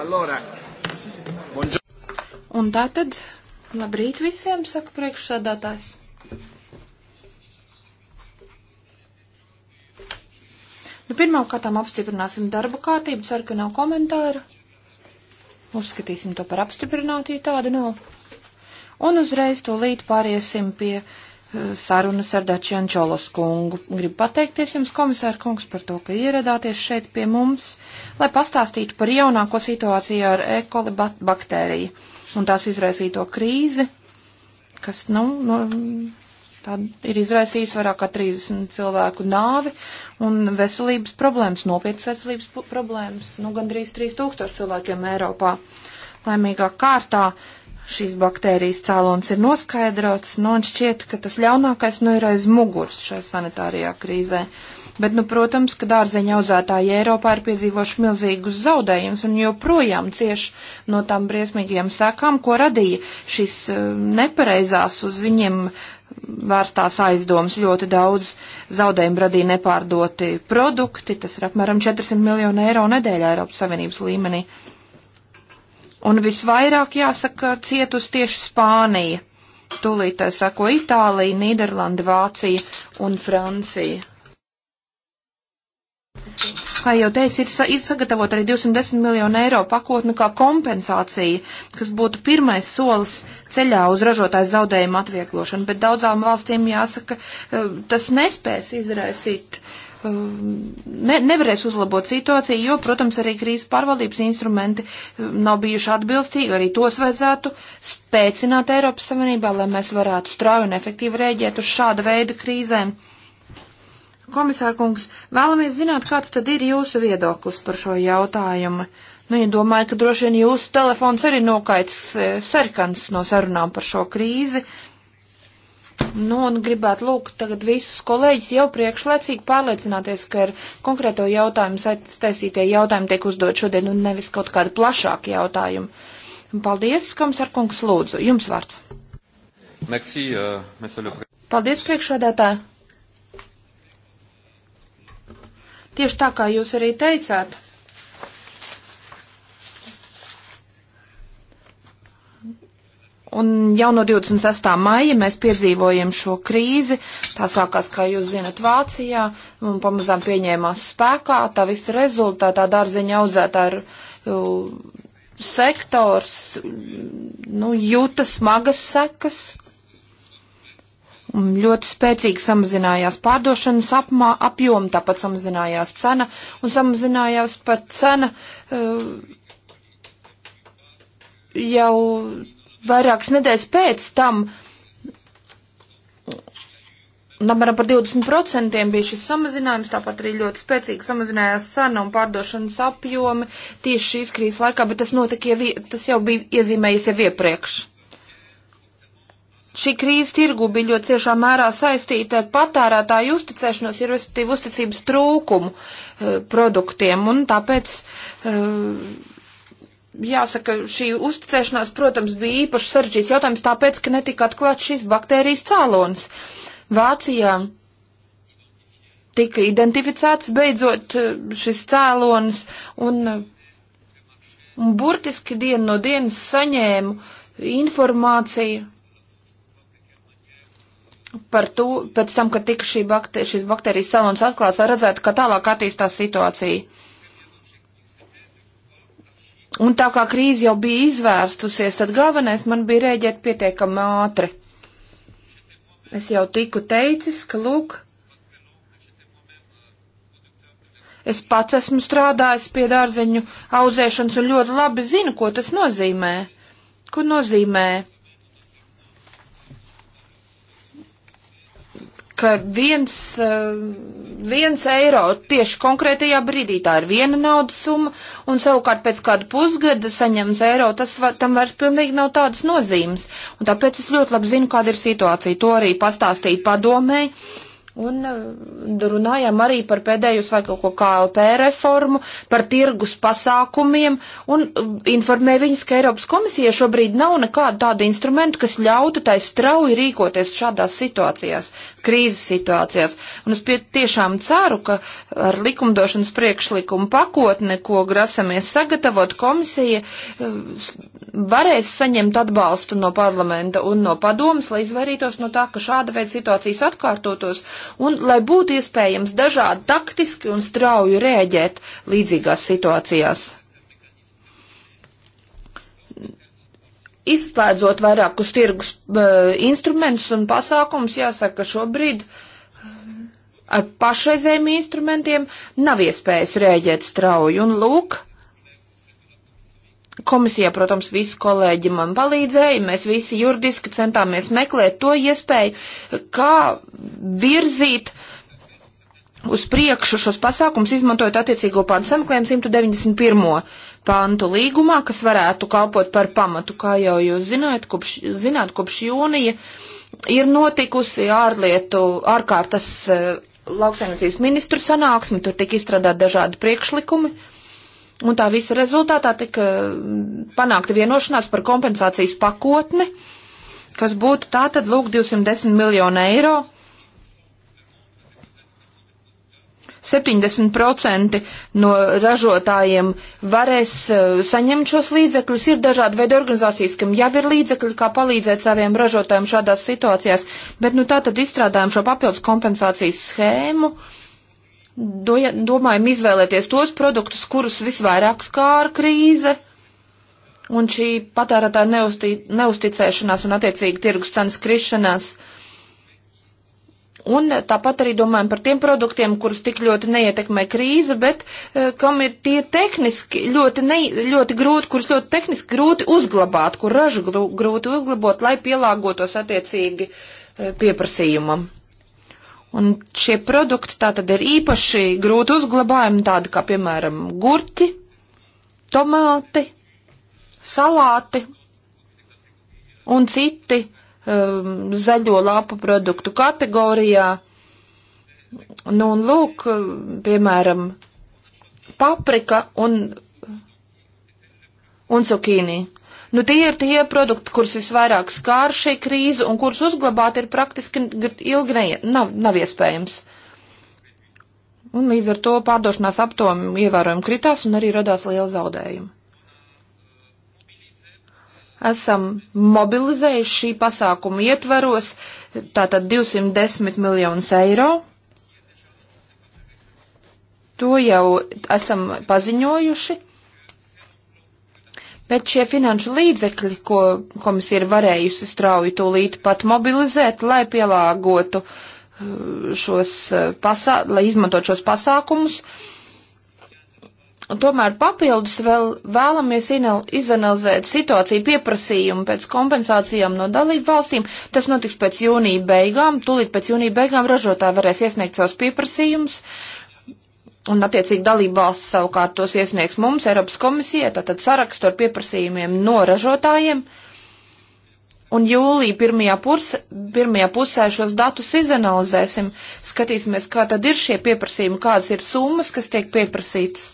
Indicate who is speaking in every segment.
Speaker 1: Allora, Un tā tad, labrīt visiem, saka priekšsādātājs. Nu, pirmkārtām apstiprināsim darba kārtību, ceru, ka nav komentāru. Uzskatīsim to par apstiprinātu, ja tāda nav. Un uzreiz to līdz pāriesim pie sarunas ar Dačianu Čolos kungu. Gribu pateikties jums, komisāra kungs, par to, ka ieradāties šeit pie mums, lai pastāstītu par jaunāko situāciju ar E. coli baktēriju un tās izraisīto krīzi, kas, nu, nu tā ir izraisījusi vairāk kā 30 cilvēku nāvi un veselības problēmas, nopietnas veselības problēmas, nu, gandrīz 3000 cilvēkiem Eiropā. Laimīgā kārtā uh, šīs baktērijas cēlons ir noskaidrots, nu, un šķiet, ka tas ļaunākais nu ir aiz muguras šajā sanitārijā krīzē. Bet, nu, protams, ka dārzeņa audzētāji Eiropā ir piedzīvojuši milzīgus zaudējumus un joprojām cieši no tām briesmīgajām sekām, ko radīja šīs eh, nepareizās uz viņiem vērstās aizdomas. Ļoti daudz zaudējumu radīja nepārdoti produkti, tas ir apmēram 400 miljonu eiro nedēļā Eiropas Savienības līmenī. Uh, Un visvairāk jāsaka cietus tieši Spānija. Tūlīt tā sako Itālija, Nīderlanda, Vācija un Francija. Kā jau teicu, ir sagatavot arī 210 miljonu eiro pakotni kā kompensācija, kas būtu pirmais solis ceļā uz ražotāju zaudējumu atvieglošanu, bet daudzām valstīm jāsaka, eh, tas nespēs izraisīt uh, ne, nevarēs uzlabot situāciju, jo, protams, arī krīzes pārvaldības instrumenti eh, nav bijuši atbilstīgi, arī tos vajadzētu spēcināt Eiropas Savienībā, lai mēs varētu strauji un efektīvi rēģēt uz šāda veida krīzēm. Komisārkungs, vēlamies zināt, kāds tad ir jūsu viedoklis par šo jautājumu. Nu, ja domāju, ka droši vien jūsu telefons arī nokaitis eh, sarkans no sarunām par šo krīzi. Uh, Nu, un gribētu lūgt tagad visus kolēģis jau priekšlaicīgi pārliecināties, ka ar konkrēto jautājumu saistītie jautājumi tiek uzdot šodien un nevis kaut kādi plašāki jautājumi. Paldies, komisārkungs, lūdzu, jums vārds.
Speaker 2: Merci, uh,
Speaker 1: Paldies, priekšādātāji. Tieši tā, kā jūs arī teicāt. Un jau no 26. maija mēs piedzīvojam šo krīzi. Tā sākās, kā jūs zinat, Vācijā un pamazām pieņēmās spēkā. Tā visa rezultātā dārziņa audzētāju sektors nu, jūta smagas sekas. Un ļoti spēcīgi samazinājās pārdošanas apmā, apjoma, tāpat samazinājās cena un samazinājās pat cena jau vairākas nedēļas pēc tam, un apmēram par 20% bija šis samazinājums, tāpat arī ļoti spēcīgi samazinājās cena un pārdošanas apjomi tieši šīs krīzes laikā, bet tas notika, ja tas jau bija iezīmējies jau iepriekš. Šī krīze tirgu bija ļoti ciešā mērā saistīta ar patērētāju uzticēšanos, ja respektīvi uzticības trūkumu e, produktiem, un tāpēc e, Jāsaka, šī uzticēšanās, protams, bija īpaši sarežģīts jautājums, tāpēc, ka netika atklāts šīs baktērijas cēlonis. Vācijā tika identificēts beidzot eh, šis cēlonis, un, eh, un burtiski dienu no dienas saņēmu informāciju par to, pēc tam, kad tika šī bakter, šis baktērijas cēlonis atklāts, lai redzētu, ka tālāk attīstās situācija. Un tā kā krīze jau bija izvērstusies, tad galvenais man bija rēģēt pietiekami ātri. Es jau tiku teicis, ka lūk, es pats esmu strādājis pie dārzeņu audzēšanas un ļoti labi zinu, ko tas nozīmē. Ko nozīmē? Ka viens. Uh, viens eiro tieši konkrētajā brīdī tā ir viena naudas summa, un savukārt pēc kāda pusgada saņems eiro, tas va, tam vairs pilnīgi nav tādas nozīmes. Un tāpēc es ļoti labi zinu, kāda ir situācija. To arī pastāstīja padomēji Un e, runājām arī par pēdējo sākotnēko KLP reformu, par tirgus pasākumiem un e, informēja viņus, ka Eiropas komisija šobrīd nav nekāda tāda instrumenta, kas ļautu tai strauji rīkoties šādās situācijās, krīzes situācijās. Un es tiešām ceru, ka ar likumdošanas priekšlikumu pakotni, ko grasamies sagatavot, komisija e, varēs saņemt atbalstu no parlamenta un no padomas, lai izvairītos no tā, ka šāda veida situācijas atkārtotos un lai būtu iespējams dažādi taktiski un strauji rēģēt līdzīgās situācijās. Izslēdzot vairākus tirgus e, instrumentus un pasākums, jāsaka, ka šobrīd e, ar pašreizējiem instrumentiem nav iespējas rēģēt strauji. Un lūk, Komisijā, protams, visi kolēģi man palīdzēja, mēs visi juridiski centāmies meklēt to iespēju, kā virzīt uz priekšu šos pasākums, izmantojot attiecīgo pāntu sameklējumu 191 pantu līgumā, kas varētu kalpot par pamatu, kā jau jūs zināt, kopš, zināt, kopš jūnija ir notikusi ārlietu ārkārtas eh, lauksaimniecības ministru sanāksme, tur tika izstrādāt dažādi priekšlikumi. Un tā visa rezultātā tika mm, panākta vienošanās par kompensācijas pakotni, kas būtu tā tad lūk 210 miljonu eiro. 70% no ražotājiem varēs eh, saņemt šos līdzekļus. Ir dažādi veidi organizācijas, kam jau ir līdzekļi, kā palīdzēt saviem ražotājiem šādās situācijās, bet nu tā tad izstrādājam šo papildus kompensācijas schēmu. Uh, doja, domājam izvēlēties tos produktus, kurus visvairāk skāra krīze un šī patērētāja neusti, neusticēšanās un attiecīgi tirgus cenas krišanās. Un tāpat arī domājam par tiem produktiem, kurus tik ļoti neietekmē krīze, bet eh, kam ir tie tehniski ļoti, ne, ļoti grūti, kurus ļoti tehniski grūti uzglabāt, kur ražu grūti uzglabot, lai pielāgotos attiecīgi eh, pieprasījumam. Un šie produkti tātad ir īpaši grūti uzglabājumi, tādi kā, piemēram, gurķi, tomāti, salāti un citi um, zaļo lapu produktu kategorijā. Nu, un lūk, piemēram, paprika un, un cukīnija. Nu, tie ir tie produkti, kurus visvairāk skār šī krīze un kurus uzglabāt ir praktiski ilgi ne, nav, nav iespējams. Un līdz ar to pārdošanās aptomi ievērojami kritās un arī radās liela zaudējuma. Esam mobilizējuši šī pasākuma ietveros tātad 210 miljonus eiro. To jau esam paziņojuši Bet šie finanšu līdzekļi, ko komisija ir varējusi strauji tūlīt pat mobilizēt, lai pielāgotu eh, šos eh, pasā, lai izmantot šos pasākumus, tomēr papildus vēl vēlamies izanalizēt situāciju pieprasījumu pēc kompensācijām no dalību valstīm. Tas notiks pēc jūnija beigām, tūlīt pēc jūnija beigām ražotāji varēs iesniegt savus pieprasījumus. Uh, Un, attiecīgi, dalība valsts savukārt tos iesniegs mums, Eiropas komisija, tātad sarakstu ar pieprasījumiem no ražotājiem. Un jūlija pirmajā, purse, pirmajā pusē šos datus izanalizēsim, skatīsimies, kā tad ir šie pieprasījumi, kādas ir summas, kas tiek pieprasītas.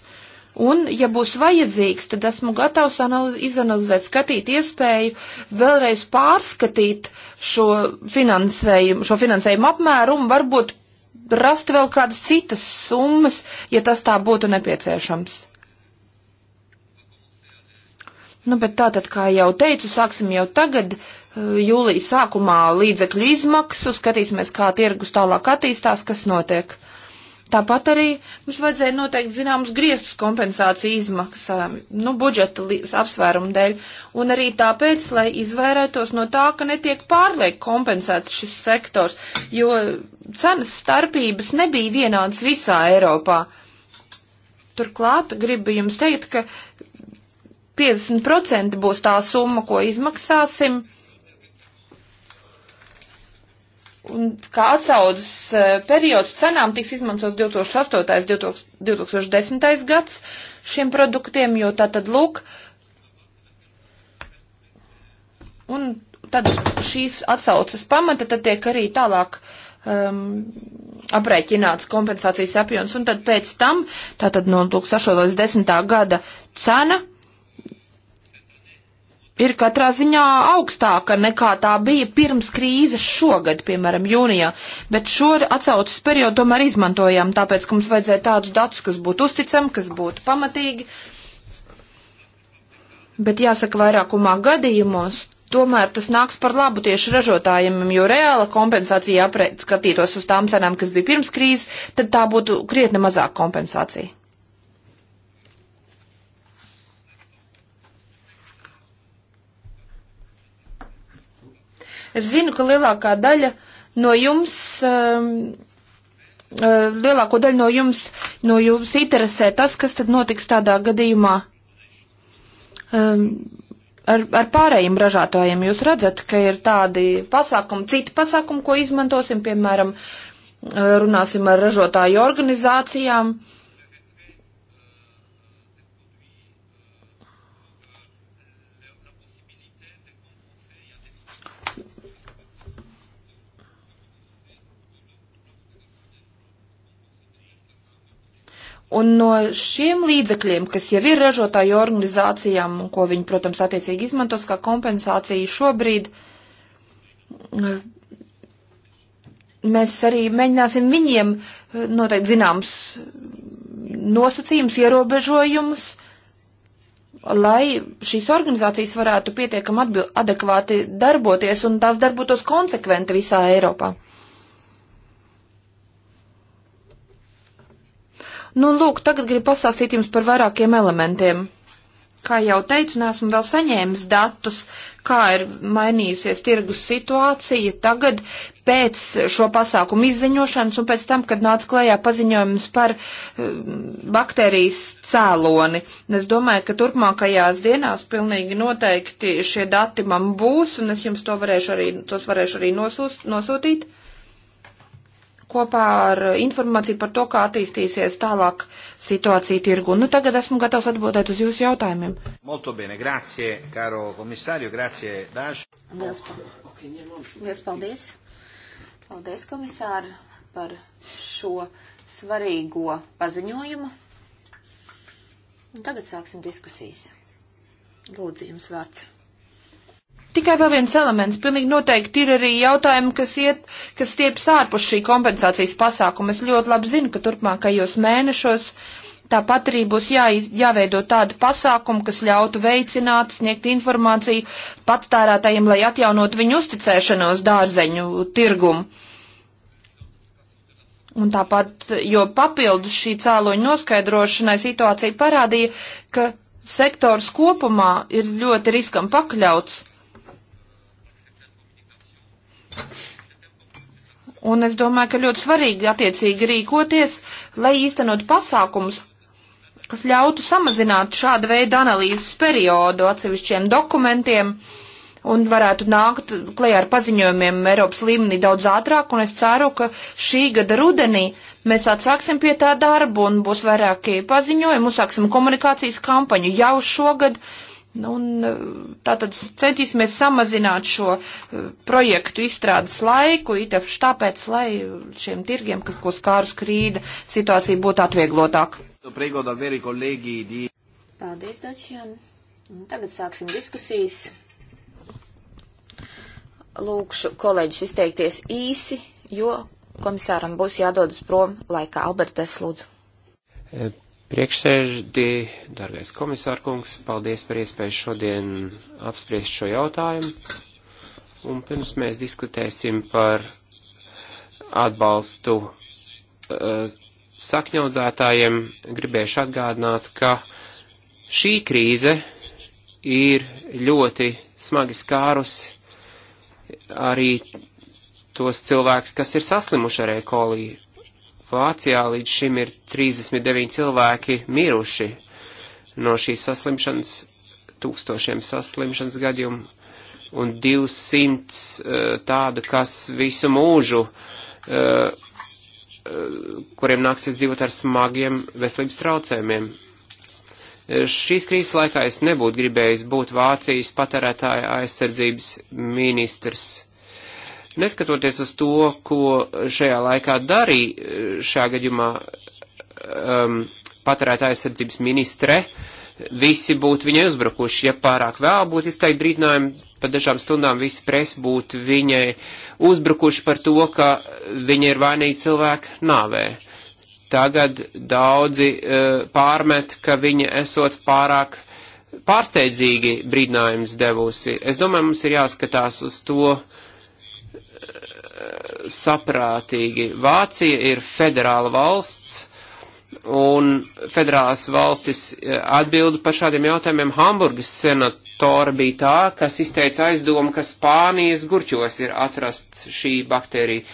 Speaker 1: Un, ja būs vajadzīgs, tad esmu gatavs analiz, izanalizēt, skatīt iespēju vēlreiz pārskatīt šo finansējumu, šo finansējumu apmērumu, varbūt rast vēl kādas citas summas, ja tas tā būtu nepieciešams. Nu, bet tātad, kā jau teicu, sāksim jau tagad, eh, jūlijas sākumā līdzekļu izmaksu, skatīsimies, kā tirgus tālāk attīstās, kas notiek. Uh, Tāpat arī mums vajadzēja noteikt zināmas griestus kompensāciju izmaksām, nu, budžeta apsvērumu dēļ, un arī tāpēc, lai izvairētos no tā, ka netiek pārliek kompensēts šis sektors, jo cenas starpības nebija vienādas visā Eiropā. Turklāt gribu jums teikt, ka 50% būs tā summa, ko izmaksāsim Un kā atsaudzes e, periods cenām tiks izmantots 2008. 2010. gads šiem produktiem, jo tā tad lūk. Un tad šīs atsauces pamata tad tiek arī tālāk um, aprēķināts kompensācijas apjoms. Un tad pēc tam, tātad no 2010. gada cena ir katrā ziņā augstāka nekā tā bija pirms krīzes šogad, piemēram, jūnijā, bet šo atsaucas periodu tomēr izmantojām, tāpēc, ka mums vajadzēja tādus datus, kas būtu uzticami, kas būtu pamatīgi. Bet jāsaka, vairākumā gadījumos tomēr tas nāks par labu tieši ražotājiem, jo reāla kompensācija, ja skatītos uz tām cenām, kas bija pirms krīzes, tad tā būtu krietni mazāk kompensācija. Es zinu, ka lielākā daļa no jums. Um, uh, lielāko daļu no jums, no jums interesē tas, kas tad notiks tādā gadījumā um, ar, ar pārējiem ražātājiem. Jūs redzat, ka ir tādi pasākumi, citi pasākumi, ko izmantosim, piemēram, uh, runāsim ar ražotāju organizācijām. Uh, Un no šiem līdzekļiem, kas jau ir ražotāju organizācijām, un ko viņi, protams, attiecīgi izmantos kā kompensāciju šobrīd, mēs arī mēģināsim viņiem eh, noteikti zināms nosacījums, ierobežojumus, lai šīs organizācijas varētu pietiekam adekvāti darboties un tās darbotos konsekventi visā Eiropā. Nu, lūk, tagad gribu pasāstīt jums par vairākiem elementiem. Kā jau teicu, nesmu vēl saņēmis datus, kā ir mainījusies tirgus situācija tagad pēc šo pasākumu izziņošanas un pēc tam, kad nāca klējā paziņojums par um, baktērijas cēloni. Es domāju, ka turpmākajās dienās pilnīgi noteikti šie dati man būs un es jums to varēšu arī, tos varēšu arī nosūst, nosūtīt. Uh, kopā ar informāciju par to, kā attīstīsies tālāk situācija tirgu. Nu, tagad esmu gatavs atbildēt uz jūsu jautājumiem.
Speaker 2: Molto bene, grazie, caro komisārio, grazie, Dāš. Liels
Speaker 3: paldies. paldies. Paldies, komisāri, par šo svarīgo paziņojumu. Un tagad sāksim diskusijas. Lūdzu, jums vārds.
Speaker 1: Tikai vēl viens elements. Pilnīgi noteikti ir arī jautājumi, kas iet, kas stieps ārpus šī kompensācijas pasākuma. Es ļoti labi zinu, ka turpmākajos mēnešos tāpat arī būs jā, jāveido tādi pasākumi, kas ļautu veicināt, sniegt informāciju patērētājiem, lai atjaunot viņu uzticēšanos dārzeņu tirgumu. Un tāpat, jo papildus šī cēloņa noskaidrošanai situācija parādīja, ka sektors kopumā ir ļoti riskam pakļauts Un es domāju, ka ļoti svarīgi attiecīgi rīkoties, lai īstenot pasākumus, kas ļautu samazināt šāda veida analīzes periodu atsevišķiem dokumentiem un varētu nākt klajā ar paziņojumiem Eiropas līmenī daudz ātrāk, un es ceru, ka šī gada rudenī mēs atsāksim pie tā darbu un būs vairākie paziņojumi, uzsāksim komunikācijas kampaņu jau šogad. Uh, Un e, tātad centīsimies samazināt šo e, projektu izstrādes laiku, itapši tāpēc, lai šiem tirgiem, kas, ko skārus krīda, situācija būtu atvieglotāka.
Speaker 3: Paldies, Dačiem. Tagad sāksim diskusijas. Lūkšu kolēģis izteikties īsi, jo komisāram būs jādodas prom laikā. Alberts Deslūdzu.
Speaker 2: E, Priekšsēžģī, dargais komisārkungs, paldies par iespēju šodien apspriest šo jautājumu. Un pirms mēs diskutēsim par atbalstu uh, sakņaudzētājiem, gribēšu atgādināt, ka šī krīze ir ļoti smagi skārusi arī tos cilvēkus, kas ir saslimuši ar ekolī Vācijā līdz šim ir 39 cilvēki miruši no šīs saslimšanas, tūkstošiem saslimšanas gadījumu un 200 uh, eh, tādu, kas visu mūžu, uh, uh, kuriem nāksies dzīvot ar smagiem veselības traucējumiem. Šīs krīzes laikā es nebūtu gribējis būt Vācijas patērētāja aizsardzības ministrs Neskatoties uz to, ko šajā laikā darīja šā gadījumā um, patērētā aizsardzības ministre, visi būtu viņai uzbrukuši. Ja pārāk vēl būtu izteikti brīdinājumi, pa dažām stundām visi presi būtu viņai uzbrukuši par to, ka viņa ir vainīga cilvēka nāvē. Tagad daudzi uh, pārmet, ka viņa esot pārāk pārsteidzīgi brīdinājums devusi. Es domāju, mums ir jāskatās uz to, uh, saprātīgi. Vācija ir federāla valsts, un federālās valstis e, atbildu par šādiem jautājumiem. Hamburgas senatora bija tā, kas izteica aizdomu, ka Spānijas gurķos ir atrasts šī baktērija.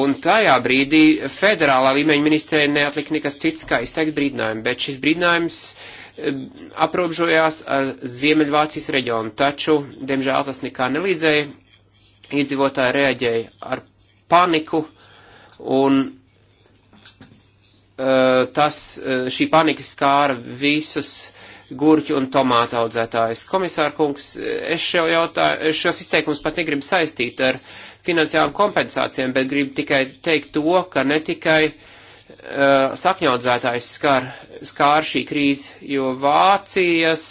Speaker 2: Un tajā brīdī federālā līmeņa ministrē neatlika nekas cits, kā izteikt brīdinājumu, bet šis brīdinājums e, aprobežojās ar Ziemeļvācijas reģionu, taču, diemžēl, tas nekā nelīdzēja iedzīvotāji reaģēja ar paniku, un e, tas, e, šī panika skāra visas gurķu un tomātu audzētājs. Komisāra kungs, es, šo jautā, es šos izteikumus pat negribu saistīt ar finansiālām kompensācijām, bet gribu tikai teikt to, ka ne tikai uh, sakņaudzētājs skar, skār šī krīze, jo Vācijas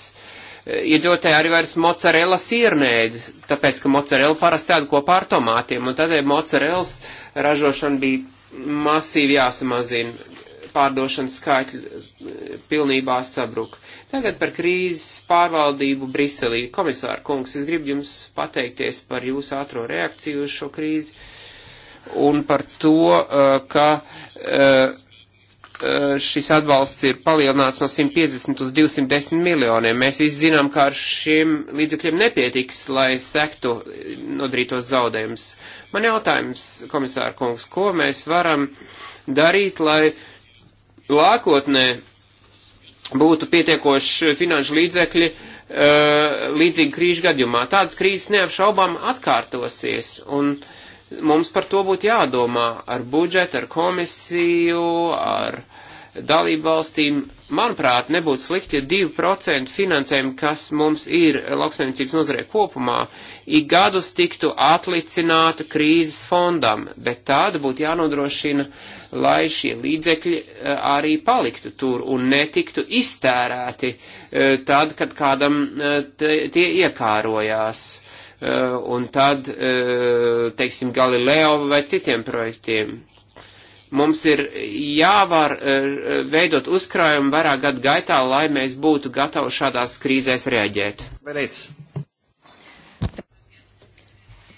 Speaker 2: iedzīvotāji arī vairs mozzarella sirnēd, tāpēc, ka mozzarella parasti tāda kopā ar tomātiem, un tādēļ mozzarellas ražošana bija masīvi jāsamazina, pārdošanas skaitļi eh, pilnībā sabruk. Tagad par krīzes pārvaldību Briselī. Komisāra kungs, es gribu jums pateikties par jūsu ātro reakciju uz šo krīzi un par to, eh, ka eh, šis atbalsts ir palielināts no 150 uz 210 miljoniem. Mēs visi zinām, ka ar šiem līdzekļiem nepietiks, lai sektu nodarītos zaudējumus. Man jautājums, komisāra kungs, ko mēs varam darīt, lai lākotnē būtu pietiekoši finanšu līdzekļi līdzīgi krīžu gadījumā. Tādas krīzes neapšaubām atkārtosies. Un, uh, Mums par to būtu jādomā ar budžetu, ar komisiju, ar dalību valstīm. Manuprāt, nebūtu slikti, ja 2% finansējumu, kas mums ir lauksaimniecības nozarē kopumā, ik gadus tiktu atlicināta krīzes fondam, bet tāda būtu jānodrošina, lai šie līdzekļi eh, arī paliktu tur un netiktu iztērēti eh, tad, kad kādam eh, tie iekārojās. Uh, Eh, un tad, eh, teiksim, Galileo vai citiem projektiem. Mums ir jāvar eh, veidot uzkrājumu vairāk gadu gaitā, lai mēs būtu gatavi šādās krīzēs reaģēt. Paldies!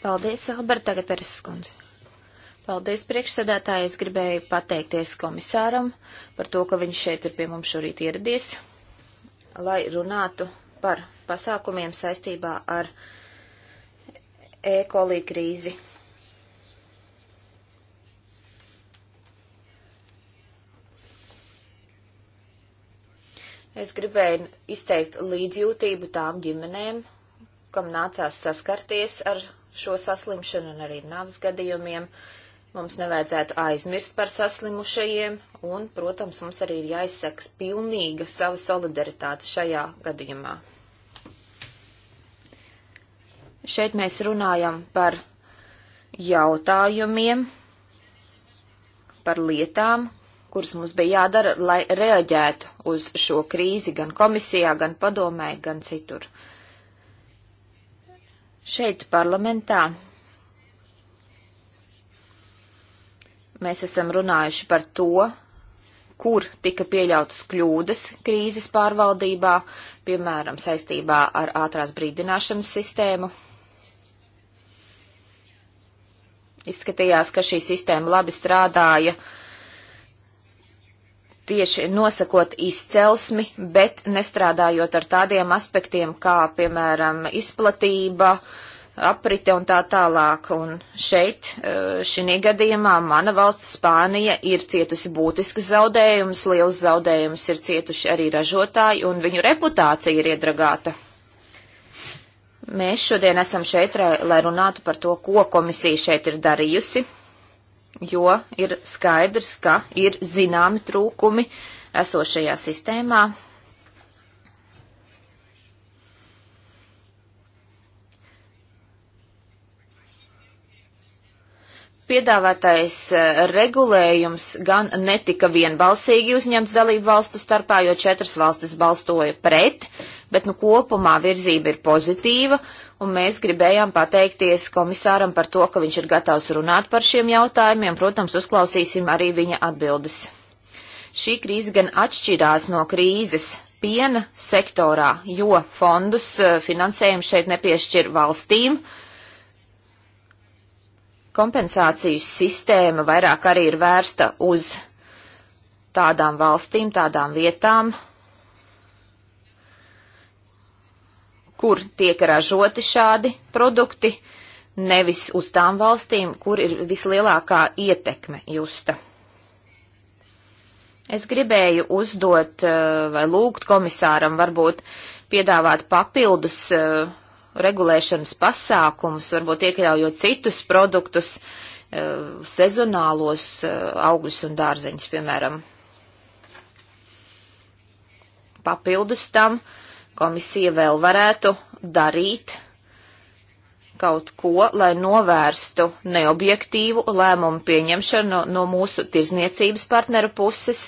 Speaker 3: Paldies, Albert, tagad Peres skundze. Paldies, priekšsēdētāji, es gribēju pateikties komisāram par to, ka viņš šeit ir pie mums šorīt ieradies, lai runātu par pasākumiem saistībā ar uh, e-kolī krīzi. Es gribēju izteikt līdzjūtību tām ģimenēm, kam nācās saskarties ar šo saslimšanu un arī nāvas gadījumiem. Mums nevajadzētu aizmirst par saslimušajiem, un, protams, mums arī ir jāizsaka pilnīga sava solidaritāte šajā gadījumā. Šeit mēs runājam par jautājumiem, par lietām, kuras mums bija jādara, lai reaģētu uz šo krīzi gan komisijā, gan padomē, gan citur. Šeit parlamentā mēs esam runājuši par to, kur tika pieļautas kļūdas krīzes pārvaldībā, piemēram, saistībā ar ātrās brīdināšanas sistēmu Izskatījās, ka šī sistēma labi strādāja tieši nosakot izcelsmi, bet nestrādājot ar tādiem aspektiem kā, piemēram, izplatība, aprite un tā tālāk. Un šeit, e, šī gadījumā, mana valsts Spānija ir cietusi būtiskus zaudējumus, liels zaudējumus ir cietuši arī ražotāji, un viņu reputācija ir iedragāta. Mēs šodien esam šeit, lai runātu par to, ko komisija šeit ir darījusi, jo ir skaidrs, ka ir zināmi trūkumi esošajā sistēmā, Piedāvātais e, regulējums gan netika vienbalsīgi uzņemts dalību valstu starpā, jo četras valstis balstoja pret, bet nu kopumā virzība ir pozitīva, un mēs gribējām pateikties komisāram par to, ka viņš ir gatavs runāt par šiem jautājumiem, protams, uzklausīsim arī viņa atbildes. Šī krīze gan atšķirās no krīzes piena sektorā, jo fondus e, finansējumu šeit nepiešķir valstīm, uh, kompensāciju sistēma vairāk arī ir vērsta uz tādām valstīm, tādām vietām, kur tiek ražoti šādi produkti, nevis uz tām valstīm, kur ir vislielākā ietekme justa. Es gribēju uzdot eh, vai lūgt komisāram varbūt piedāvāt papildus uh, regulēšanas pasākums, varbūt iekļaujot citus produktus, eh, sezonālos eh, augļus un dārzeņus, piemēram. Papildus tam komisija vēl varētu darīt kaut ko, lai novērstu neobjektīvu lēmumu pieņemšanu no, no mūsu tirzniecības partneru puses,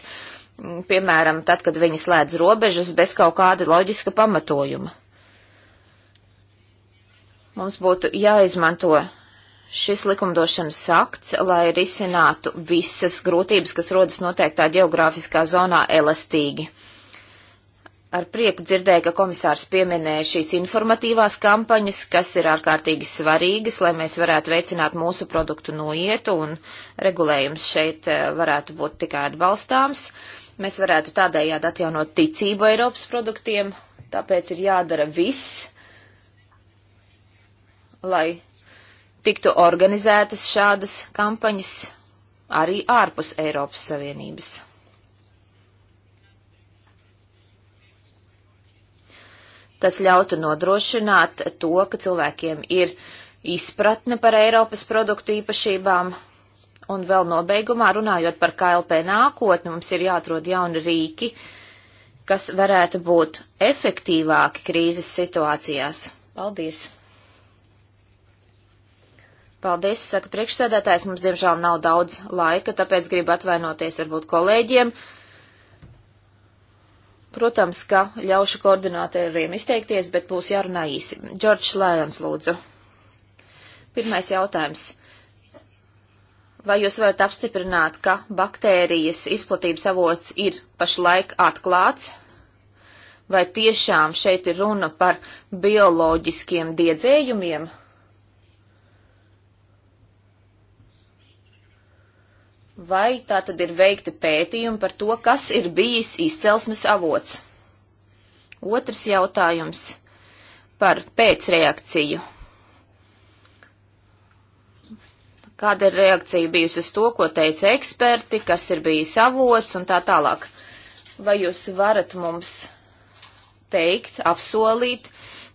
Speaker 3: piemēram, tad, kad viņi slēdz robežas bez kaut kāda loģiska pamatojuma. Mums būtu jāizmanto šis likumdošanas akts, lai risinātu visas grūtības, kas rodas noteiktā geogrāfiskā zonā elastīgi. Ar prieku dzirdēju, ka komisārs pieminēja šīs informatīvās kampaņas, kas ir ārkārtīgi svarīgas, lai mēs varētu veicināt mūsu produktu noietu un regulējums šeit eh, varētu būt tikai atbalstāms. Mēs varētu tādējādi atjaunot ticību Eiropas produktiem, tāpēc ir jādara viss, lai tiktu organizētas šādas kampaņas arī ārpus Eiropas Savienības. Tas ļautu nodrošināt to, ka cilvēkiem ir izpratne par Eiropas produktu īpašībām. Un vēl nobeigumā runājot par KLP nākotni, mums ir jāatrod jauni rīki, kas varētu būt efektīvāki krīzes situācijās. Paldies! Paldies, saka priekšsēdētājs, mums diemžēl nav daudz laika, tāpēc gribu atvainoties varbūt kolēģiem. Protams, ka ļaušu koordinātoriem izteikties, bet būs jārunā īsi. Džordžs Lēvens, lūdzu. Pirmais jautājums. Vai jūs varat apstiprināt, ka baktērijas izplatības avots ir pašlaik atklāts? Vai tiešām šeit ir runa par bioloģiskiem diedzējumiem? Vai tā tad ir veikti pētījumi par to, kas ir bijis izcelsmes avots? Otrs jautājums par pēcreakciju. Kāda ir reakcija bijusi uz to, ko teica eksperti, kas ir bijis avots un tā tālāk? Vai jūs varat mums teikt, apsolīt,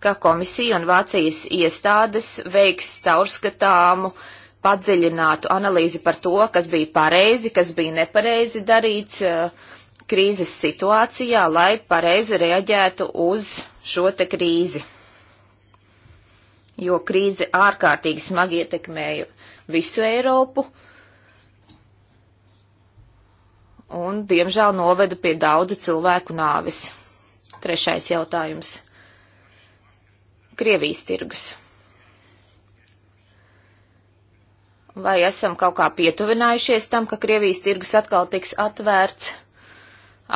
Speaker 3: ka komisija un Vācijas iestādes veiks caurskatāmu uh, padziļinātu analīzi par to, kas bija pareizi, kas bija nepareizi darīts eh, krīzes situācijā, lai pareizi reaģētu uz šo te krīzi. Jo krīze ārkārtīgi smagi ietekmēja visu Eiropu un, diemžēl, noveda pie daudzu cilvēku nāvis. Trešais jautājums. Krievijas tirgus. vai esam kaut kā pietuvinājušies tam, ka Krievijas tirgus atkal tiks atvērts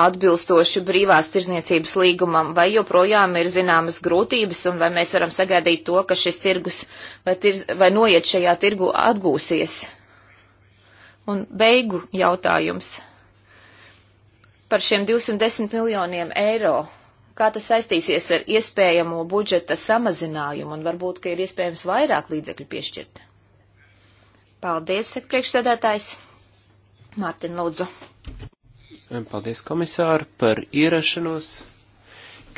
Speaker 3: atbilstoši brīvās tirzniecības līgumam, vai joprojām ir zināmas grūtības, un vai mēs varam sagaidīt to, ka šis tirgus vai, tirz, vai noiet šajā tirgu atgūsies. Un beigu jautājums par šiem 210 miljoniem eiro. Kā tas saistīsies ar iespējamo budžeta samazinājumu, un varbūt, ka ir iespējams vairāk līdzekļu piešķirt? Paldies, saka priekšsēdētājs. Mārtiņ, lūdzu.
Speaker 2: Paldies, komisāri, par ierašanos.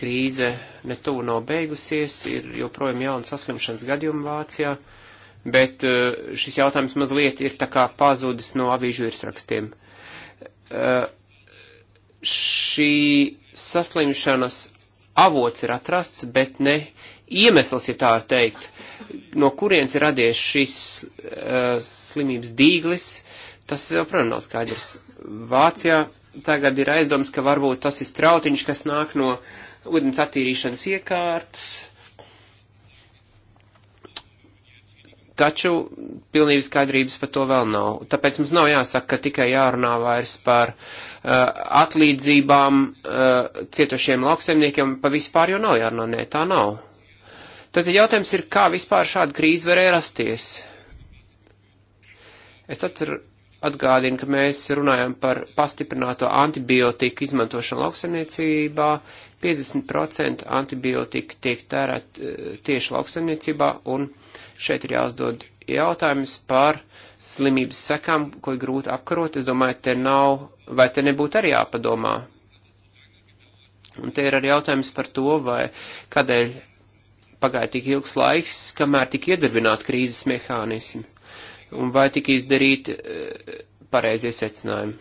Speaker 2: Krīze netuvu nav beigusies, ir joprojām jauna saslimšanas gadījuma Vācijā, bet eh, šis jautājums mazliet ir tā kā pazudis no avīžu virsrakstiem. Eh, šī saslimšanas avots ir atrasts, bet ne iemesls, ja tā teikt. Uh, no kurienes ir radies šis uh, slimības dīglis, tas joprojām nav skaidrs. Vācijā tagad ir aizdoms, ka varbūt tas ir strautiņš, kas nāk no ūdens attīrīšanas iekārtas. Taču pilnības skaidrības par to vēl nav. Tāpēc mums nav jāsaka, ka tikai jārunā vairs par uh, atlīdzībām uh, cietušiem lauksemniekiem, pa vispār jau nav jārunā. Nē, tā nav Tad jautājums ir, kā vispār šāda krīze varēja rasties? Es atceru, atgādinu, ka mēs runājam par pastiprināto antibiotiku izmantošanu lauksaimniecībā. 50% antibiotika tiek tērēt eh, tieši lauksaimniecībā, un šeit ir jāuzdod jautājums par slimības sekām, ko ir grūti apkarot. Es domāju, te nav, vai te nebūtu arī jāpadomā. Un te ir arī jautājums par to, vai kādēļ pagāja tik ilgs laiks, kamēr tika iedarbināti krīzes mehānismi, un vai tika izdarīti eh, pareizie secinājumi.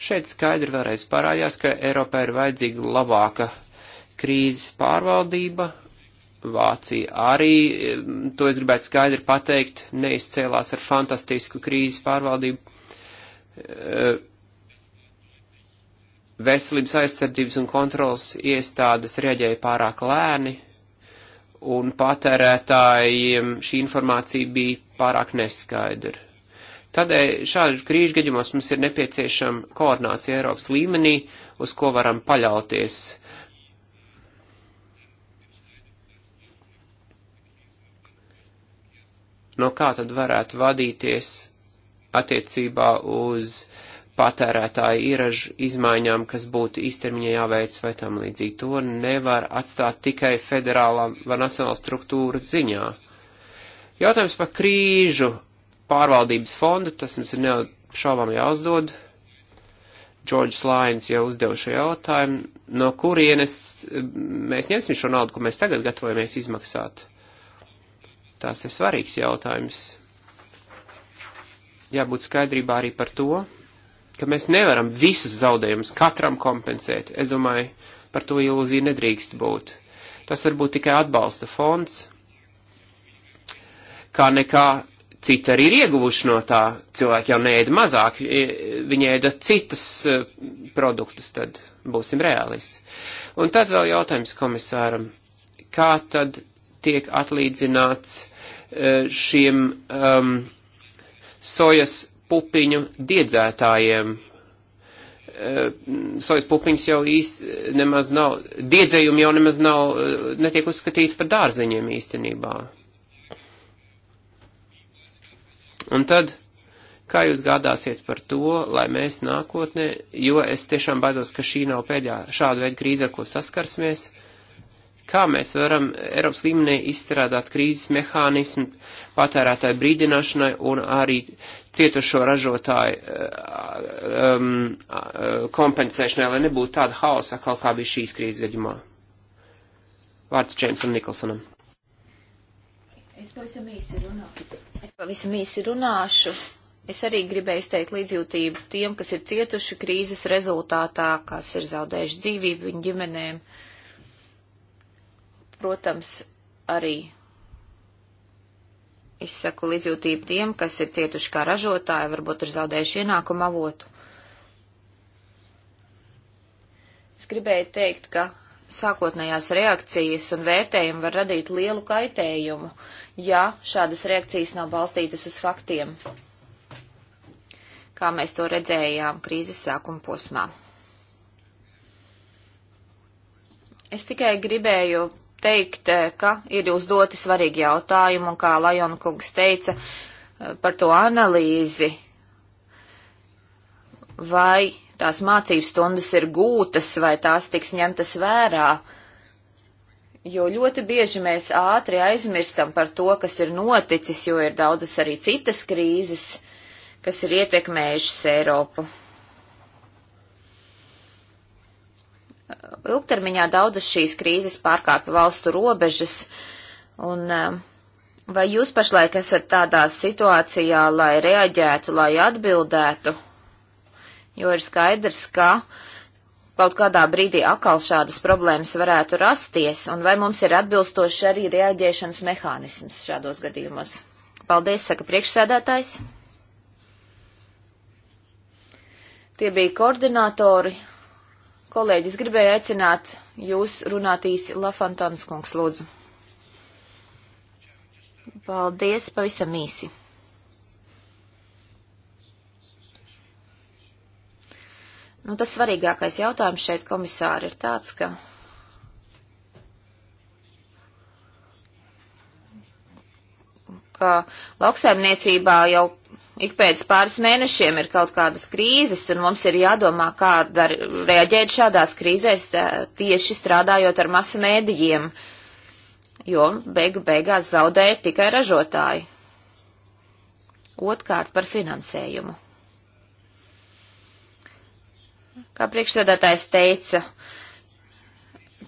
Speaker 2: Šeit skaidri vēlreiz parādījās, ka Eiropā ir vajadzīga labāka krīzes pārvaldība, Vācija arī, eh, to es gribētu skaidri pateikt, neizcēlās ar fantastisku krīzes pārvaldību. Eh, Veselības aizsardzības un kontrolas iestādes rieģēja pārāk lēni, un patērētājiem šī informācija bija pārāk neskaidra. Tādēļ šādu krīžu gadījumos mums ir nepieciešama koordinācija Eiropas līmenī, uz ko varam paļauties. No kā tad varētu vadīties attiecībā uz uh, patērētāju ieražu izmaiņām, kas būtu īstermiņā jāveic vai tam līdzīgi. To nevar atstāt tikai federālā vai nacionāla struktūra ziņā. Jautājums par krīžu pārvaldības fondu, tas mums ir neapšaubām jāuzdod. Džordžs Lains jau uzdeva šo jautājumu, no kurienes mēs ņemsim šo naudu, ko mēs tagad gatavojamies izmaksāt. Tas ir svarīgs jautājums. Jābūt skaidrībā arī par to ka mēs nevaram visus zaudējumus katram kompensēt. Es domāju, par to ilūziju nedrīkst būt. Tas var būt tikai atbalsta fonds, kā nekā citi arī ir ieguvuši no tā. Cilvēki jau neēda mazāk, viņi ēda citas e, produktus, tad būsim realisti. Un tad vēl jautājums komisāram, kā tad tiek atlīdzināts e, šiem um, sojas pupiņu diedzētājiem. Eh, Sojas pupiņas jau īsti nemaz nav, diedzējumi jau nemaz nav, eh, netiek uzskatīti par dārziņiem īstenībā. Un tad, kā jūs gādāsiet par to, lai mēs nākotnē, jo es tiešām baidos, ka šī nav pēdējā šāda veida krīze, ar ko saskarsimies, kā mēs varam Eiropas līmenī izstrādāt krīzes mehānismu patērētāju brīdināšanai un arī cietušo ražotāju eh, um, eh, kompensēšanai, lai nebūtu tāda haosa, kā bija šīs krīzes gadījumā. Vārds Čēnsam Nikolsonam.
Speaker 3: Es pavisam īsi runāšu. Es pavisam īsi runāšu. Es arī gribēju izteikt līdzjūtību tiem, kas ir cietuši krīzes rezultātā, kas ir zaudējuši dzīvību viņu ģimenēm. Protams, arī izsaku līdzjūtību tiem, kas ir cietuši kā ražotāji, varbūt ir zaudējuši ienākumu avotu. Es gribēju teikt, ka sākotnējās reakcijas un vērtējumi var radīt lielu kaitējumu, ja šādas reakcijas nav balstītas uz faktiem, kā mēs to redzējām krīzes sākuma posmā. Es tikai gribēju teikt, eh, ka ir uzdoti svarīgi jautājumi, un kā Lajona kungs teica, eh, par to analīzi, vai tās mācības stundas ir gūtas, vai tās tiks ņemtas vērā. Jo ļoti bieži mēs ātri aizmirstam par to, kas ir noticis, jo ir daudzas arī citas krīzes, kas ir ietekmējušas Eiropu. ilgtermiņā daudzas šīs krīzes pārkāpja valstu robežas. Un um, vai jūs pašlaik esat tādā situācijā, lai reaģētu, lai atbildētu? Jo ir skaidrs, ka kaut kādā brīdī atkal šādas problēmas varētu rasties, un vai mums ir atbilstoši arī reaģēšanas mehānisms šādos gadījumos? Paldies, saka priekšsēdētājs. Tie bija koordinatori Kolēģis gribēja aicināt jūs runāt īsi Lafantānas kungs, lūdzu. Paldies, pavisam īsi. Nu, tas svarīgākais jautājums šeit, komisāri, ir tāds, ka ka lauksaimniecībā jau ik pēc pāris mēnešiem ir kaut kādas krīzes, un mums ir jādomā, kā dar, reaģēt šādās krīzēs tieši strādājot ar masu mēdījiem, jo beigu beigās zaudēja tikai ražotāji. Otkārt par finansējumu. Kā priekšsēdētājs teica,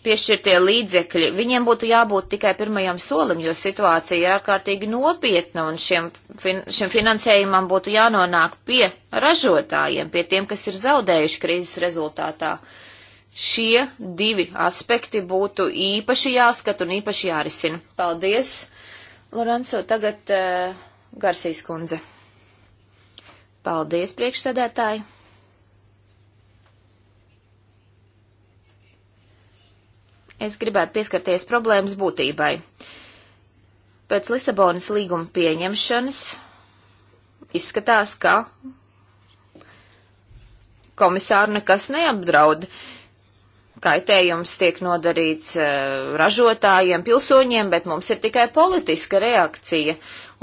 Speaker 3: piešķirtie līdzekļi, viņiem būtu jābūt tikai pirmajam solim, jo situācija ir ārkārtīgi nopietna un šiem, fin, šiem finansējumam būtu jānonāk pie ražotājiem, pie tiem, kas ir zaudējuši krīzes rezultātā. Šie divi aspekti būtu īpaši jāskat un īpaši jārisina. Paldies, Lorenzo. Tagad uh, Garsīs kundze. Paldies, priekšsēdētāji. es gribētu pieskarties problēmas būtībai. Pēc Lisabonas līguma pieņemšanas izskatās, ka komisāru nekas neapdraud. Kaitējums tiek nodarīts eh, ražotājiem, pilsoņiem, bet mums ir tikai politiska reakcija,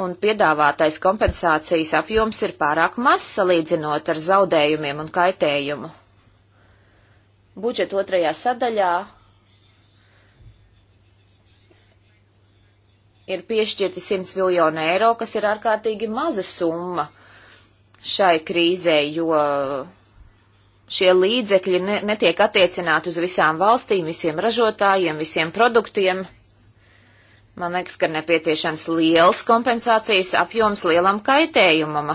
Speaker 3: un piedāvātais kompensācijas apjoms ir pārāk maz salīdzinot ar zaudējumiem un kaitējumu. Budžeta otrajā sadaļā ir piešķirti 100 miljoni eiro, kas ir ārkārtīgi maza summa šai krīzē, jo šie līdzekļi ne, netiek attiecināti uz visām valstīm, visiem ražotājiem, visiem produktiem. Man liekas, ka nepieciešams liels kompensācijas apjoms lielam kaitējumam.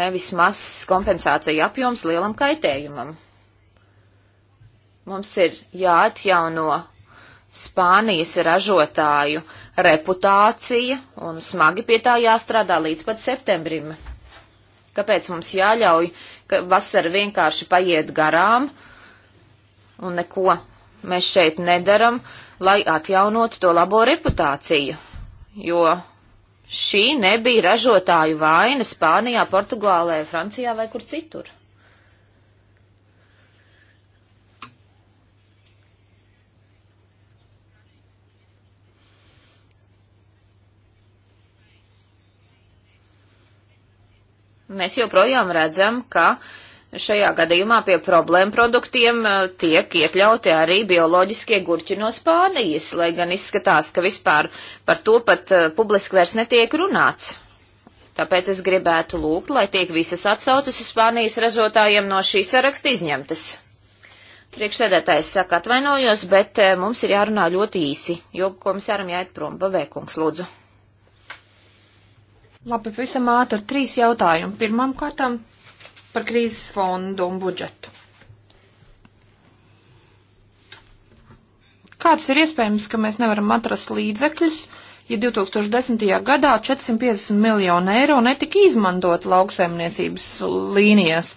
Speaker 3: Nevis mazs kompensācija apjoms lielam kaitējumam. Mums ir jāatjauno Spānijas ražotāju reputācija un smagi pie tā jāstrādā līdz pat septembrim. Kāpēc mums jāļauj, ka vasara vienkārši paiet garām un neko mēs šeit nedaram, lai atjaunotu to labo reputāciju? Jo šī nebija ražotāju vaina Spānijā, Portugālē, Francijā vai kur citur. Mēs joprojām redzam, ka šajā gadījumā pie problēma produktiem eh, tiek iekļauti arī bioloģiskie gurķi no Spānijas, lai gan izskatās, ka vispār par to pat eh, publiski vairs netiek runāts. Tāpēc es gribētu lūgt, lai tiek visas atsaucas uz Spānijas ražotājiem no šīs saraksta izņemtas. Priekšsēdētājs saka, atvainojos, bet eh, mums ir jārunā ļoti īsi, jo komisāram
Speaker 1: jāiet prom. Bavēkungs, lūdzu. Labi, visam ātri trīs jautājumi. Pirmam kārtam par krīzes fondu un budžetu. Kāds ir iespējams, ka mēs nevaram atrast līdzekļus, ja 2010. gadā 450 miljonu eiro netika izmantot lauksaimniecības līnijas,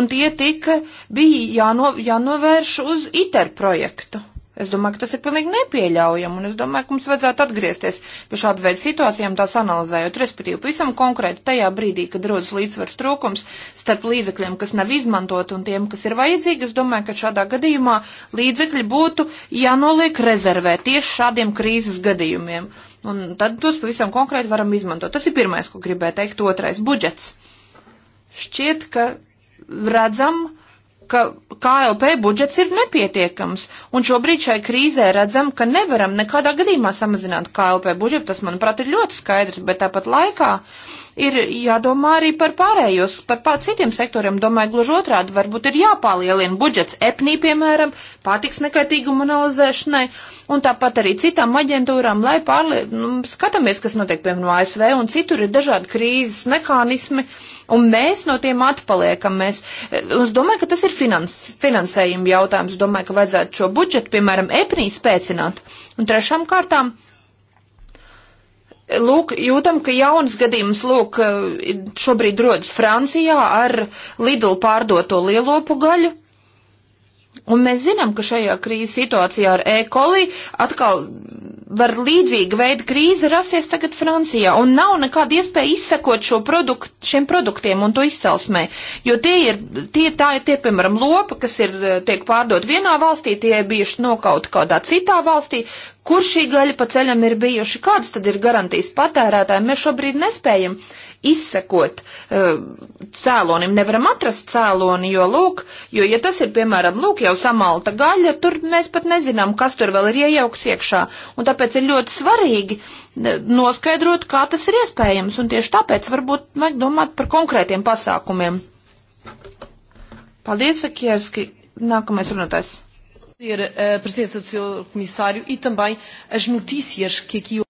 Speaker 1: un tie tika, bija jāno, jānovērš uz ITER projektu? Es domāju, ka tas ir pilnīgi nepieļaujami, un es domāju, ka mums vajadzētu atgriezties pie šāda veida situācijām, tās analizējot, respektīvi, pavisam konkrēti tajā brīdī, kad rodas līdzsvars trūkums starp līdzekļiem, kas nav izmantot un tiem, kas ir vajadzīgi. Es domāju, ka šādā gadījumā līdzekļi būtu jānoliek rezervē tieši šādiem krīzes gadījumiem. Un tad tos pavisam konkrēti varam izmantot. Tas ir pirmais, ko gribēju teikt. Otrais - budžets. Šķiet, ka redzam, ka KLP budžets ir nepietiekams, un šobrīd šai krīzē redzam, ka nevaram nekādā gadījumā samazināt KLP budžetu, tas, manuprāt, ir ļoti skaidrs, bet tāpat laikā ir jādomā arī par pārējos, par pār citiem sektoriem, domāju, gluži otrādi, varbūt ir jāpalielina budžets EPNī, piemēram, pārtiks nekaitīguma analizēšanai, un tāpat arī citām aģentūrām, lai pārlie, nu, skatāmies, kas notiek, piemēram, no ASV, un citur ir dažādi krīzes mehānismi, uh, un mēs no tiem atpaliekam. Mēs, eh, es domāju, ka tas ir finans, finansējuma jautājums. Es domāju, ka vajadzētu šo budžetu, piemēram, EPNī spēcināt. Un trešām kārtām. Lūk, jūtam, ka jauns gadījums, lūk, eh, šobrīd rodas Francijā ar Lidl pārdoto lielopu gaļu, Un mēs zinām, ka šajā krīzes situācijā ar e-koli atkal var līdzīga veida krīze rasties tagad Francijā, un nav nekāda iespēja izsekot šo produktu, šiem produktiem un to izcelsmē, jo tie ir, tie tā ir tie, piemēram, lopi, kas ir, eh, tiek pārdot vienā valstī, tie ir bijuši nokauti kādā citā valstī, kur šī gaļa pa ceļam ir bijuši, kādas tad ir garantijas patērētājiem, mēs šobrīd nespējam izsekot uh, cēlonim, nevaram atrast cēloni, jo, lūk, jo, ja tas ir, piemēram, lūk, jau samalta gaļa, tur mēs pat nezinām, kas tur vēl ir iejauks iekšā, un tāpēc ir ļoti svarīgi eh, noskaidrot, kā tas ir iespējams, un tieši tāpēc varbūt vajag domāt par konkrētiem pasākumiem. Paldies, Akievski. Nākamais
Speaker 2: runātājs. Eh, e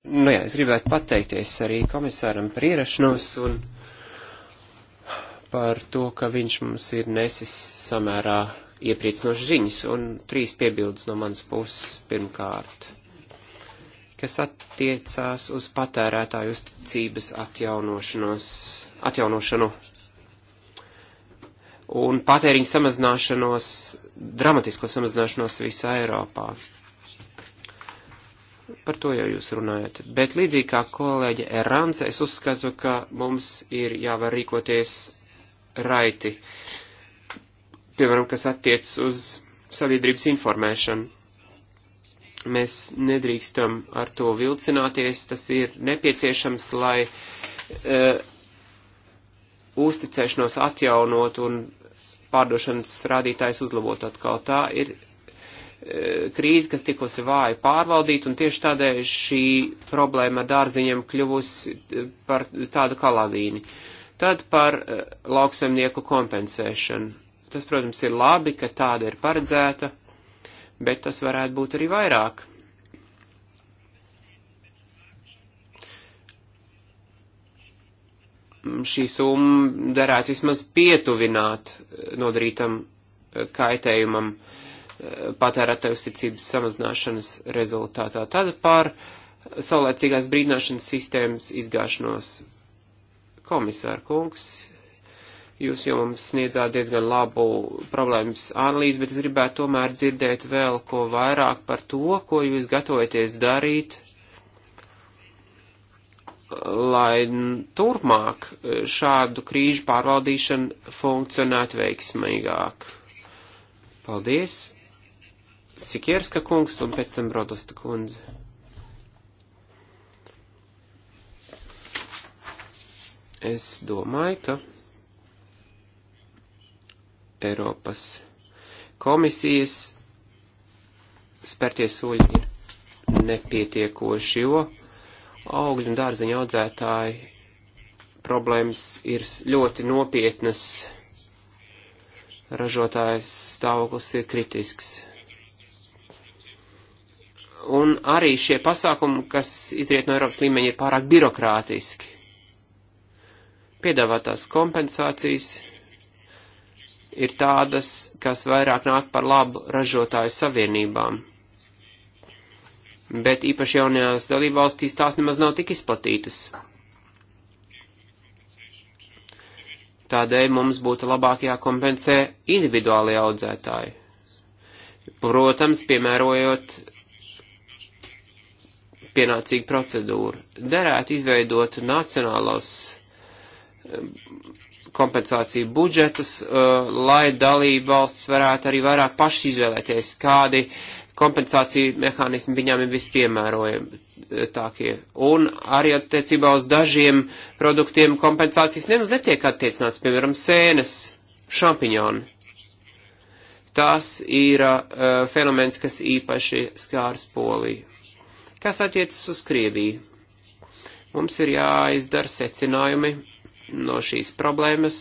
Speaker 2: nu jā, es gribētu pateikties arī komisāram Prierašnos un par to, ka viņš mums ir nesis samērā iepriecinošas ziņas un trīs piebildes no manas puses pirmkārt kas attiecās uz patērētāju uzticības atjaunošanos, atjaunošanu un patēriņu samazināšanos dramatisko samazināšanos visā Eiropā. Par to jau jūs runājat. Bet līdzīgi kā kolēģe Erants, es uzskatu, ka mums ir jāvar rīkoties raiti. Piemēram, kas attiec uz sabiedrības informēšanu. Mēs nedrīkstam ar to vilcināties, tas ir nepieciešams, lai uh, uzticēšanos atjaunot un pārdošanas rādītājs uzlabot atkal. Tā ir e, krīze, kas tikusi vāja pārvaldīt, un tieši tādēļ šī problēma ar dārziņiem kļuvusi e, par tādu kalavīni. Tad par e, lauksaimnieku kompensēšanu. Tas, protams, ir labi, ka tāda ir paredzēta, bet tas varētu būt arī vairāk. šī summa darētu vismaz pietuvināt nodarītam eh, kaitējumam eh, patērētāju uzticības samazināšanas rezultātā. Tad par saulēcīgās brīdināšanas sistēmas izgāšanos komisāra kungs. Jūs jau mums sniedzāt diezgan labu problēmas analīzi, bet es gribētu tomēr dzirdēt vēl ko vairāk par to, ko jūs gatavojaties darīt lai turpmāk e, šādu krīžu pārvaldīšana funkcionētu veiksmīgāk. Paldies, Sikierska kungs un pēc tam Brodosta kundze. Es domāju, ka Eiropas komisijas spērties soļi ir nepietiekoši, jo augļu un dārziņu audzētāji problēmas ir ļoti nopietnas, ražotājs stāvoklis ir kritisks. Un arī šie pasākumi, kas izriet no Eiropas līmeņa, ir pārāk birokrātiski. Piedāvātās kompensācijas ir tādas, kas vairāk nāk par labu ražotāju savienībām bet īpaši jaunajās dalībvalstīs tās nemaz nav tik izplatītas. Tādēļ mums būtu labāk jākompensē individuāli audzētāji. Protams, piemērojot pienācīgu procedūru. Derētu izveidot nacionālos um, kompensāciju budžetus, uh, lai dalība valsts varētu arī vairāk paši izvēlēties, kādi uh, kompensācija mehānismi viņām ir vispiemērojatākie. Un arī attiecībā uz dažiem produktiem kompensācijas nemaz netiek attiecināts, piemēram, sēnes, šampiņoni. Tas ir uh, fenomens, kas īpaši skārs Poliju. Kas attiecas uz Krieviju? Mums ir jāizdara secinājumi no šīs problēmas.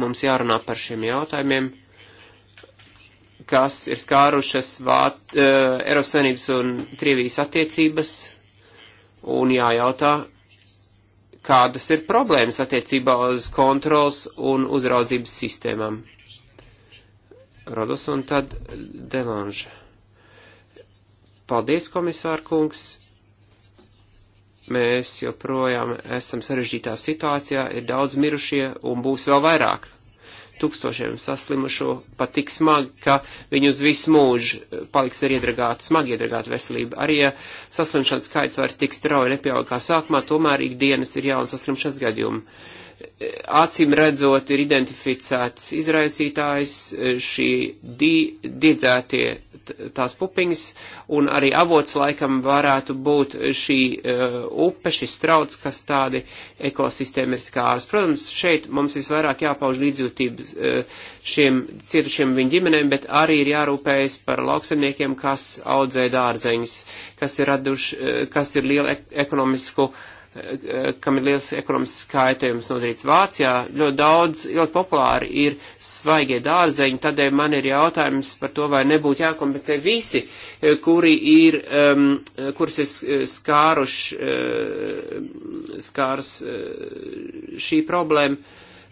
Speaker 2: Mums jārunā par šiem jautājumiem kas ir skārušas Vāt, uh, Eiropas Savienības un Krievijas attiecības, un jājautā, kādas ir problēmas attiecībā uz kontrols un uzraudzības sistēmām. Rodos un tad Delanža. Paldies, komisārkungs! Mēs joprojām esam sarežģītā situācijā, ir daudz mirušie un būs vēl vairāk tūkstošiem saslimušo pat tik smagi, ka viņi uz visu mūžu eh, paliks ar iedragātu, smagi iedragātu veselību. Arī ja saslimšanas skaits vairs tik strauji nepieaug kā sākumā, tomēr ikdienas ir jauna saslimšanas gadījuma acīm redzot ir identificēts izraisītājs, eh, šī di, diedzētie tās pupiņas, un arī avots laikam varētu būt šī uh, upe, šis strauts, kas tādi ekosistēma ir skārs. Protams, šeit mums visvairāk jāpauž līdzjūtības uh, šiem cietušiem viņu ģimenēm, bet arī ir jārūpējas par lauksemniekiem, kas audzē dārzeņus, kas ir, raduši, uh, kas ir liela ek ekonomisku uh, kam ir liels ekonomisks kaitējums nodarīts Vācijā, ļoti daudz, ļoti populāri ir svaigie dārzeņi, tādēļ man ir jautājums par to, vai nebūtu jākompensē visi, eh, kuri ir, um, kurus ir skāruši, uh, skārs uh, šī problēma.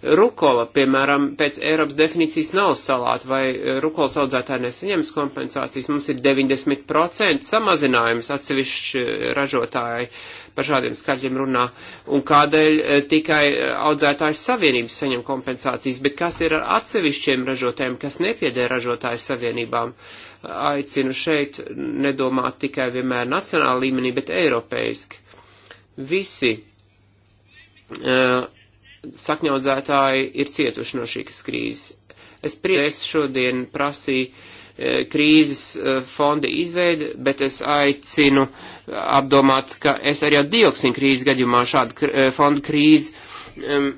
Speaker 2: Rukola, piemēram, pēc Eiropas definīcijas nav salāta, vai e, rukolas audzētāji nesaņems kompensācijas. Mums ir 90% samazinājums atsevišķi ražotāji par šādiem skaļiem runā, un kādēļ e, tikai audzētājs savienības saņem kompensācijas, bet kas ir ar atsevišķiem ražotājiem, kas nepiedē ražotāju savienībām? Aicinu šeit nedomāt tikai vienmēr nacionāla līmenī, bet eiropeiski. Visi. Uh, sakņaudzētāji ir cietuši no šīs krīzes. Es priecājos šodien prasīju eh, krīzes eh, fonda izveidi, bet es aicinu eh, apdomāt, ka es arī jau dioksīnu krīzes gadījumā šādu fondu krīzi um,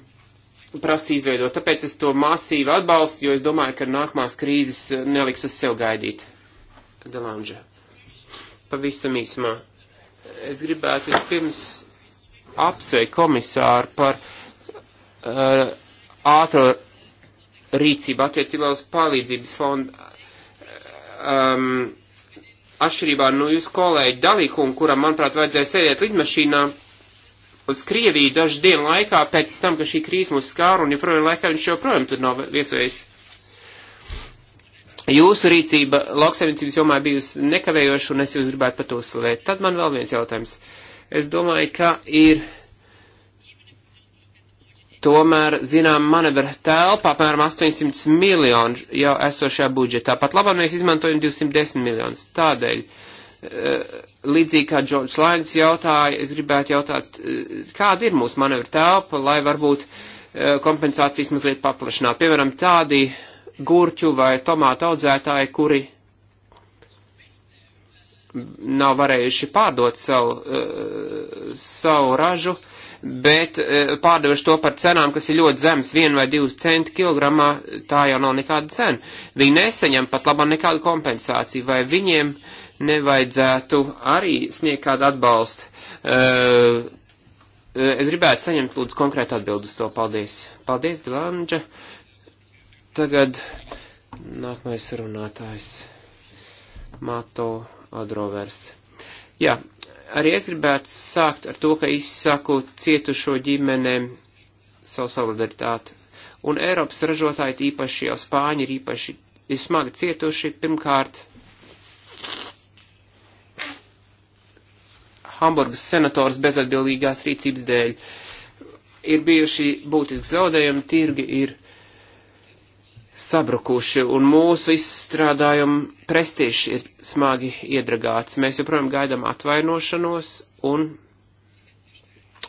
Speaker 2: prasu izveidot. Tāpēc es to masīvi atbalstu, jo es domāju, ka nākamās krīzes neliks uz sev gaidīt. Delanža. Pavisam īsumā. Es gribētu vispirms apsveikt komisāru par uh, uh, ātro rīcību attiecībā uz palīdzības fondu. Uh, um, atšķirībā no jūsu kolēģi Dalīkuma, kuram, manuprāt, vajadzēja sēdēt lidmašīnā uz Krieviju dažu dienu laikā pēc tam, ka šī krīze mūs skāra un joprojām laikā viņš joprojām tur nav viesojis. Jūsu rīcība lauksaimniecības jomā bijusi nekavējoša un es jūs gribētu par to slavēt. Tad man vēl viens jautājums. Es domāju, ka ir tomēr, zinām, manevra telpa apmēram 800 miljonu jau esošajā budžetā. Pat labāk mēs izmantojam 210 miljonus. Tādēļ, eh, līdzīgi kā Džordžs Lains jautāja, es gribētu jautāt, eh, kāda ir mūsu manevra telpa, lai varbūt eh, kompensācijas mazliet paplašinātu. Piemēram, tādi gurķu vai tomātu audzētāji, kuri nav varējuši pārdot savu, savu ražu, uh, bet e, pārdevuši to par cenām, kas ir ļoti zemas, 1 vai 2 centi kilogramā, tā jau nav nekāda cena. Viņi neseņem pat labā nekādu kompensāciju, vai viņiem nevajadzētu arī sniegt kādu atbalstu. E, e, es gribētu saņemt lūdzu konkrētu atbildu uz to. Paldies. Paldies, Dilanģa. Tagad nākamais runātājs. Mato Adrovers. Jā, Arī es gribētu sākt ar to, ka izsaku cietušo ģimenēm savu solidaritāti. Un Eiropas ražotāji, īpaši jau Spāņi, ir īpaši ir smagi cietuši. Pirmkārt, Hamburgas senators bezatbildīgās rīcības dēļ ir bijuši būtiski zaudējumi, tirgi ir sabrukuši, un mūsu izstrādājuma prestižs ir smagi iedragāts. Mēs joprojām gaidām atvainošanos un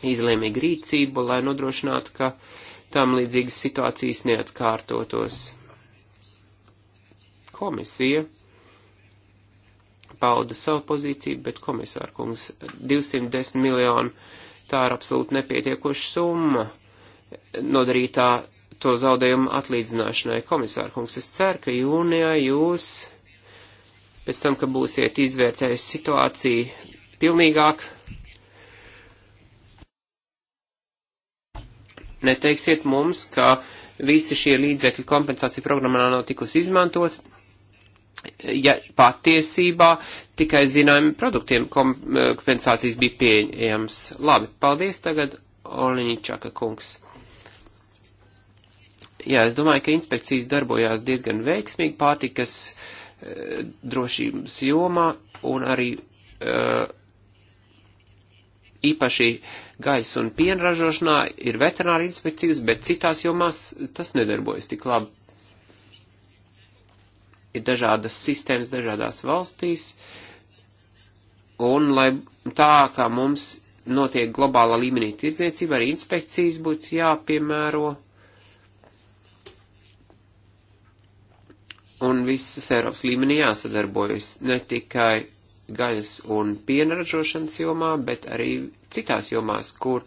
Speaker 2: izlēmīgu rīcību, lai nodrošinātu, ka tam līdzīgas situācijas neatkārtotos. Komisija pauda savu pozīciju, bet komisārkungs 210 miljonu tā ir absolūti nepietiekoša summa nodarītā to zaudējumu atlīdzināšanai. Komisāra kungs, es ceru, ka jūnijā jūs, pēc tam, ka būsiet izvērtējuši situāciju pilnīgāk, neteiksiet mums, ka visi šie līdzekļi kompensācija programmā nav tikusi izmantot, ja patiesībā tikai zināmiem produktiem kompensācijas bija pieejams. Labi, paldies tagad, Oliničaka kungs. Jā, es domāju, ka inspekcijas darbojās diezgan veiksmīgi pārtikas e, drošības jomā un arī e, īpaši gaisa un pienražošanā ir veterināra inspekcijas, bet citās jomās tas nedarbojas tik labi. Ir dažādas sistēmas dažādās valstīs, un lai tā kā mums notiek globāla līmenī tirdzniecība, arī inspekcijas būtu jāpiemēro un visas Eiropas līmenī jāsadarbojas ne tikai gaļas un piena ražošanas jomā, bet arī citās jomās, kur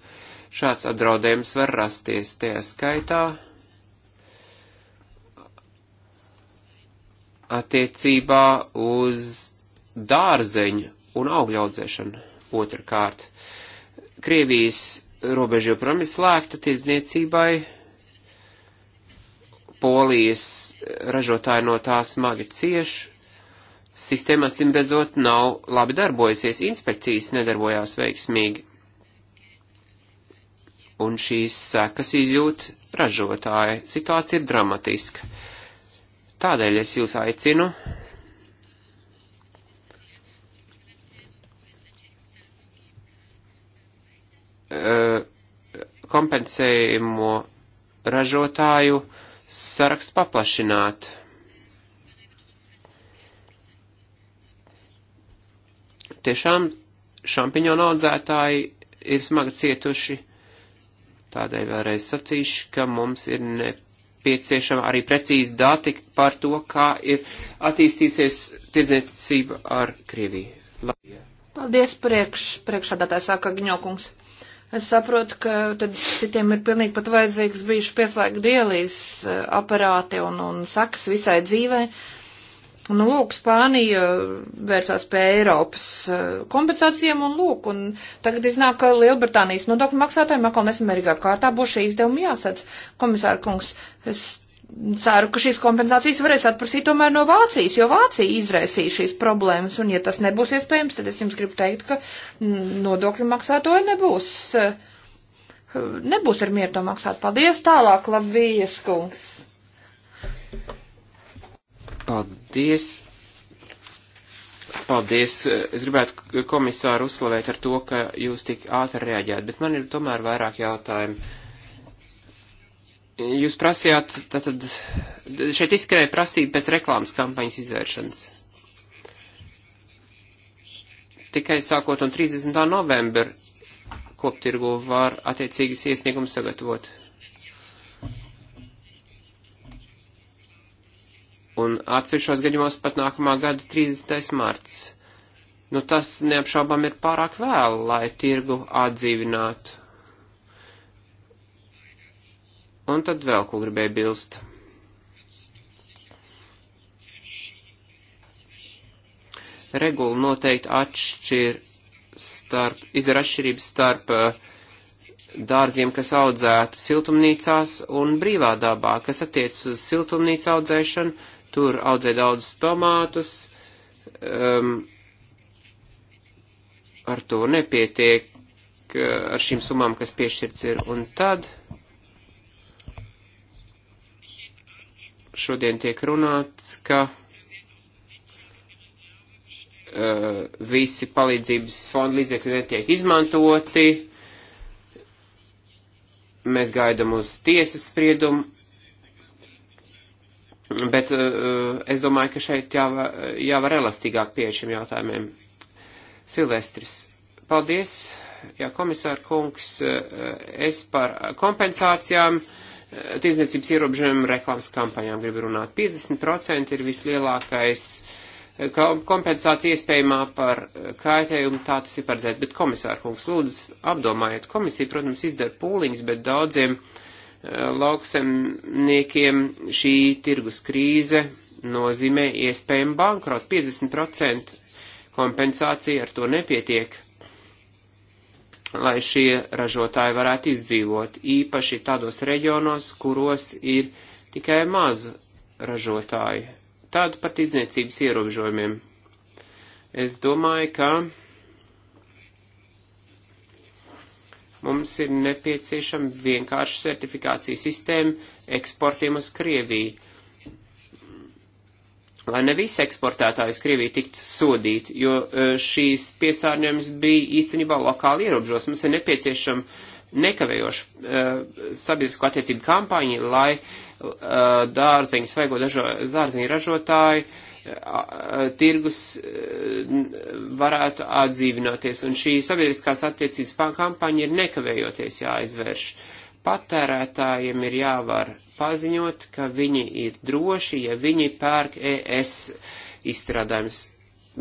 Speaker 2: šāds apdraudējums var rasties tajā skaitā attiecībā uz dārzeņu un augļaudzēšanu otrkārt. Krievijas robeža joprojām ir slēgta tiesniecībai polijas ražotāji no tā smagi cieš. Sistēma simredzot nav labi darbojusies, inspekcijas nedarbojās veiksmīgi. Un šīs sekas izjūt ražotāji. Situācija ir dramatiska. Tādēļ es jūs aicinu eh, kompensējumu ražotāju uh, sarakstu paplašināt. Tiešām šampiņonu audzētāji ir smagi cietuši, tādēļ vēlreiz sacīšu, ka mums ir nepieciešama arī precīzi dati par to, kā ir attīstīsies tirdzniecība ar Krieviju.
Speaker 1: Paldies priekš, priekšādātājs Akagiņokungs. Es saprotu, ka tad citiem ir pilnīgi pat vajadzīgs bijuši pieslēgt dielīs eh, aparāti un, un sakas visai dzīvei. Nu, lūk, Spānija vērsās pie Eiropas eh, kompensācijām un lūk, un tagad iznāk, ka Lielbritānijas nodokļu maksātājiem atkal nesamērīgā kārtā būs šie izdevumi jāsadz. Komisāra kungs, es ceru, ka šīs kompensācijas varēs atprasīt tomēr no Vācijas, jo Vācija izraisīja šīs problēmas, un ja tas nebūs iespējams, tad es jums gribu teikt, ka mm, nodokļu maksātoji nebūs, eh, nebūs ar mieru to maksāt. Paldies tālāk, Lavijas kungs.
Speaker 2: Paldies. Paldies. Es gribētu komisāru uzslavēt ar to, ka jūs tik ātri reaģējat, bet man ir tomēr vairāk jautājumu Jūs prasījāt, tātad šeit izskrēja prasība pēc reklāmas kampaņas izvēršanas. Tikai sākot no 30. novembra koptirgu var attiecīgas iesniegumus sagatavot. Un atsevišķos gadījumos pat nākamā gada 30. marts. Nu, tas neapšaubām ir pārāk vēl, lai tirgu atdzīvinātu Un tad vēl ko gribēju bilst. Regula noteikti atšķir starp, izdara atšķirības starp uh, dārziem, kas audzētu siltumnīcās un brīvā dabā, kas attiec uz siltumnīcu audzēšanu, tur audzē daudz tomātus, um, ar to nepietiek, eh, ar šīm summām, kas piešķirts ir, un tad. šodien tiek runāts, ka uh, visi palīdzības fonda līdzekļi netiek izmantoti. Mēs gaidam uz tiesas spriedumu, bet uh, es domāju, ka šeit jāvar, jāvar elastīgāk pie šiem jautājumiem. Silvestris, paldies, jā komisāra kungs, uh, es par kompensācijām. Uh, tirdzniecības ierobežojumiem reklāmas kampaņām grib runāt. 50% ir vislielākais eh, kompensācija iespējamā par eh, kaitējumu, tā tas ir paredzēt, bet komisāra kungs lūdzu apdomājiet. Komisija, protams, izdara pūliņas, bet daudziem eh, lauksemniekiem šī tirgus krīze nozīmē iespējamu bankrotu. 50% kompensācija ar to nepietiek lai šie ražotāji varētu izdzīvot, īpaši tādos reģionos, kuros ir tikai maz ražotāji. Tādu pat izniecības ierobežojumiem. Es domāju, ka mums ir nepieciešama vienkārša certifikācijas sistēma eksportiem uz Krieviju lai ne visi eksportētāji uz Krieviju tiktu sodīti, jo e, šīs piesārņojums bija īstenībā lokāli ierobežos. Mums ir nepieciešama nekavējoša uh, sabiedrisko attiecību kampaņa, lai uh, dārzeņu svaigo dažo, dārzeņu ražotāju uh, tirgus varētu atdzīvināties. Un šī sabiedriskās attiecības kampaņa ir nekavējoties jāizvērš. Patērētājiem ir jāvar paziņot, ka viņi ir droši, ja viņi pērk ES izstrādājums.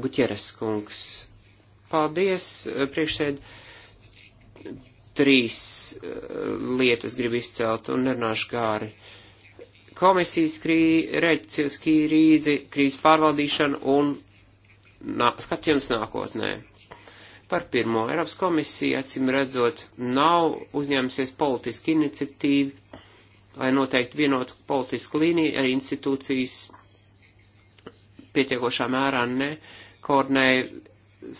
Speaker 2: Guķeres kungs. Paldies, eh, priekšsēd. Trīs eh, lietas gribu izcelt un nerunāšu gāri. Komisijas krī, reakcijas krīze, krīzes pārvaldīšana un nā, skatījums nākotnē. Par pirmo, Eiropas komisija, acim redzot, nav uzņēmusies politiski iniciatīvi lai noteikti vienotu politisku līniju, arī institūcijas pietiekošā mērā nekoordinēja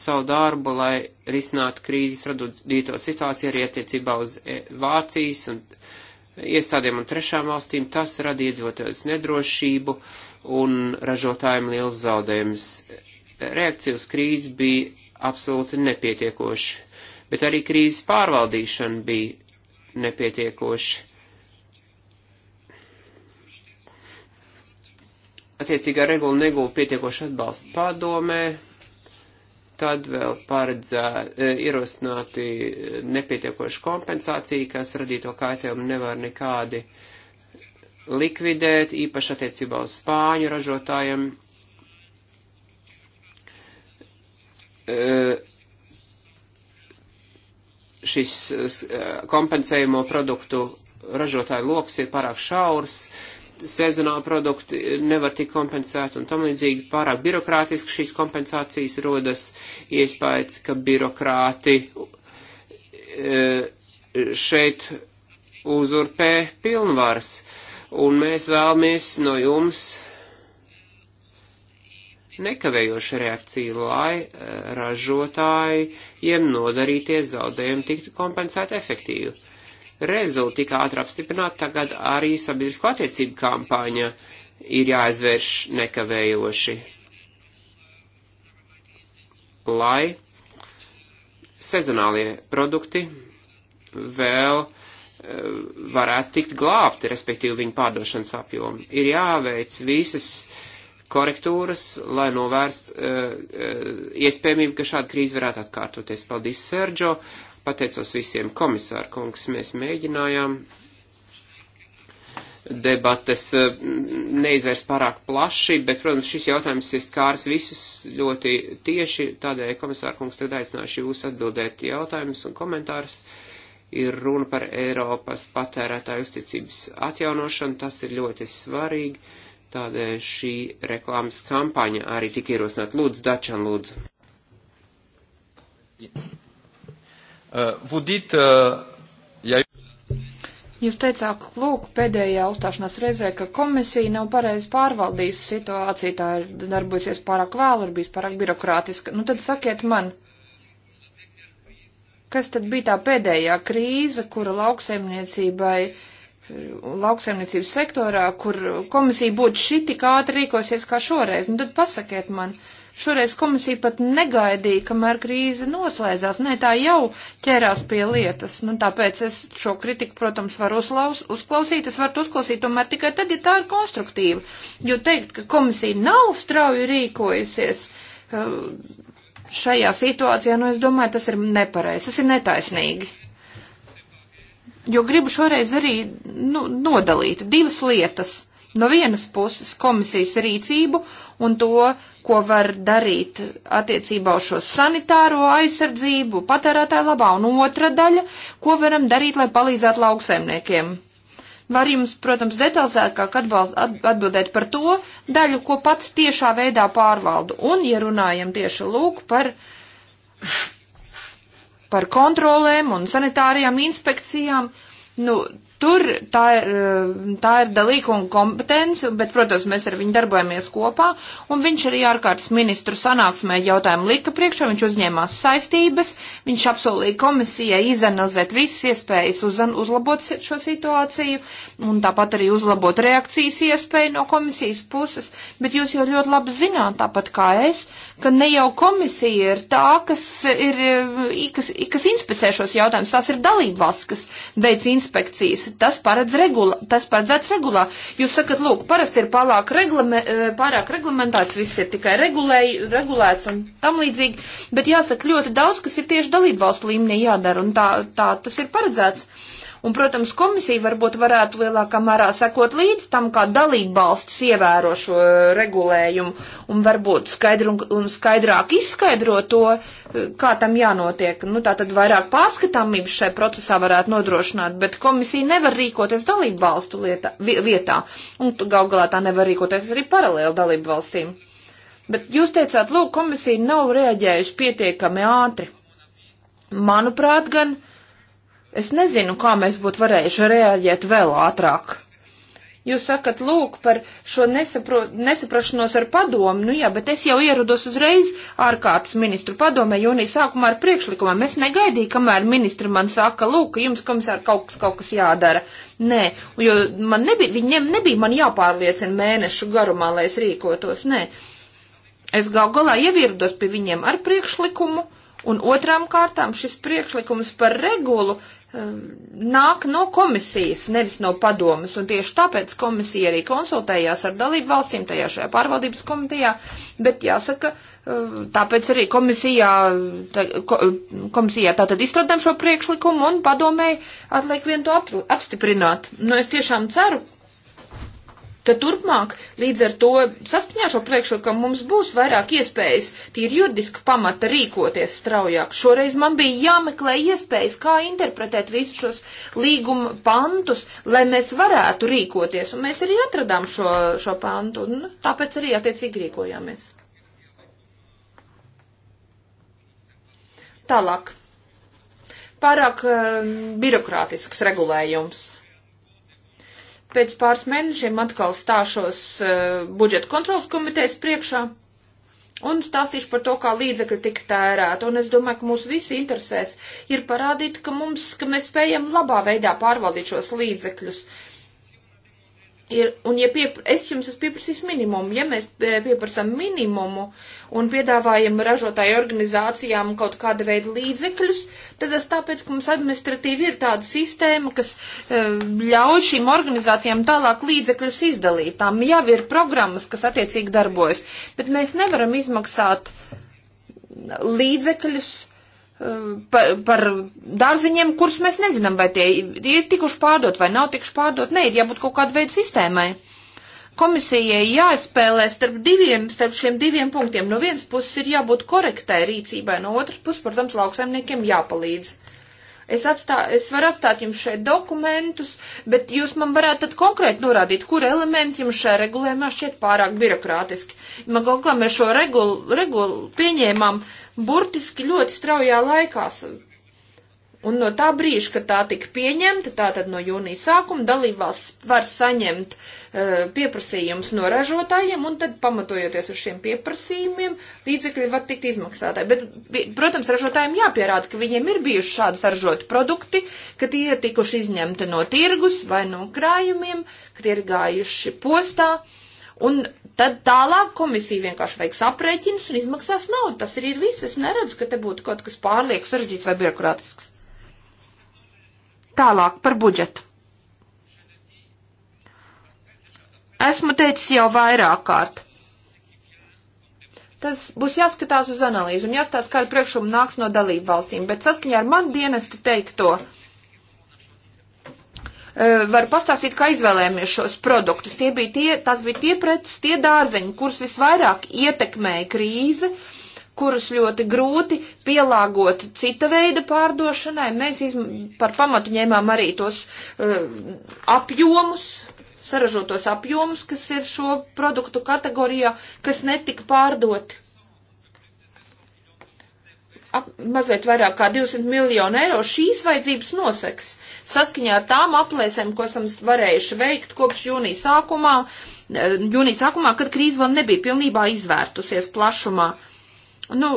Speaker 2: savu darbu, lai risinātu krīzes radīto situāciju arī attiecībā uz e- Vācijas un iestādēm un trešām valstīm. Tas radīja iedzīvotājus nedrošību un ražotājiem liels zaudējums. Reakcija uz krīzi bija absolūti nepietiekoša, bet arī krīzes pārvaldīšana bija nepietiekoša attiecīgā regula negūva pietiekoši atbalstu padomē, tad vēl paredzē ierosināti nepietiekoši kompensācija, kas radīto kaitējumu nevar nekādi likvidēt, īpaši attiecībā uz spāņu ražotājiem. Šis kompensējumo produktu ražotāju lokus ir pārāk šaurs, sezonāli produkti nevar tik kompensēt un tam līdzīgi pārāk birokrātiski šīs kompensācijas rodas iespējas, ka birokrāti e, šeit uzurpē pilnvaras. Un mēs vēlamies no jums nekavējošu reakciju, lai e, ražotājiem nodarīties zaudējumi tiktu kompensēti efektīvi rezultāti tika ātri apstiprināti, tagad arī sabiedrisko attiecību kampaņa ir jāizvērš nekavējoši, lai sezonālie produkti vēl eh, varētu tikt glābti, respektīvi viņu pārdošanas apjomu. Ir jāveic visas korektūras, lai novērst uh, uh, iespējamību, ka šāda krīze varētu atkārtoties. Paldies, Sergio! Pateicos visiem komisāru kungs, mēs mēģinājām debates eh, neizvērs pārāk plaši, bet, protams, šis jautājums ir skārs visus ļoti tieši, tādēļ komisāra kungs tagad aicināšu jūs atbildēt jautājumus un komentārus. Ir runa par Eiropas patērētāju uzticības atjaunošanu, tas ir ļoti svarīgi, tādēļ šī reklāmas kampaņa arī tika ierosināt. Lūdzu, Dačan, lūdzu. Eh, Vous dites, eh, ja
Speaker 1: Jūs teicāt, lūk, pēdējā uzstāšanās reizē, ka komisija nav pareizi pārvaldījusi situāciju, tā ir darbojusies pārāk vēl, ir bijis pārāk birokrātiska. Nu tad sakiet man, kas tad bija tā pēdējā krīze, kura lauksaimniecībai, lauksaimniecības sektorā, kur komisija būtu šitik ātri rīkosies kā šoreiz? Nu tad pasakiet man. Uh, Šoreiz komisija pat negaidīja, kamēr krīze noslēdzās. Nē, tā jau ķērās pie lietas. Nu, tāpēc es šo kritiku, protams, varu uzlaus, uzklausīt. Es varu uzklausīt tomēr tikai tad, ja tā ir konstruktīva. Jo teikt, ka komisija nav strauji rīkojusies uh, šajā situācijā, nu, es domāju, tas ir nepareizi, tas ir netaisnīgi. Jo gribu šoreiz arī nu, nodalīt divas lietas no vienas puses komisijas rīcību un to, ko var darīt attiecībā uz šo sanitāro aizsardzību, patērētāju labā, un otra daļa, ko varam darīt, lai palīdzētu lauksaimniekiem. Var jums, protams, detalizētāk atbildēt par to daļu, ko pats tiešā veidā pārvaldu. Un, ja runājam tieši lūk par, par kontrolēm un sanitārijām inspekcijām, nu, Tur tā ir, eh, tā ir dalīkuma kompetence, bet, protams, mēs ar viņu darbojamies kopā, un viņš arī ārkārtas ministru sanāksmē jautājumu lika priekšā, viņš uzņēmās saistības, viņš apsolīja komisijai izanalizēt visas iespējas uz, uzlabot šo situāciju, un tāpat arī uzlabot reakcijas iespēju no komisijas puses, bet jūs jau ļoti labi zināt, tāpat kā es, uh, ka ne jau komisija ir tā, kas, ir, kas, kas inspicē šos jautājumus, tās ir dalība valsts, kas veic inspekcijas. Tas, paredz regula, tas paredzēts regulā. Jūs sakat, lūk, parasti ir pārāk, reglame, eh, pārāk reglamentēts, viss ir tikai regulē, regulēts un tam līdzīgi, bet jāsaka ļoti daudz, kas ir tieši dalība valstu līmenī jādara, un tā, tā tas ir paredzēts. Un, protams, komisija varbūt varētu lielākā mērā sekot līdz tam, kā dalībvalsts ievēro šo regulējumu un varbūt skaidru un skaidrāk izskaidro to, kā tam jānotiek. Nu, tā tad vairāk pārskatāmības šai procesā varētu nodrošināt, bet komisija nevar rīkoties dalībvalstu lietā, vietā. Un gal galā tā nevar rīkoties arī paralēli dalībvalstīm. Bet jūs teicāt, lūk, komisija nav reaģējusi pietiekami ātri. Manuprāt, gan uh, Es nezinu, kā mēs būtu varējuši reaģēt vēl ātrāk. Jūs sakat, lūk, par šo nesapro, nesaprašanos ar padomu, nu jā, bet es jau ierados uzreiz ārkārtas ministru padomē jūnijas sākumā ar priekšlikumam. Es negaidīju, kamēr ministri man saka, lūk, ka jums komisāri kaut kas, kaut kas jādara. Nē, jo man nebija, viņiem nebija man jāpārliecina mēnešu garumā, lai es rīkotos, nē. Es gal galā ievirdos pie viņiem ar priekšlikumu. Un otrām kārtām šis priekšlikums par regulu Um, nāk no komisijas, nevis no padomas, un tieši tāpēc komisija arī konsultējās ar dalību valstīm tajā šajā pārvaldības komitejā, bet jāsaka, um, tāpēc arī komisijā, tā, komisijā tātad izstrādājam šo priekšlikumu un padomēji atliek vien to apstiprināt. Nu, es tiešām ceru, Tad turpmāk, līdz ar to saskaņā šo priekšlikumu mums būs vairāk iespējas tīri juridiska pamata rīkoties straujāk. Šoreiz man bija jāmeklē iespējas, kā interpretēt visus šos līguma pantus, lai mēs varētu rīkoties, un mēs arī atradām šo, šo pantu, un nu, tāpēc arī attiecīgi rīkojāmies. Tālāk. Pārāk um, birokrātisks regulējums pēc pāris mēnešiem atkal stāšos uh, budžeta kontrolas komitejas priekšā un stāstīšu par to, kā līdzekļi tika tērēti. Un es domāju, ka mūs visi interesēs ir parādīt, ka mums, ka mēs spējam labā veidā pārvaldīt šos līdzekļus. Uh, Ir, un ja piep, es jums esmu pieprasījis minimumu, ja mēs e, pieprasām minimumu un piedāvājam ražotāju organizācijām kaut kāda veida līdzekļus, tad tas tāpēc, ka mums administratīvi ir tāda sistēma, kas e, ļauj šīm organizācijām tālāk līdzekļus izdalīt. Tām jau ir programmas, kas attiecīgi darbojas, bet mēs nevaram izmaksāt līdzekļus par, par dārziņiem, kurus mēs nezinām, vai tie ir tikuši pārdot vai nav tikuši pārdot. Nē, ir jābūt kaut kāda veida sistēmai. Komisijai jāspēlē starp diviem, starp šiem diviem punktiem. No vienas puses ir jābūt korektai rīcībai, no otras puses, protams, lauksaimniekiem jāpalīdz. Es, atstā, es varu atstāt jums šeit dokumentus, bet jūs man varētu tad konkrēti norādīt, kur elementi jums šajā regulējumā šķiet pārāk birokrātiski. Man kaut kā mēs šo regulu, regulu pieņēmām uh, burtiski ļoti straujā laikā. Un no tā brīža, kad tā tika pieņemta, tātad no jūnija sākuma, dalībvalsts var saņemt uh, pieprasījumus no ražotājiem, un tad, pamatojoties uz šiem pieprasījumiem, līdzekļi var tikt izmaksātāji. Bet, protams, ražotājiem jāpierāda, ka viņiem ir bijuši šādi saražoti produkti, ka tie ir tikuši izņemti no tirgus vai no krājumiem, ka tie ir gājuši postā. Un tad tālāk komisija vienkārši veiks aprēķinus un izmaksās naudu. Tas arī ir viss. Es neredzu, ka te būtu kaut kas pārlieku sarežģīts vai birokrātisks. Tālāk par budžetu. Esmu teicis jau vairāk kārt. Tas būs jāskatās uz analīzi un jāstāsta, kāda priekšuma nāks no dalību valstīm, bet saskaņā ar man dienestu teikto. to Eh, var pastāstīt, kā izvēlējāmies šos produktus. Tie bija tie, tas bija tie preces, tie dārzeņi, kurus visvairāk ietekmēja krīze, kurus ļoti grūti pielāgot cita veida pārdošanai. Mēs izm, par pamatu ņēmām arī tos uh, apjomus, saražotos apjomus, kas ir šo produktu kategorijā, kas netika pārdoti ap, mazliet vairāk kā 200 miljonu eiro šīs vajadzības noseks. Saskaņā ar tām aplēsēm, ko esam varējuši veikt kopš jūnija sākumā, eh, jūnija sākumā, kad krīze vēl nebija pilnībā izvērtusies plašumā. Nu,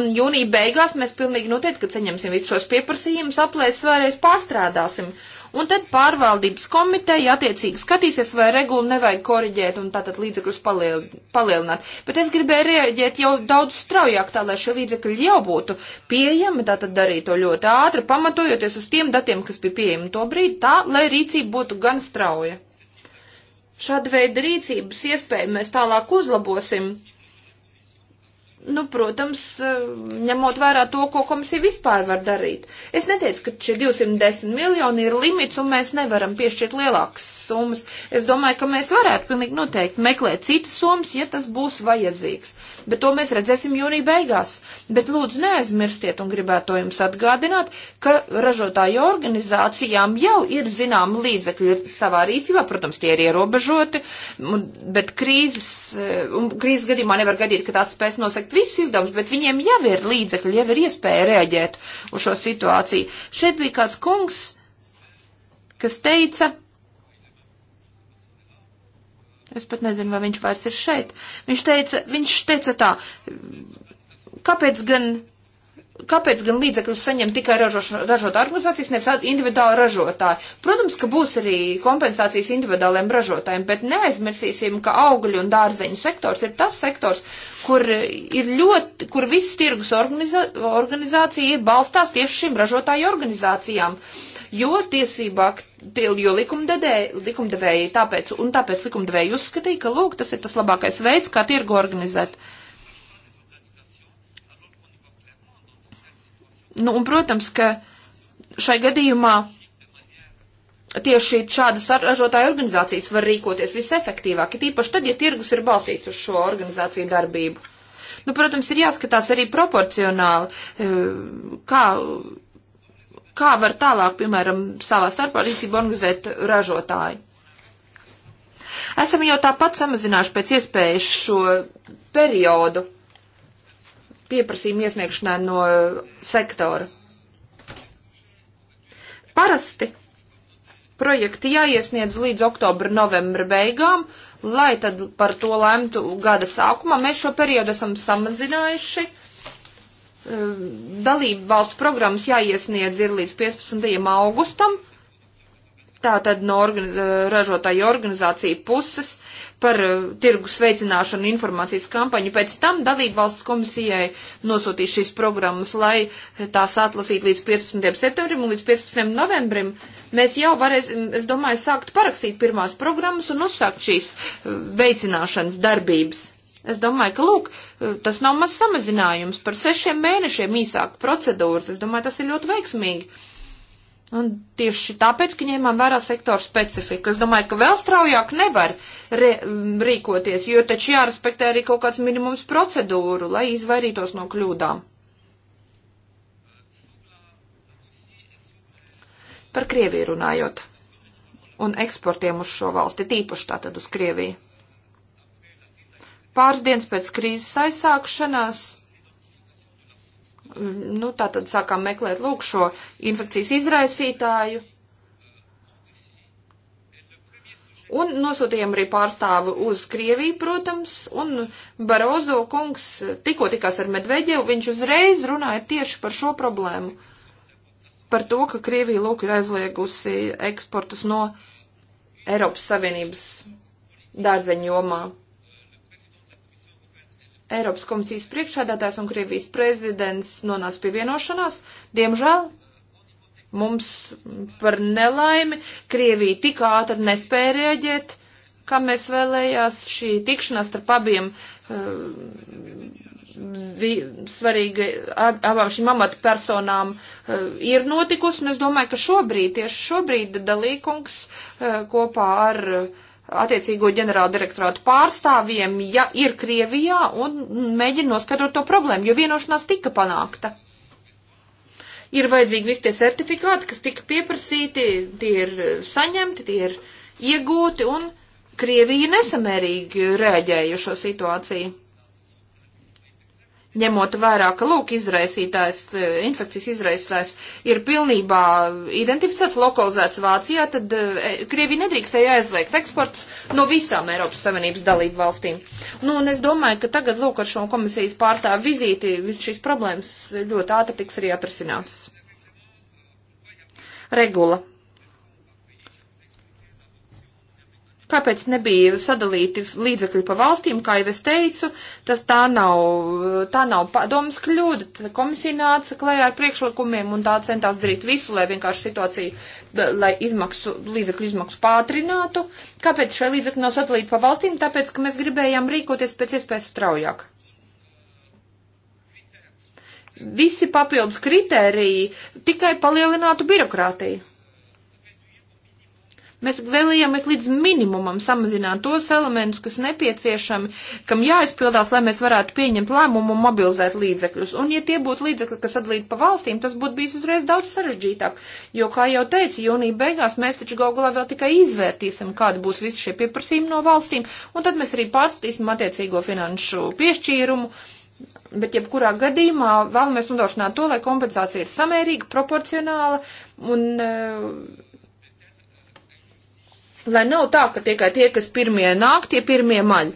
Speaker 1: un jūnija beigās mēs pilnīgi noteikti, kad saņemsim visus šos pieprasījumus, aplēs vēlreiz pārstrādāsim. Uh, Un tad pārvaldības komiteja attiecīgi skatīsies, vai regulu nevajag koriģēt un tātad līdzekļus paliel, palielināt. Bet es gribēju rēģēt jau daudz straujāk, tā lai šie līdzekļi jau būtu pieejami, tātad darīt to ļoti ātri, pamatojoties uz tiem datiem, kas bija pieejami to brīdi, tā lai rīcība būtu gan strauja. Šāda veida rīcības iespēju mēs tālāk uzlabosim nu, protams, eh, ņemot vērā to, ko komisija vispār var darīt. Es neteicu, ka šie 210 miljoni ir limits un mēs nevaram piešķirt lielākas summas. Es domāju, ka mēs varētu pilnīgi noteikti meklēt citas summas, ja tas būs vajadzīgs. Uh, bet to mēs redzēsim jūnija beigās. Bet lūdzu neaizmirstiet un gribētu to jums atgādināt, ka ražotāju organizācijām jau ir zinām līdzekļi savā rīcībā, protams, tie ir ierobežoti, bet krīzes, eh, krīzes gadījumā nevar gadīt, ka tās spēs nosekt visus izdevumus, bet viņiem jau ir līdzekļi, jau ir iespēja reaģēt uz šo situāciju. Šeit bija kāds kungs, kas teica, Es pat nezinu, vai viņš vairs ir šeit. Viņš teica, viņš teica tā, kāpēc gan, kāpēc gan līdzekļus saņem tikai ražotāju organizācijas, nevis individuāli ražotāji? Protams, ka būs arī kompensācijas individuāliem ražotājiem, bet neaizmirsīsim, ka augļu un dārzeņu sektors ir tas sektors, kur ir ļoti, kur viss tirgus organizā, organizācija balstās tieši šīm ražotāju organizācijām. Uh, jo tiesībāk, jo likumdevēji tāpēc, un tāpēc likumdevēji uzskatīja, ka, lūk, tas ir tas labākais veids, kā tirgu organizēt. Nu, un, protams, ka šai gadījumā tieši šādas ražotāju organizācijas var rīkoties visefektīvāk, ir īpaši tad, ja tirgus ir balsīts uz šo organizāciju darbību. Nu, protams, ir jāskatās arī proporcionāli, eh, kā kā var tālāk, piemēram, savā starpā rīcību organizēt ražotāji. Esam jau tāpat samazinājuši pēc iespējas šo periodu pieprasījumu iesniegšanai no sektora. Parasti projekti jāiesniedz līdz oktobra, novembra beigām, lai tad par to lemtu gada sākumā. Mēs šo periodu esam samazinājuši Eh, dalību valstu programmas jāiesniedz ir līdz 15. augustam. Tātad no organiz eh, ražotāju organizāciju puses par eh, tirgus veicināšanu informācijas kampaņu. Pēc tam dalību valsts komisijai nosūtīs šīs programmas, lai tās atlasītu līdz 15. septembrim un līdz 15. novembrim. Mēs jau varēsim, es domāju, sākt parakstīt pirmās programmas un uzsākt šīs veicināšanas darbības. Es domāju, ka, lūk, tas nav maz samazinājums par sešiem mēnešiem īsāku procedūru. Es domāju, tas ir ļoti veiksmīgi. Un tieši tāpēc, ka ņēmām vērā sektoru specifiku. Es domāju, ka vēl straujāk nevar re, mm, rīkoties, jo taču jārespektē arī kaut kāds minimums procedūru, lai izvairītos no kļūdām. Par Krieviju runājot un eksportiem uz šo valsti, tīpaši tātad uz Krieviju. Pāris dienas pēc krīzes aizsākšanās, nu, tā tad sākām meklēt lūk šo infekcijas izraisītāju. Un nosūtījām arī pārstāvu uz Krieviju, protams, un Barozo kungs tikko tikās ar Medveģevu, viņš uzreiz runāja tieši par šo problēmu. Par to, ka Krievija lūk ir aizliegusi eksportus no Eiropas Savienības dārzeņu jomā. Eiropas komisijas priekšādātājs un Krievijas prezidents nonāca pie vienošanās. Diemžēl mums par nelaimi Krievija tik ātri nespēja rēģēt, kā mēs vēlējās. Šī tikšanās starp abiem eh, svarīgi abām šīm amatpersonām eh, ir notikusi, un es domāju, ka šobrīd, tieši šobrīd dalīkungs eh, kopā ar uh, attiecīgo ģenerāldirektorātu pārstāvjiem, ja ir Krievijā, un mēģina noskatot to problēmu, jo vienošanās tika panākta. Ir vajadzīgi visi tie certifikāti, kas tika pieprasīti, tie ir saņemti, tie ir iegūti, un Krievija nesamērīgi reaģēja šo situāciju ņemot vērā, ka lūk, izraisītājs, e, infekcijas izraisītājs ir pilnībā identificēts, lokalizēts Vācijā, tad e, Krievija nedrīkstēja aizliegt eksportus no visām Eiropas Savienības dalību valstīm. Nu, un es domāju, ka tagad, lūk, ar šo komisijas pārstāvu vizīti šīs problēmas ļoti ātri tiks arī atrisināts. Regula Kāpēc nebija sadalīti līdzekļi pa valstīm, kā jau es teicu, tas tā nav, tā nav padomas kļūda. Komisija nāca klajā ar priekšlikumiem un tā centās darīt visu, lai vienkārši situāciju, lai izmaksu, līdzekļu izmaksu pātrinātu. Kāpēc šie līdzekļi nav sadalīti pa valstīm? Tāpēc, ka mēs gribējām rīkoties pēc iespējas straujāk visi papildus kritēriji tikai palielinātu birokrātiju. Mēs vēlējāmies līdz minimumam samazināt tos elementus, kas nepieciešami, kam jāizpildās, lai mēs varētu pieņemt lēmumu un mobilizēt līdzekļus. Un, ja tie būtu līdzekļi, kas atlīd pa valstīm, tas būtu bijis uzreiz daudz sarežģītāk. Jo, kā jau teicu, jūnija beigās mēs taču gal galā vēl tikai izvērtīsim, kādi būs visi šie pieprasījumi no valstīm, un tad mēs arī pārskatīsim attiecīgo finanšu piešķīrumu. Bet jebkurā gadījumā vēlamies nodrošināt to, lai kompensācija ir samērīga, proporcionāla un. Uh, Lai nav tā, ka tikai tie, kas pirmie nāk, tie pirmie maļ.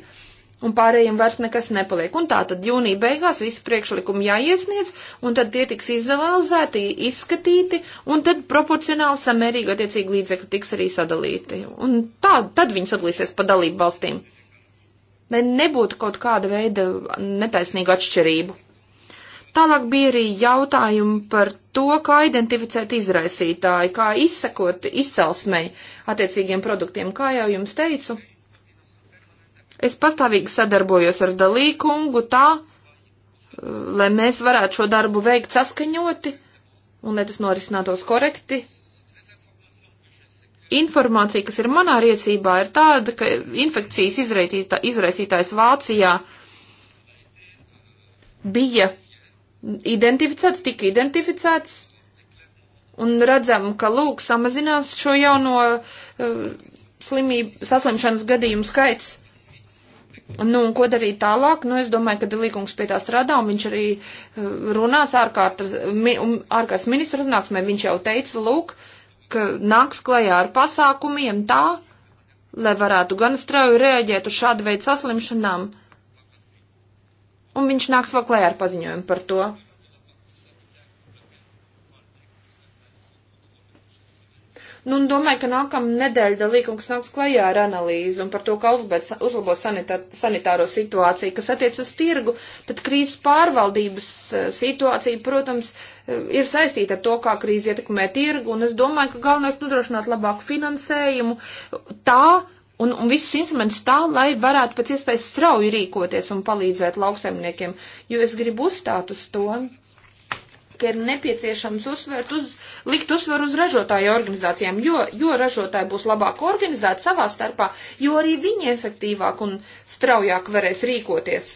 Speaker 1: Un pārējiem vairs nekas nepaliek. Un tā tad jūnija beigās visi priekšlikumi jāiesniedz, un tad tie tiks izanalizēti, izskatīti, un tad proporcionāli samērīgi attiecīgi līdzekļi tiks arī sadalīti. Un tā, tad viņi sadalīsies pa dalību valstīm. Lai nebūtu kaut kāda veida netaisnīga atšķirība. Tālāk bija arī jautājumi par to, kā identificēt izraisītāju, kā izsekot izcelsmei attiecīgiem produktiem. Kā jau jums teicu, es pastāvīgi sadarbojos ar dalīkungu tā, eh, lai mēs varētu šo darbu veikt saskaņoti un lai tas norisinātos korekti. Informācija, kas ir manā riecībā, ir tāda, ka infekcijas izraisītājs Vācijā bija identificēts, tika identificēts, un redzam, ka lūk, samazinās šo jauno uh, slimību, saslimšanas gadījumu skaits. Nu, un ko darīt tālāk? Nu, es domāju, ka Dilīkungs pie tā strādā, un viņš arī uh, runās ārkārtas, mi, ārkārtas ministru uznāksmē. Viņš jau teica, lūk, ka nāks klajā ar pasākumiem tā, lai varētu gan strauji reaģēt uz šādu veidu saslimšanām. Uh, un viņš nāks vēl klējā ar paziņojumu par to. Nu, un domāju, ka nākamā nedēļa dalīkums nāks klajā ar analīzi un par to, kā uzlabot, uzlabot sanitā, sanitāro situāciju, kas attiec uz tirgu, tad krīzes pārvaldības e, situācija, protams, e, ir saistīta ar to, kā krīze ietekmē tirgu, un es domāju, ka galvenais nodrošināt labāku finansējumu tā, un, un visus instrumentus tā, lai varētu pēc iespējas strauji rīkoties un palīdzēt lauksaimniekiem, jo es gribu uzstāt uz to, ka ir nepieciešams uzsvērt uz, likt uzsvaru uz ražotāju organizācijām, jo, jo ražotāji būs labāk organizēti savā starpā, jo arī viņi efektīvāk un straujāk varēs rīkoties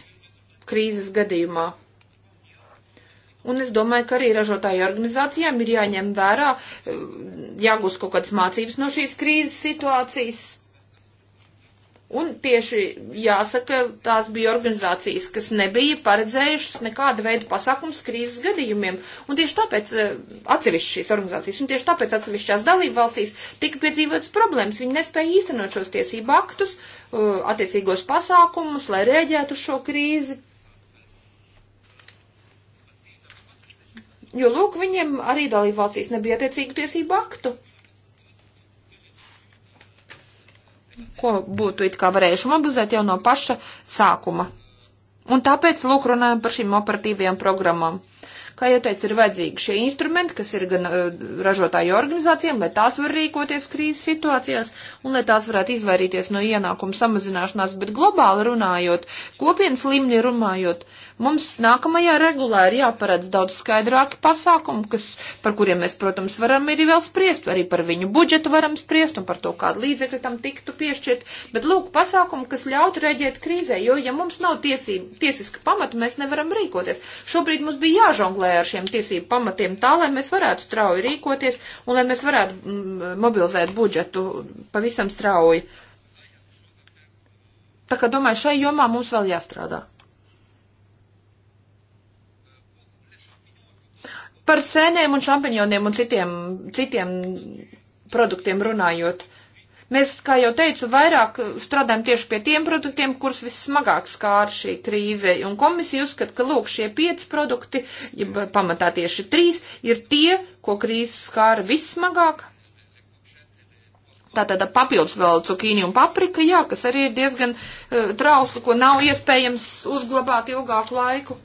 Speaker 1: krīzes gadījumā. Un es domāju, ka arī ražotāju organizācijām ir jāņem vērā, eh, jāgūst kaut kādas mācības no šīs krīzes situācijas Un tieši jāsaka, tās bija organizācijas, kas nebija paredzējušas nekāda veida pasākums krīzes gadījumiem. Un tieši tāpēc eh, atsevišķi šīs organizācijas, un tieši tāpēc atsevišķās dalību valstīs tika piedzīvotas problēmas. Viņi nespēja īstenot šos tiesību aktus, eh, attiecīgos pasākumus, lai rēģētu uz šo krīzi. Jo, lūk, viņiem arī dalību valstīs nebija attiecīgu tiesību aktu. ko būtu it kā varējuši mobilizēt jau no paša sākuma. Un tāpēc, lūk, runājam par šīm operatīvajām programmām. Kā jau teicu, ir vajadzīgi šie instrumenti, kas ir gan eh, ražotāju organizācijām, lai tās var rīkoties krīzes situācijās un lai tās varētu izvairīties no ienākumu samazināšanās, bet globāli runājot, kopienas līmenī runājot, mums nākamajā regulā ir jāparedz daudz skaidrāki pasākumi, kas, par kuriem mēs, protams, varam arī vēl spriest, arī par viņu budžetu varam spriest un par to, kādu līdzekļu tam tiktu piešķirt. Bet lūk, pasākumi, kas ļautu rēģēt krīzē, jo ja mums nav tiesība, tiesiska pamata, mēs nevaram rīkoties. Šobrīd mums bija jāžonglē jākontrolē ar šiem tiesību pamatiem tā, lai mēs varētu strauji rīkoties un lai mēs varētu mm, mobilizēt budžetu pavisam strauji. Tā kā domāju, šai jomā mums vēl jāstrādā. Par sēnēm un šampiņoniem un citiem, citiem produktiem runājot. Uh, Mēs, kā jau teicu, vairāk strādājam tieši pie tiem produktiem, kurus vissmagāk skār šī krīze, un komisija uzskata, ka lūk, šie pieci produkti, ja pamatā tieši trīs, ir tie, ko krīze skāra vissmagāk. Tā tāda papildus vēl cukīni un paprika, jā, kas arī ir diezgan uh, trausli, ko nav iespējams uzglabāt ilgāku laiku.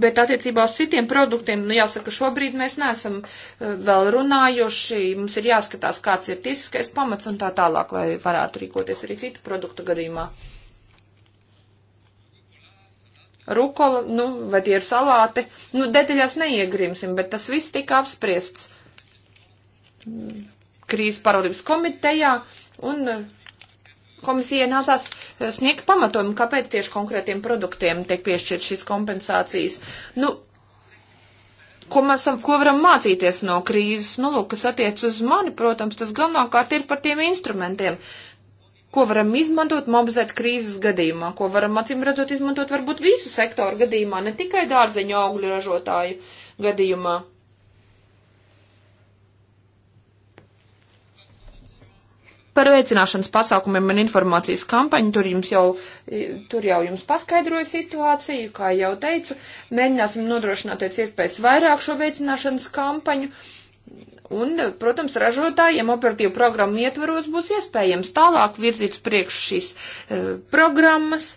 Speaker 1: Bet attiecībā uz citiem produktiem, nu jāsaka, šobrīd mēs neesam e, vēl runājuši, mums ir jāskatās, kāds ir tiesiskais pamats un tā tālāk, lai varētu rīkoties arī citu produktu gadījumā. Rukola, nu, vai tie ir salāti, nu, detaļās neiegrimsim, bet tas viss tika apspriests mm, krīzes pārvaldības komitejā un e, komisijai nācās eh, sniegt pamatojumu, kāpēc tieši konkrētiem produktiem tiek piešķirt šīs kompensācijas. Nu, ko mēs esam, ko varam mācīties no krīzes? Nu, lūk, kas attiec uz mani, protams, tas galvenokārt ir par tiem instrumentiem, ko varam izmantot mobilizēt krīzes gadījumā, ko varam acīm redzot izmantot varbūt visu sektoru gadījumā, ne tikai dārzeņu augļu ražotāju gadījumā. Par veicināšanas pasākumiem un informācijas kampaņu tur, jums jau, tur jau jums paskaidroju situāciju, kā jau teicu, mēģināsim nodrošināt pēc iespējas vairāk šo veicināšanas kampaņu. Un, protams, ražotājiem operatīvu programmu ietvaros būs iespējams tālāk virzīt uz priekšu šīs e, programmas.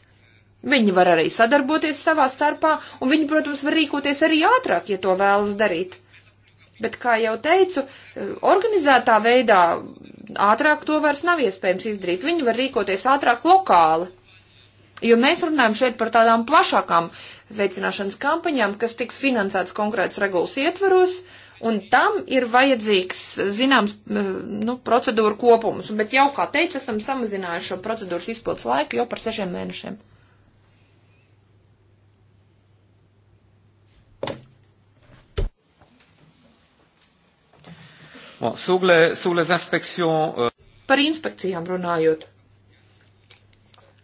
Speaker 1: Viņi var arī sadarboties savā starpā, un viņi, protams, var rīkoties arī ātrāk, ja to vēlas darīt. Bet, kā jau teicu, e, organizētā veidā ātrāk to vairs nav iespējams izdarīt. Viņi var rīkoties ātrāk lokāli. Jo mēs runājam šeit par tādām plašākām veicināšanas kampaņām, kas tiks finansētas konkrētas regulas ietvaros, un tam ir vajadzīgs, zināms, nu, procedūra kopums. Bet jau, kā teicu, esam samazinājuši šo procedūras izpildes laiku jau par sešiem mēnešiem.
Speaker 2: Bon, sur les, sur les inspections, uh...
Speaker 1: Par inspekcijām runājot.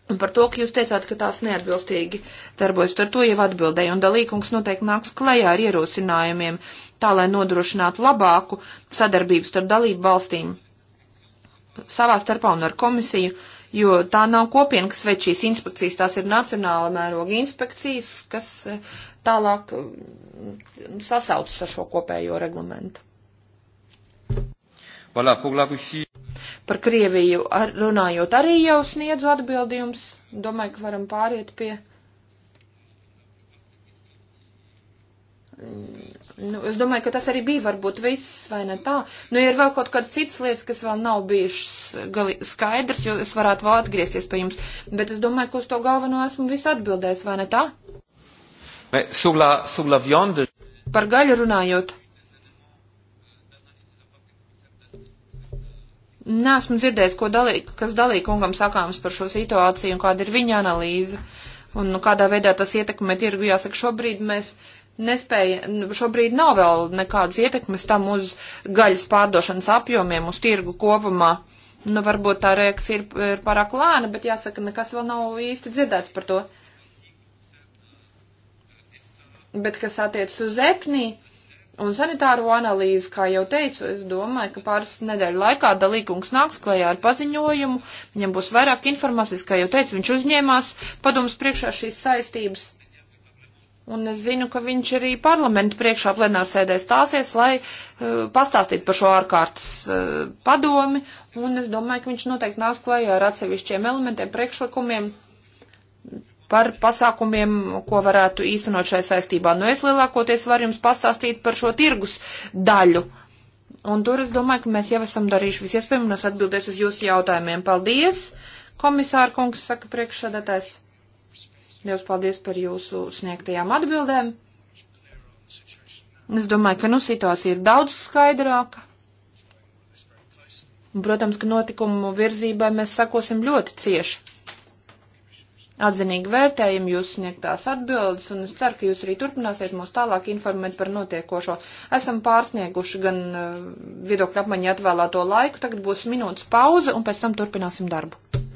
Speaker 1: Un par to, ka jūs teicāt, ka tās neatbilstīgi darbojas, ar to jau atbildēju, un dalīkums noteikti nāks klajā ar ierosinājumiem, tā lai nodrošinātu labāku sadarbību starp dalību valstīm savā starpā un ar komisiju, jo tā nav kopiena, kas veic šīs inspekcijas, tās ir nacionāla mēroga inspekcijas, kas eh, tālāk mm, sasaucas ar šo kopējo reglamentu.
Speaker 2: Voilà, pour la Russie.
Speaker 1: Par Krieviju ar, runājot arī jau sniedzu atbildījums. Domāju, ka varam pāriet pie. Nu, es domāju, ka tas arī bija varbūt viss, vai ne tā? Nu, ir vēl kaut kādas citas lietas, kas vēl nav bijušas skaidrs, jo es varētu vēl atgriezties pie jums. Bet es domāju, ka uz to galveno esmu visu atbildējis, vai ne tā?
Speaker 2: Mais sur la, sur la viande...
Speaker 1: Par gaļu runājot. Nesmu dzirdējis, ko dalī, kas dalīja kungam sakāms par šo situāciju un kāda ir viņa analīze un nu, kādā veidā tas ietekmē tirgu. Jāsaka, šobrīd mēs nespēja, šobrīd nav vēl nekādas ietekmes tam uz gaļas pārdošanas apjomiem, uz tirgu kopumā. Nu, varbūt tā reakcija ir, ir pārāk lēna, bet jāsaka, nekas vēl nav īsti dzirdēts par to. Bet kas attiecas uz epnī, un sanitāro analīzi, kā jau teicu, es domāju, ka pāris nedēļu laikā dalīkungs nāks klajā ar paziņojumu, viņam būs vairāk informācijas, kā jau teicu, viņš uzņēmās padomus priekšā šīs saistības. Un es zinu, ka viņš arī parlamentu priekšā plenārsēdē stāsies, lai uh, pastāstītu par šo ārkārtas uh, padomi, un es domāju, ka viņš noteikti nāks klajā ar atsevišķiem elementiem, priekšlikumiem, uh, par pasākumiem, ko varētu īstenot šai saistībā. Nu, es lielākoties varu jums pastāstīt par šo tirgus daļu. Un tur es domāju, ka mēs jau esam darījuši visu iespējamo, un es atbildēšu uz jūsu jautājumiem. Paldies, komisāra kungs, saka priekšsēdētājs. Liels paldies par jūsu sniegtajām atbildēm. Es domāju, ka nu situācija ir daudz skaidrāka. Un, protams, ka notikumu virzībai mēs sakosim ļoti cieši atzinīgi vērtējam jūs sniegtās atbildes, un es ceru, ka jūs arī turpināsiet mūs tālāk informēt par notiekošo. Esam pārsnieguši gan eh, viedokļu apmaiņu atvēlēto laiku, tagad būs minūtes pauze, un pēc tam turpināsim darbu.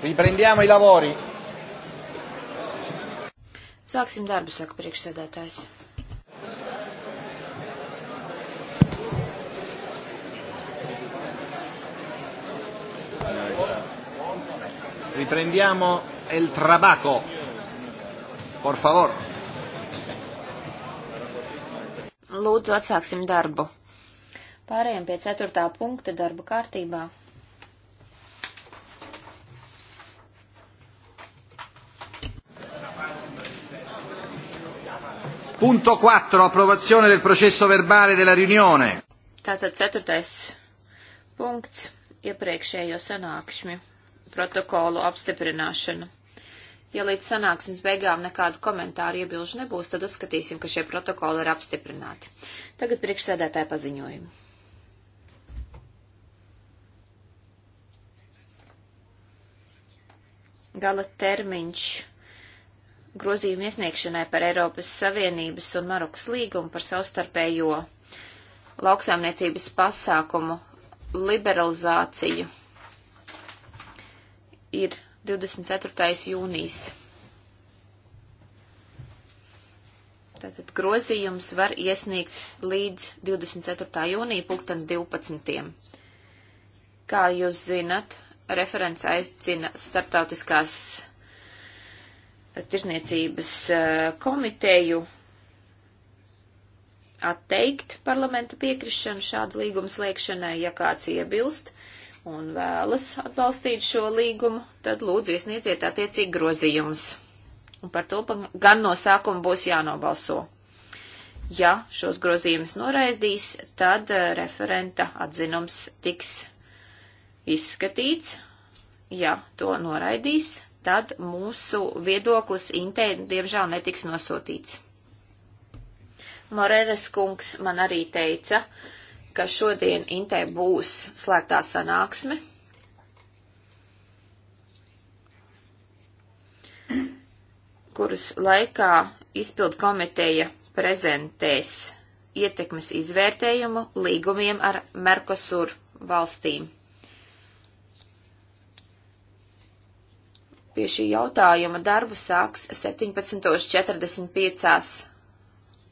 Speaker 2: Riprendiamo i lavori.
Speaker 3: Sāksim darbu, saka priekšsēdētājs.
Speaker 2: Riprendiamo il trabaco. Por favor.
Speaker 3: Lūdzu, atsāksim darbu. Pārējiem pie ceturtā punkta darba kārtībā.
Speaker 1: Punto 4, approvazione del processo verbale della riunione.
Speaker 3: Tātad ceturtais punkts - iepriekšējo sanākšmju protokolu apstiprināšana. Ja līdz sanāksmes beigām nekādu komentāru iebilžu nebūs, tad uzskatīsim, ka šie protokoli ir apstiprināti. Tagad priekšsēdētāja paziņojumu. Gala termiņš grozījumu iesniegšanai par Eiropas Savienības un Marokas līgumu par savstarpējo lauksaimniecības pasākumu liberalizāciju ir 24. jūnijas. Tātad grozījums var iesniegt līdz 24. jūnija 2012. Kā jūs zinat, referents aicina starptautiskās tirzniecības eh, komiteju atteikt parlamenta piekrišanu šādu līgumu slēgšanai, ja kāds iebilst un vēlas atbalstīt šo līgumu, tad lūdzu iesniedziet attiecīgi grozījumus. Un par to gan no sākuma būs jānobalso. Ja šos grozījumus noraidīs, tad eh, referenta atzinums tiks izskatīts. Ja to noraidīs, tad mūsu viedoklis Intē diemžēl netiks nosūtīts. Moreres kungs man arī teica, ka šodien Intē būs slēgtā sanāksme. kuras laikā izpildu komiteja prezentēs ietekmes izvērtējumu līgumiem ar Merkosur valstīm. pie šī jautājuma darbu sāks 17.45.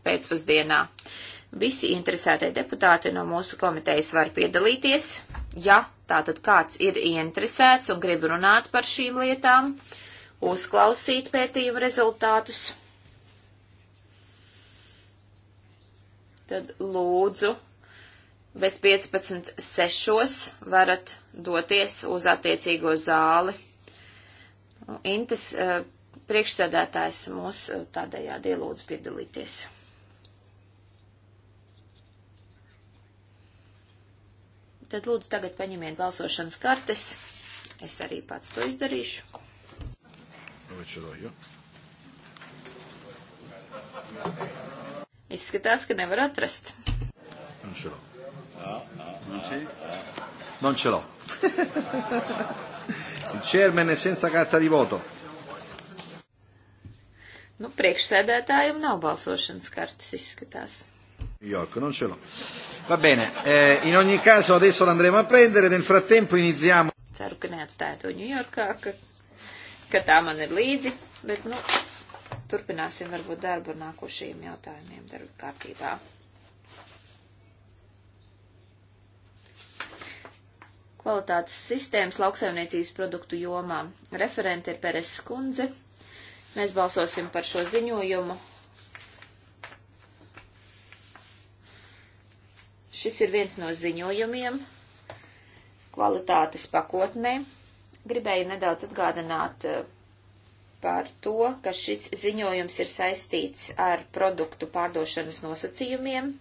Speaker 3: pēcpusdienā. Visi interesētie deputāti no mūsu komitejas var piedalīties. Ja tātad kāds ir ieinteresēts un grib runāt par šīm lietām, uzklausīt pētījumu rezultātus, tad lūdzu bez 15.6. varat doties uz attiecīgo zāli Intas eh, priekšsēdētājs mūs eh, tādējādi ielūdz piedalīties. Tad lūdzu tagad paņemiet balsošanas kartes. Es arī pats to izdarīšu. Izskatās, ka nevar atrast.
Speaker 1: Non ce l'ho. Non ce l'ho. Il chairman è senza carta di voto.
Speaker 3: Nu, priekšsēdētājiem nav balsošanas kartes, izskatās.
Speaker 1: New York, non ce l'ho. Va bene, eh, in ogni caso
Speaker 3: adesso l'andremo a prendere, nel frattempo iniziamo. Ceru, ka neatstāju to Ņujorkā, ka, ka tā man ir līdzi, bet, nu, turpināsim varbūt darbu ar nākošajiem jautājumiem darba kārtībā. kvalitātes sistēmas lauksaimniecības produktu jomā. Referente ir Peres Skundze. Mēs balsosim par šo ziņojumu. Šis ir viens no ziņojumiem kvalitātes pakotnē. Gribēju nedaudz atgādināt eh, par to, ka šis ziņojums ir saistīts ar produktu pārdošanas nosacījumiem,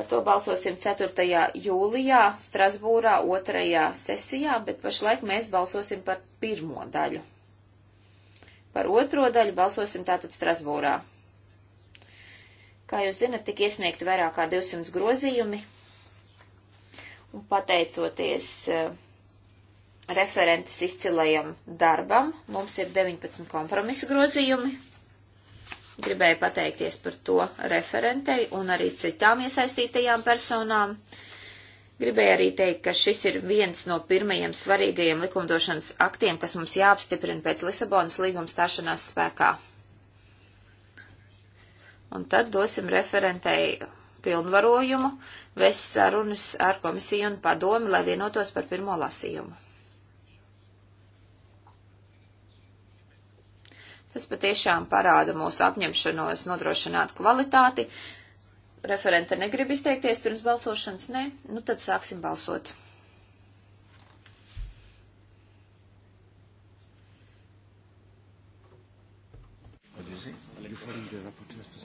Speaker 3: Par to balsosim 4. jūlijā, Strasbūrā, 2. sesijā, bet pašlaik mēs balsosim par pirmo daļu. Par otro daļu balsosim tātad Strasbūrā. Kā jūs zinat, tika iesniegti vairāk kā 200 grozījumi, un pateicoties uh, referentes izcilajam darbam, mums ir 19 kompromisa grozījumi, Gribēju pateikties par to referentei un arī citām iesaistītajām personām. Gribēju arī teikt, ka šis ir viens no pirmajiem svarīgajiem likumdošanas aktiem, kas mums jāapstiprina pēc Lisabonas līguma stāšanās spēkā. Un tad dosim referentei pilnvarojumu, ves sarunas ar komisiju un padomi, lai vienotos par pirmo lasījumu. Tas patiešām parāda mūsu apņemšanos nodrošināt kvalitāti. Referente negrib izteikties pirms balsošanas, ne? Nu tad sāksim balsot.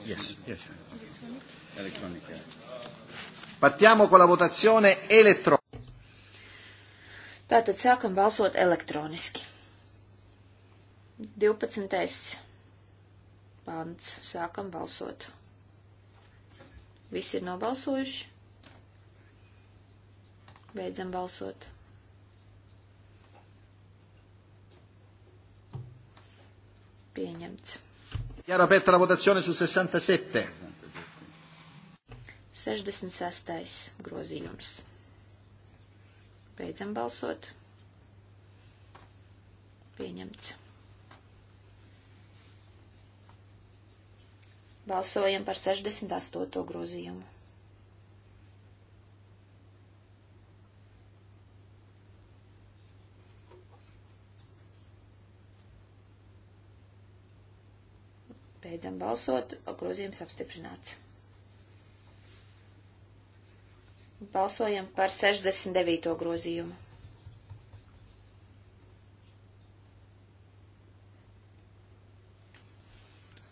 Speaker 1: Yes, yes. Electronic. Partiamo con la votazione elettronica.
Speaker 3: Tātad sākam balsot elektroniski. 12. pants. Sākam balsot. Visi ir nobalsojuši. Beidzam balsot. Pieņemts.
Speaker 1: Chiara aperta la votazione su 67.
Speaker 3: 66. grozījums. Beidzam balsot. Pieņemts. Balsojam par 68. grozījumu. Beidzam balsot, grozījums apstiprināts. Balsojam par 69. grozījumu.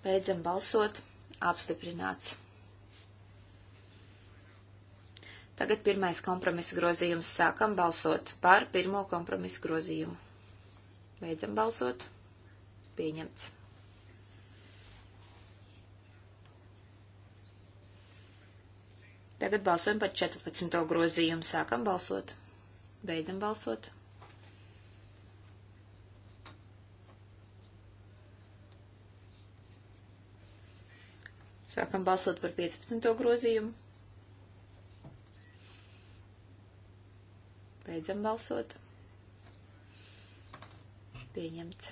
Speaker 3: Beidzam balsot apstiprināts. Tagad pirmais kompromisa grozījums. Sākam balsot par pirmo kompromisa grozījumu. Beidzam balsot. Pieņemts. Tagad balsojam par 14. grozījumu. Sākam balsot. Beidzam balsot. Sākam balsot par 15. grozījumu. Beidzam balsot. Pieņemts.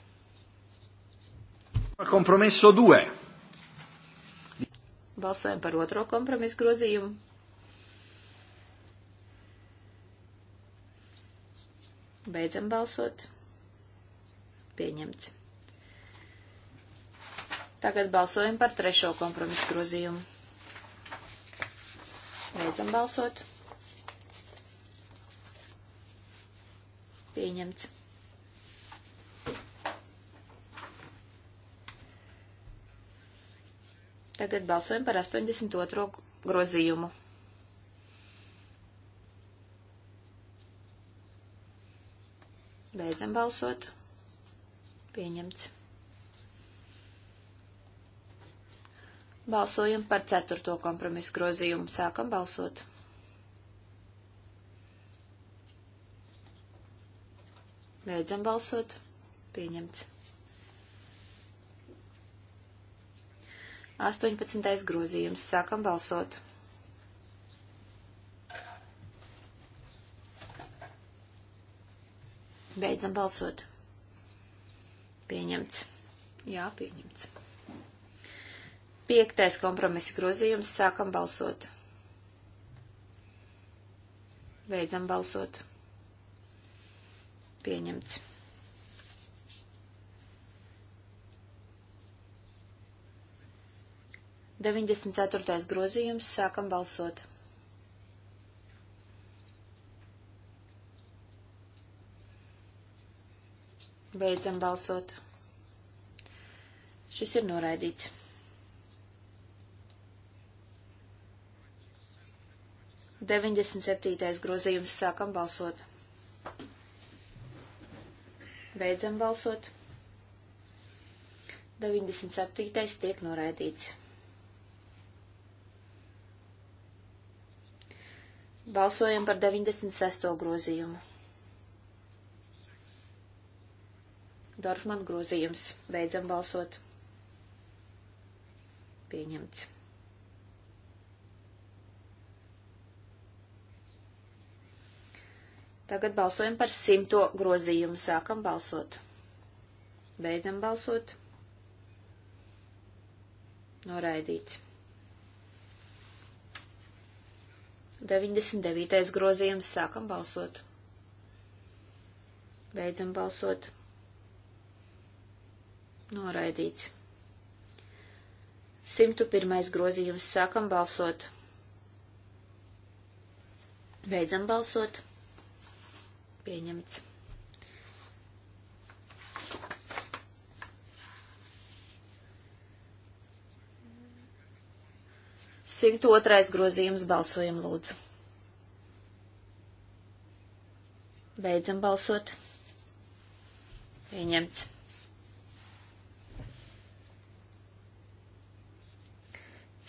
Speaker 1: Kompromiso 2.
Speaker 3: Balsojam par otro kompromisu grozījumu. Beidzam balsot. Pieņemts. Tagad balsojam par trešo kompromisu grozījumu. Beidzam balsot. Pieņemts. Tagad balsojam par 82. grozījumu. Beidzam balsot. Pieņemts. Balsojam par ceturto kompromisu grozījumu. Sākam balsot. Beidzam balsot. Pieņemts. 18. grozījums. Sākam balsot. Beidzam balsot. Pieņemts. Jā, pieņemts. Piektais kompromisa grozījums. Sākam balsot. Beidzam balsot. Pieņemts. Deviņdesmit ceturtais grozījums. Sākam balsot. Beidzam balsot. Šis ir noraidīts. 97. grozījums sākam balsot. Beidzam balsot. 97. tiek noraidīts. Balsojam par 96. grozījumu. Dorfman grozījums. Beidzam balsot. Pieņemts. Tagad balsojam par simto grozījumu. Sākam balsot. Beidzam balsot. Noraidīts. 99. grozījums. Sākam balsot. Beidzam balsot. Noraidīts. 101. grozījums. Sākam balsot. Beidzam balsot. Pieņemts. Simt otrais grozījums balsojam lūdzu. Beidzam balsot. Pieņemts.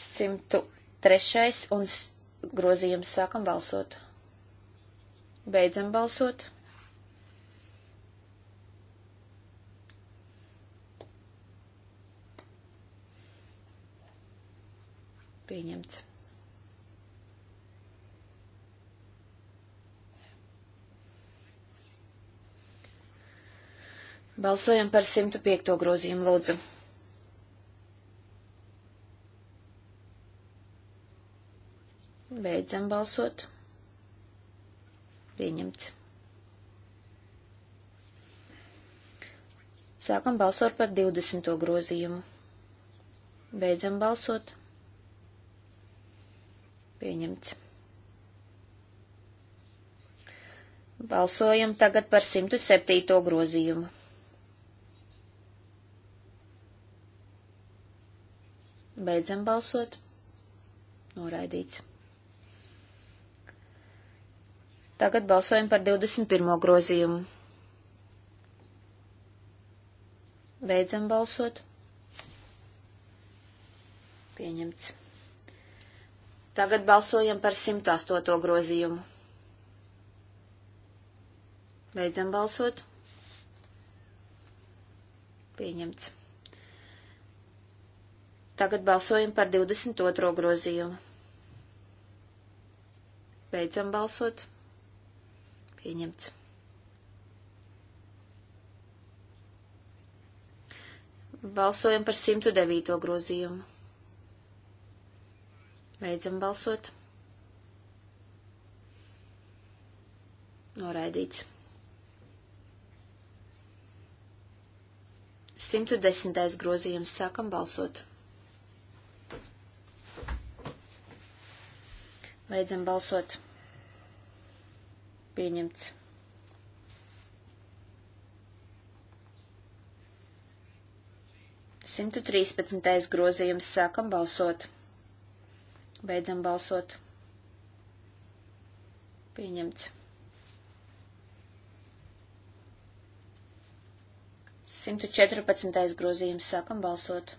Speaker 3: Simtu trešais un grozījums sākam balsot. Beidzam balsot. Pieņemts. Balsojam par 105. grozījumu lūdzu. Beidzam balsot. Pieņemts. Sākam balsot par 20. grozījumu. Beidzam balsot. Pieņemts. Balsojam tagad par 107. grozījumu. Beidzam balsot. Noraidīts. Tagad balsojam par 21. grozījumu. Beidzam balsot. Pieņemts. Tagad balsojam par 108. grozījumu. Beidzam balsot. Pieņemts. Tagad balsojam par 22. grozījumu. Beidzam balsot. Pieņemts. Balsojam par 109. grozījumu. Beidzam balsot. Noraidīts. 110. grozījums sākam balsot. Beidzam balsot. Pieņemts. Simtu trīspadsmitais grozījums sākam balsot. Beidzam balsot. Pieņemts. 114. grozījums sākam balsot.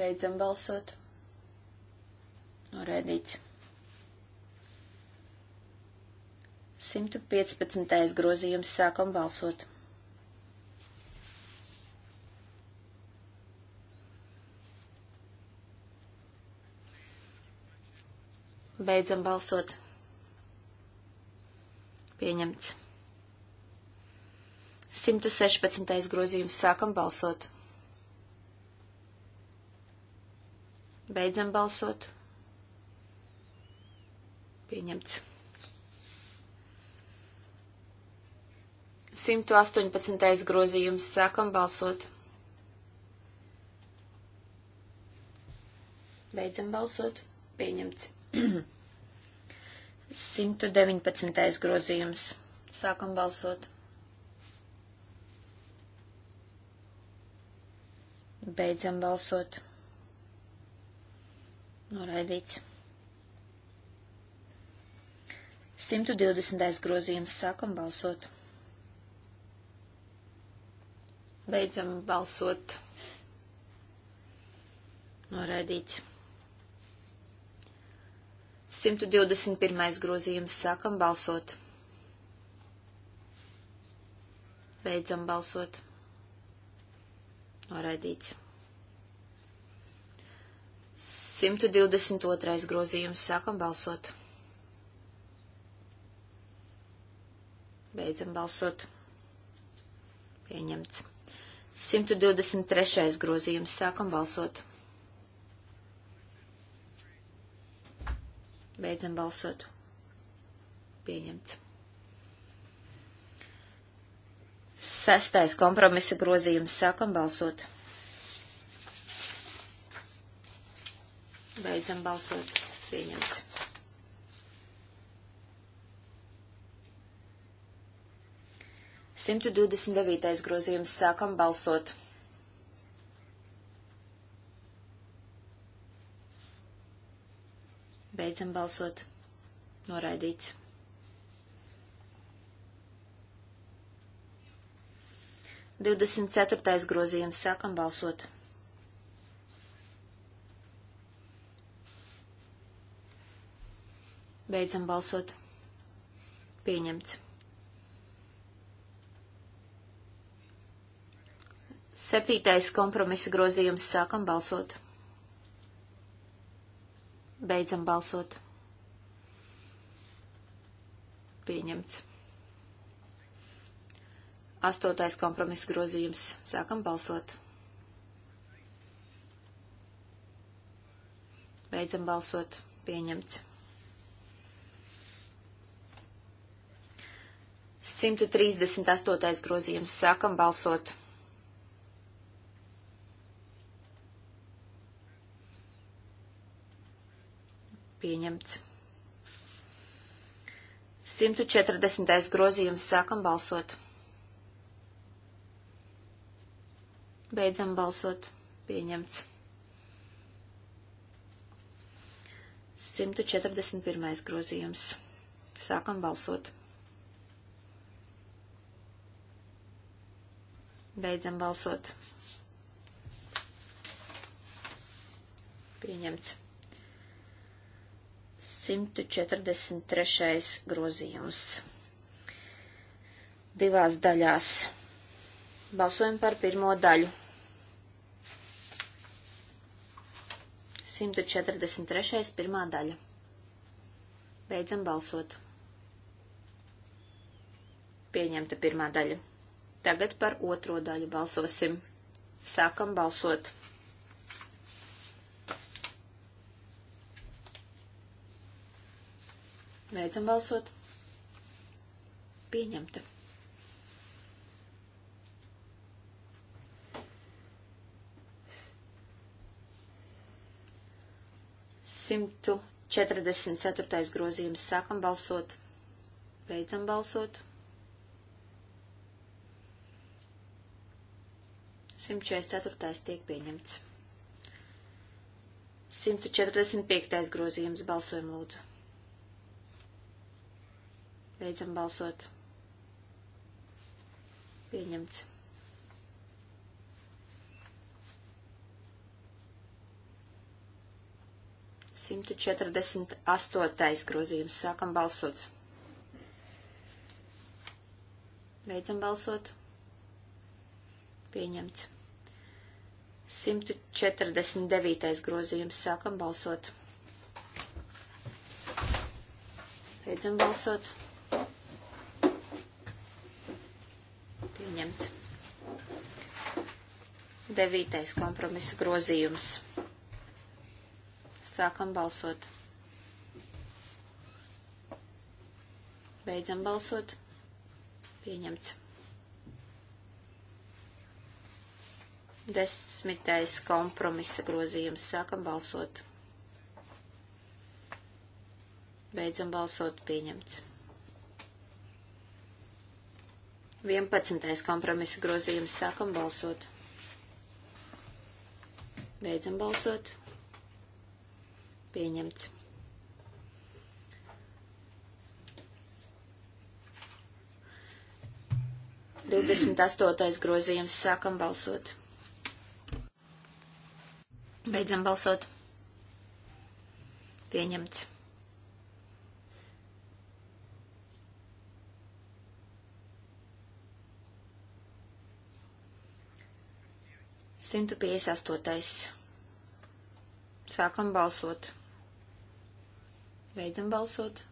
Speaker 3: Beidzam balsot. Noraidīts. 115. grozījums sākam balsot. Beidzam balsot. Pieņemts. 116. grozījums sākam balsot. Beidzam balsot. Pieņemts. 118. grozījums. Sākam balsot. Beidzam balsot. Pieņemts. 119. grozījums. Sākam balsot. Beidzam balsot. Noraidīts. 120. grozījums sākam balsot. Beidzam balsot. Noraidīts. 121. grozījums sākam balsot. Beidzam balsot. Noraidīts. 122. grozījums sākam balsot. Beidzam balsot. Pieņemts. 123. grozījums. Sākam balsot. Beidzam balsot. Pieņemts. Sestais kompromisa grozījums. Sākam balsot. Beidzam balsot. Pieņemts. 129. grozījums sākam balsot. Beidzam balsot. Noraidīts. 24. grozījums. Sākam balsot. Beidzam balsot. Pieņemts. Septītais kompromisa grozījums sākam balsot. Beidzam balsot. Pieņemts. Astotais kompromisa grozījums sākam balsot. Beidzam balsot. Pieņemts. 138. grozījums sākam balsot. Pieņemts. 140. grozījums sākam balsot. Beidzam balsot. Pieņemts. 141. grozījums. Sākam balsot. Beidzam balsot. Pieņemts. 143. grozījums. Divās daļās. Balsojam par pirmo daļu. 143. pirmā daļa. Beidzam balsot. Pieņemta pirmā daļa. Tagad par otro daļu balsosim. Sākam balsot. Beidzam balsot. Pieņemta. Simtu 44. grozījums sākam balsot, beidzam balsot. 144. tiek pieņemts. 145. grozījums balsojam lūdzu. Beidzam balsot. Pieņemts. Simtu četrdesmit astotais grozījums. Sākam balsot. Beidzam balsot. Pieņemts. 149. grozījums. Sākam balsot. Beidzam balsot. pieņemts. Devītais kompromisa grozījums. Sākam balsot. Beidzam balsot. Pieņemts. Desmitais kompromisa grozījums. Sākam balsot. Beidzam balsot. Pieņemts. 11. kompromisa grozījums. Sākam balsot. Beidzam balsot. Pieņemts. Divdesmit astotais grozījums. Sākam balsot. Beidzam balsot. Pieņemts. 158. Sākam balsot. Beidzam balsot.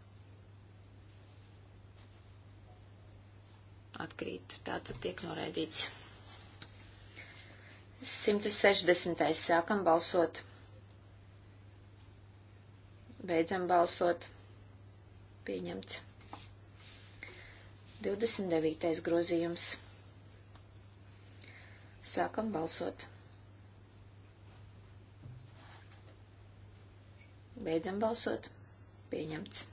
Speaker 3: Atkrīt. Tā tad tiek noraidīts. 160. Sākam balsot. Beidzam balsot. Pieņemts. 29. grozījums. Sākam balsot. Beidzam balsot. Pieņemts.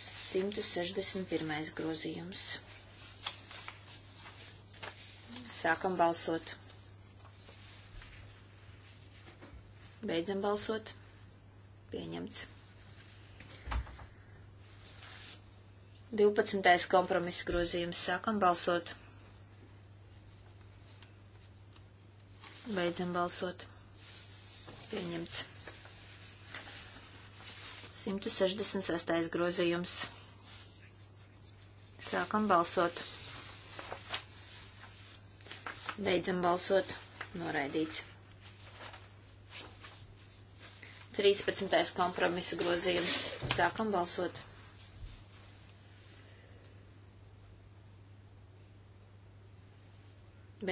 Speaker 3: 161. grozījums. Sākam balsot. Beidzam balsot. Pieņemts. 12. kompromisa grozījums. Sākam balsot. Beidzam balsot. Pieņemts. 166. grozījums. Sākam balsot. Beidzam balsot. Noraidīts. 13. kompromisa grozījums. Sākam balsot.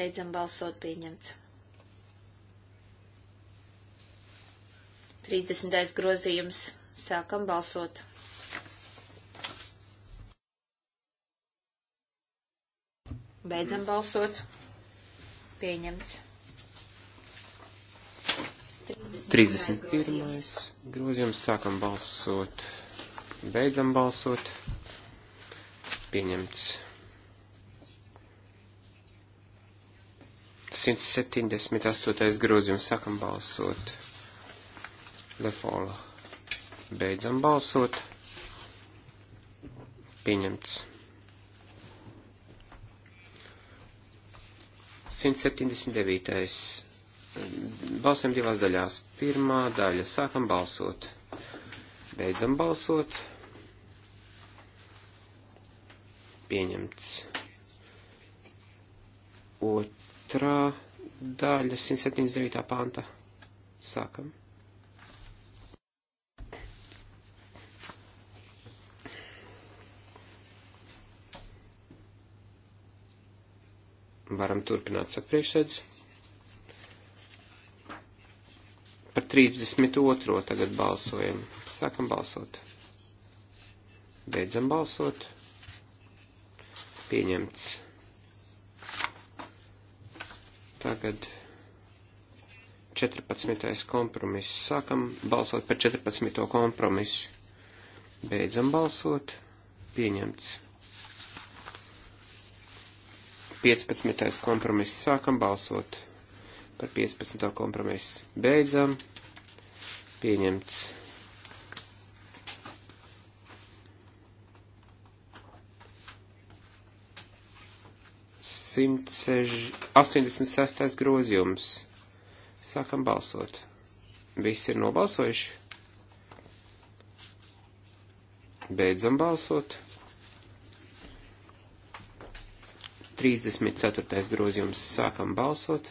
Speaker 3: Beidzam balsot pieņemts. 30. grozījums. Sākam balsot. Beidzam balsot. Pieņemts. 30. 31.
Speaker 2: grozījums. Sākam balsot. Beidzam balsot. Pieņemts. 178. grozījums. Sākam balsot. Lefola. Beidzam balsot. Pieņemts. 179. Balsojam divās daļās. Pirmā daļa. Sākam balsot. Beidzam balsot. Pieņemts. Otrā daļa 179. panta. Sākam. Varam turpināt sapriekšēdus. Par 32. tagad balsojam. Sākam balsot. Beidzam balsot. Pieņemts. Tagad 14. kompromiss. Sākam balsot par 14. kompromisu. Beidzam balsot. Pieņemts. 15. kompromiss sākam balsot. Par 15. kompromisu beidzam. Pieņemts. Simts 86. grozījums. Sākam balsot. Visi ir nobalsojuši. Beidzam balsot. 34. grozījums sākam balsot.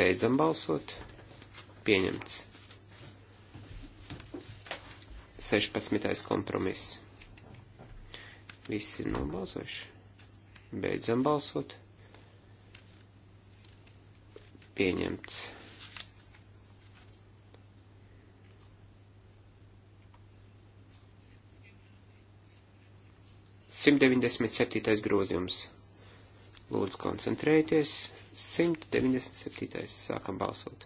Speaker 2: Beidzam balsot. Pieņemts. 16. kompromiss. Visi ir nobalsojuši. Beidzam balsot. Pieņemts. 197. grozījums. Lūdzu, koncentrējieties. 197. sākam balsot.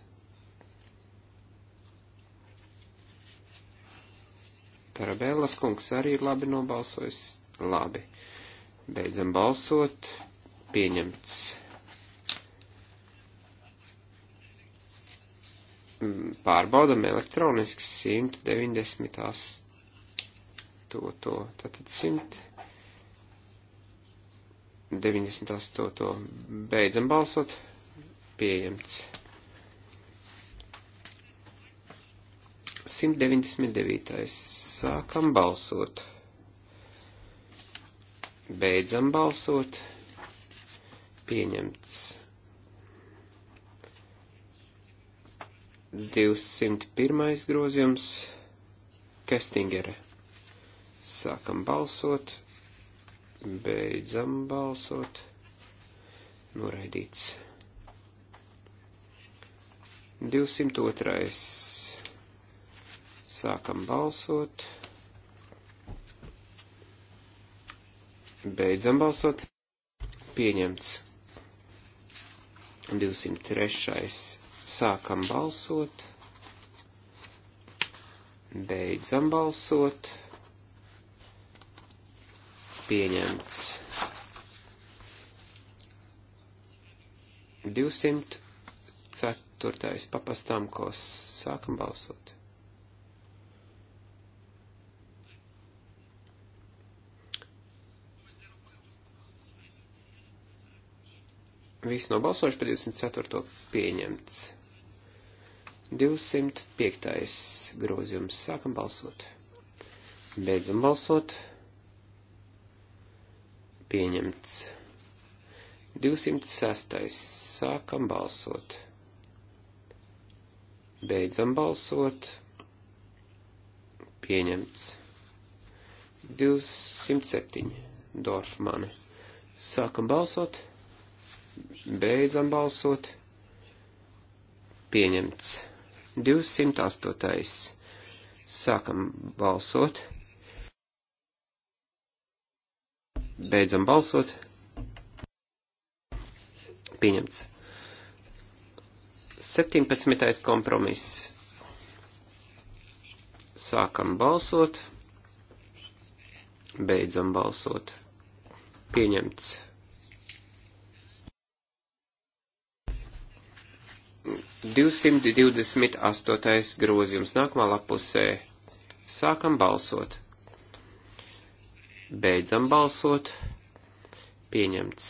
Speaker 2: Tarabēlas kungs arī ir labi nobalsojis. Labi. Beidzam balsot. Pieņemts. Mm, pārbaudam elektroniski 198. To, to, tātad 100. 98. beidzam balsot. Pieņemts. 199. Sākam balsot. Beidzam balsot. Pieņemts. 201. grozījums Kestingere. Sākam balsot. Beidzam balsot. Noraidīts. 202. Sākam balsot. Beidzam balsot. Pieņemts. 203. Sākam balsot. Beidzam balsot pieņemts. 204. papastām, ko sākam balsot. Visi nobalsojuši par 204. pieņemts. 205. grozījums. Sākam balsot. Beidzam balsot. Pieņemts. 206. Sākam balsot. Beidzam balsot. Pieņemts. 207. Dorfmane. Sākam balsot. Beidzam balsot. Pieņemts. 208. Sākam balsot. Beidzam balsot. Pieņemts. 17. kompromiss. Sākam balsot. Beidzam balsot. Pieņemts. Divsimt divdesmit astotais grozījums nākamā lapusē. Sākam balsot. Beidzam balsot. Pieņemts.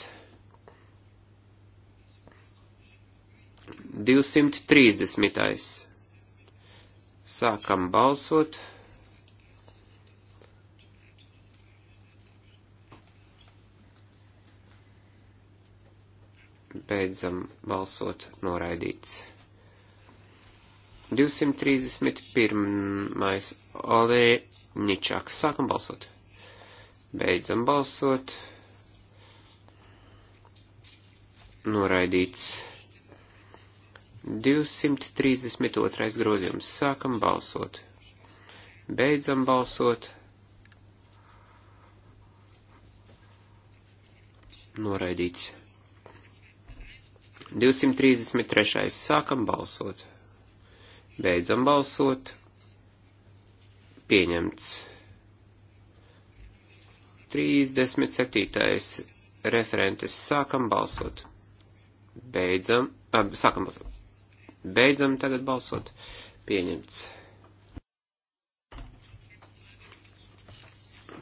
Speaker 2: 230. Sākam balsot. Beidzam balsot noraidīts. 231. Olē Ničāk. Sākam balsot. Beidzam balsot. Noraidīts. 232. grozījums. Sākam balsot. Beidzam balsot. Noraidīts. 233. Sākam balsot. Beidzam balsot. Pieņemts. 37. referentes. Sākam balsot. Beidzam. A, sākam balsot. Beidzam tagad balsot. Pieņemts.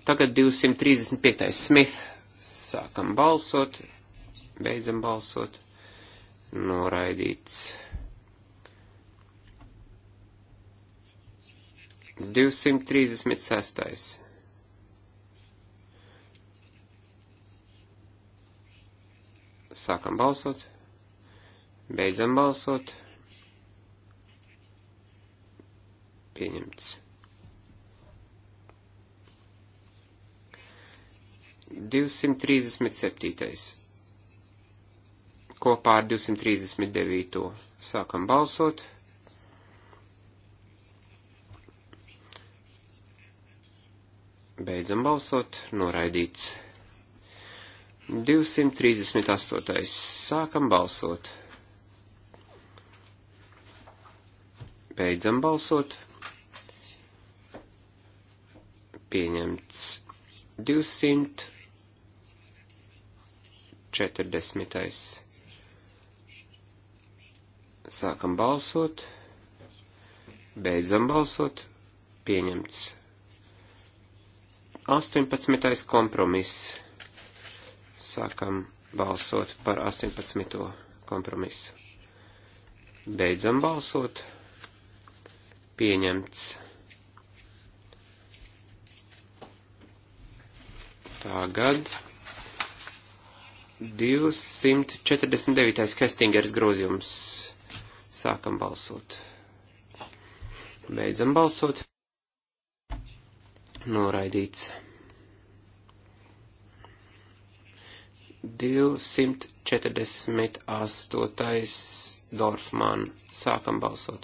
Speaker 2: Tagad 235. Smith. Sākam balsot. Beidzam balsot. Noraidīts. 236. Sākam balsot. Beidzam balsot. Pieņemts. 237. Kopā ar 239. sākam balsot. Beidzam balsot. Noraidīts. 238. Sākam balsot. Beidzam balsot. Pieņemts 240. Sākam balsot. Beidzam balsot. Pieņemts 18. kompromiss Sākam balsot par 18. kompromisu. Beidzam balsot. Pieņemts. Tagad 249. Kestingers grozījums. Sākam balsot. Beidzam balsot. Noraidīts. 248. Dorfman. Sākam balsot.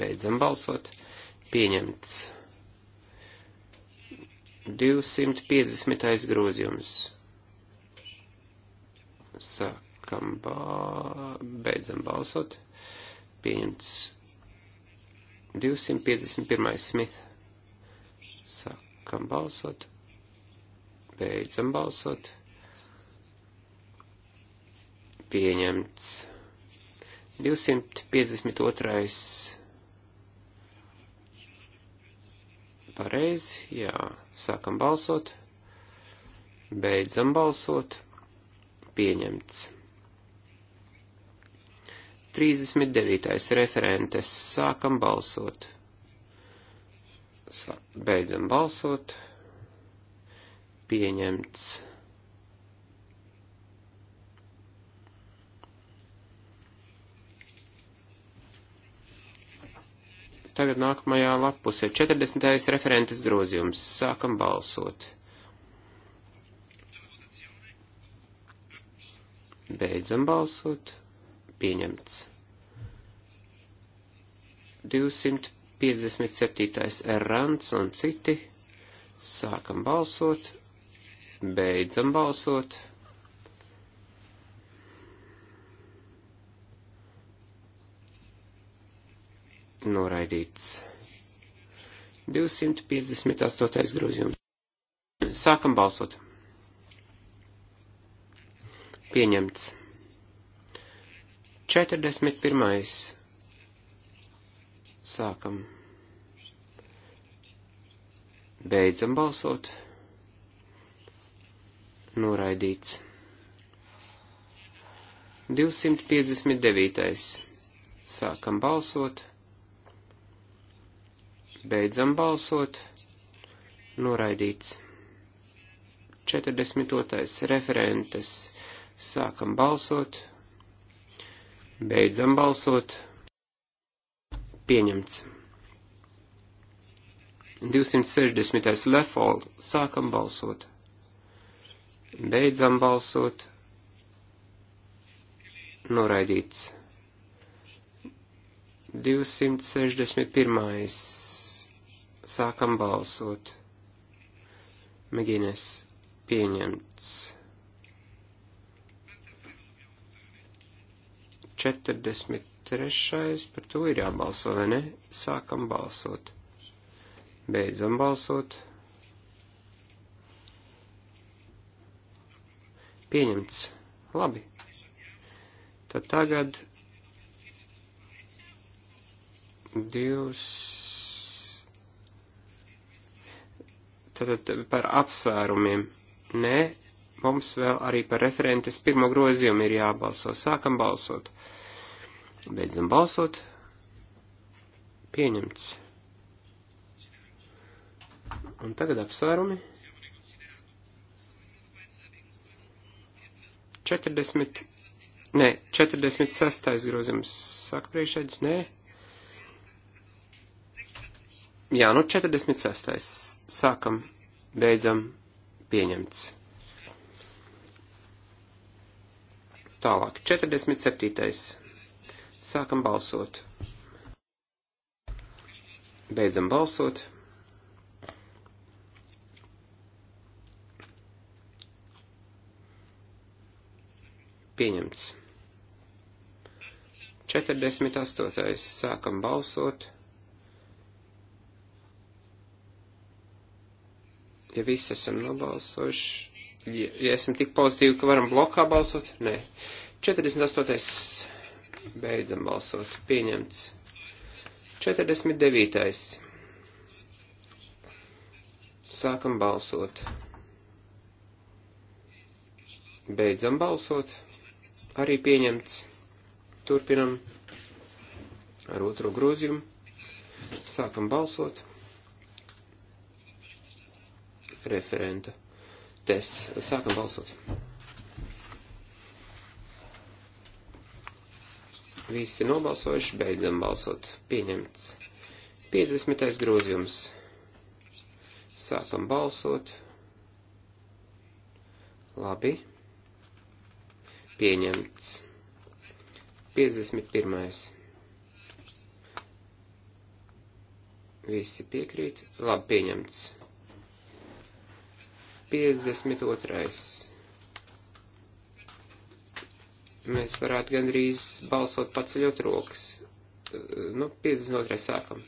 Speaker 2: Beidzam balsot. Pieņemts. 250. grozījums. Sākam ba... Beidzam balsot. Pieņemts. 251. Smith. Sākam balsot. Beidzam balsot pieņemts. 252. Pareizi, jā, sākam balsot, beidzam balsot, pieņemts. 39. referentes, sākam balsot, Sā, beidzam balsot, pieņemts. Tagad nākamajā lapusē 40. referentes grozījums. Sākam balsot. Beidzam balsot. Pieņemts. 257. erants un citi. Sākam balsot. Beidzam balsot. noraidīts. 258. grozījums. Sākam balsot. Pieņemts. 41. Sākam. Beidzam balsot. Noraidīts. 259. Sākam balsot. Beidzam balsot. Noraidīts. 42. referentes. Sākam balsot. Beidzam balsot. Pieņemts. 260. lefol. Sākam balsot. Beidzam balsot. Noraidīts. 261. Sākam balsot. Mēģinies pieņemts. 43. par to ir jābalso, vai ne? Sākam balsot. Beidzam balsot. Pieņemts. Labi. Tad tagad 200. Tātad par apsvērumiem. Nē, mums vēl arī par referentes pirmo grozījumu ir jābalso. Sākam balsot. Beidzam balsot. Pieņemts. Un tagad apsvērumi. 40, nē, 46. grozījums saka priekšēdus, nē. Jā, nu 46 sākam, beidzam, pieņemts. Tālāk, 47. Sākam balsot. Beidzam balsot. Pieņemts. 48. Sākam balsot. Ja visi esam nobalsojuši, ja, ja esam tik pozitīvi, ka varam blokā balsot, nē. 48. Beidzam balsot. Pieņemts. 49. Sākam balsot. Beidzam balsot. Arī pieņemts. Turpinam ar otro grozījumu. Sākam balsot referenta. Tes. Sākam balsot. Visi nobalsojuši, beidzam balsot. Pieņemts. 50. grozījums. Sākam balsot. Labi. Pieņemts. 51. Visi piekrīt. Labi, pieņemts. 52. Mēs varētu gandrīz balsot paceļot rokas. Nu, 52. sākam.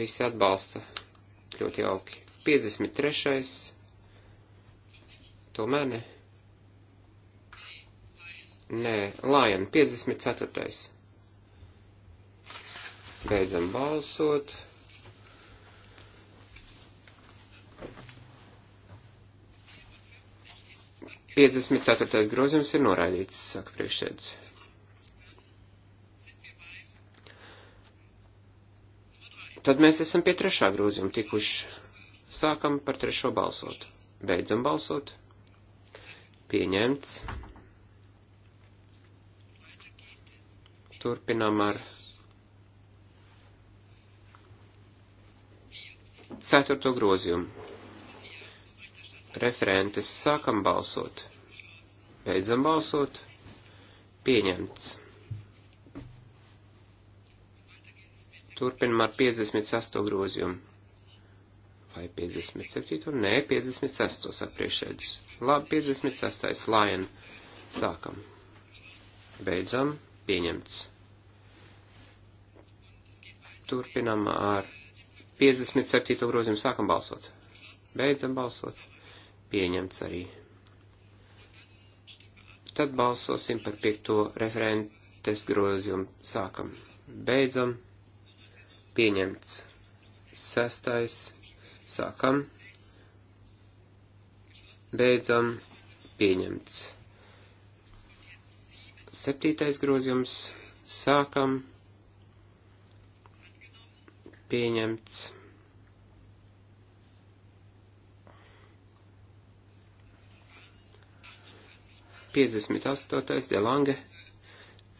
Speaker 2: Visi atbalsta. Ļoti jauki. 53. Tomēr ne. Nē, Lion 54. Beidzam balsot. 54. grozījums ir noraidīts, saka priekšsēdus. Tad mēs esam pie trešā grozījuma tikuši. Sākam par trešo balsot. Beidzam balsot. Pieņemts. Turpinām ar ceturto grozījumu referentes sākam balsot. Beidzam balsot. Pieņemts. Turpinam ar 58. grozījumu. Vai 57. Nē, 56. sapriekšēdus. Labi, 56. Lion. Sākam. Beidzam. Pieņemts. Turpinam ar 57. grozījumu. Sākam balsot. Beidzam balsot pieņemts arī. Tad balsosim par piekto referentes grozījumu. Sākam, beidzam, pieņemts. Sestais, sākam, beidzam, pieņemts. Septītais grozījums, sākam, pieņemts 58. Delange.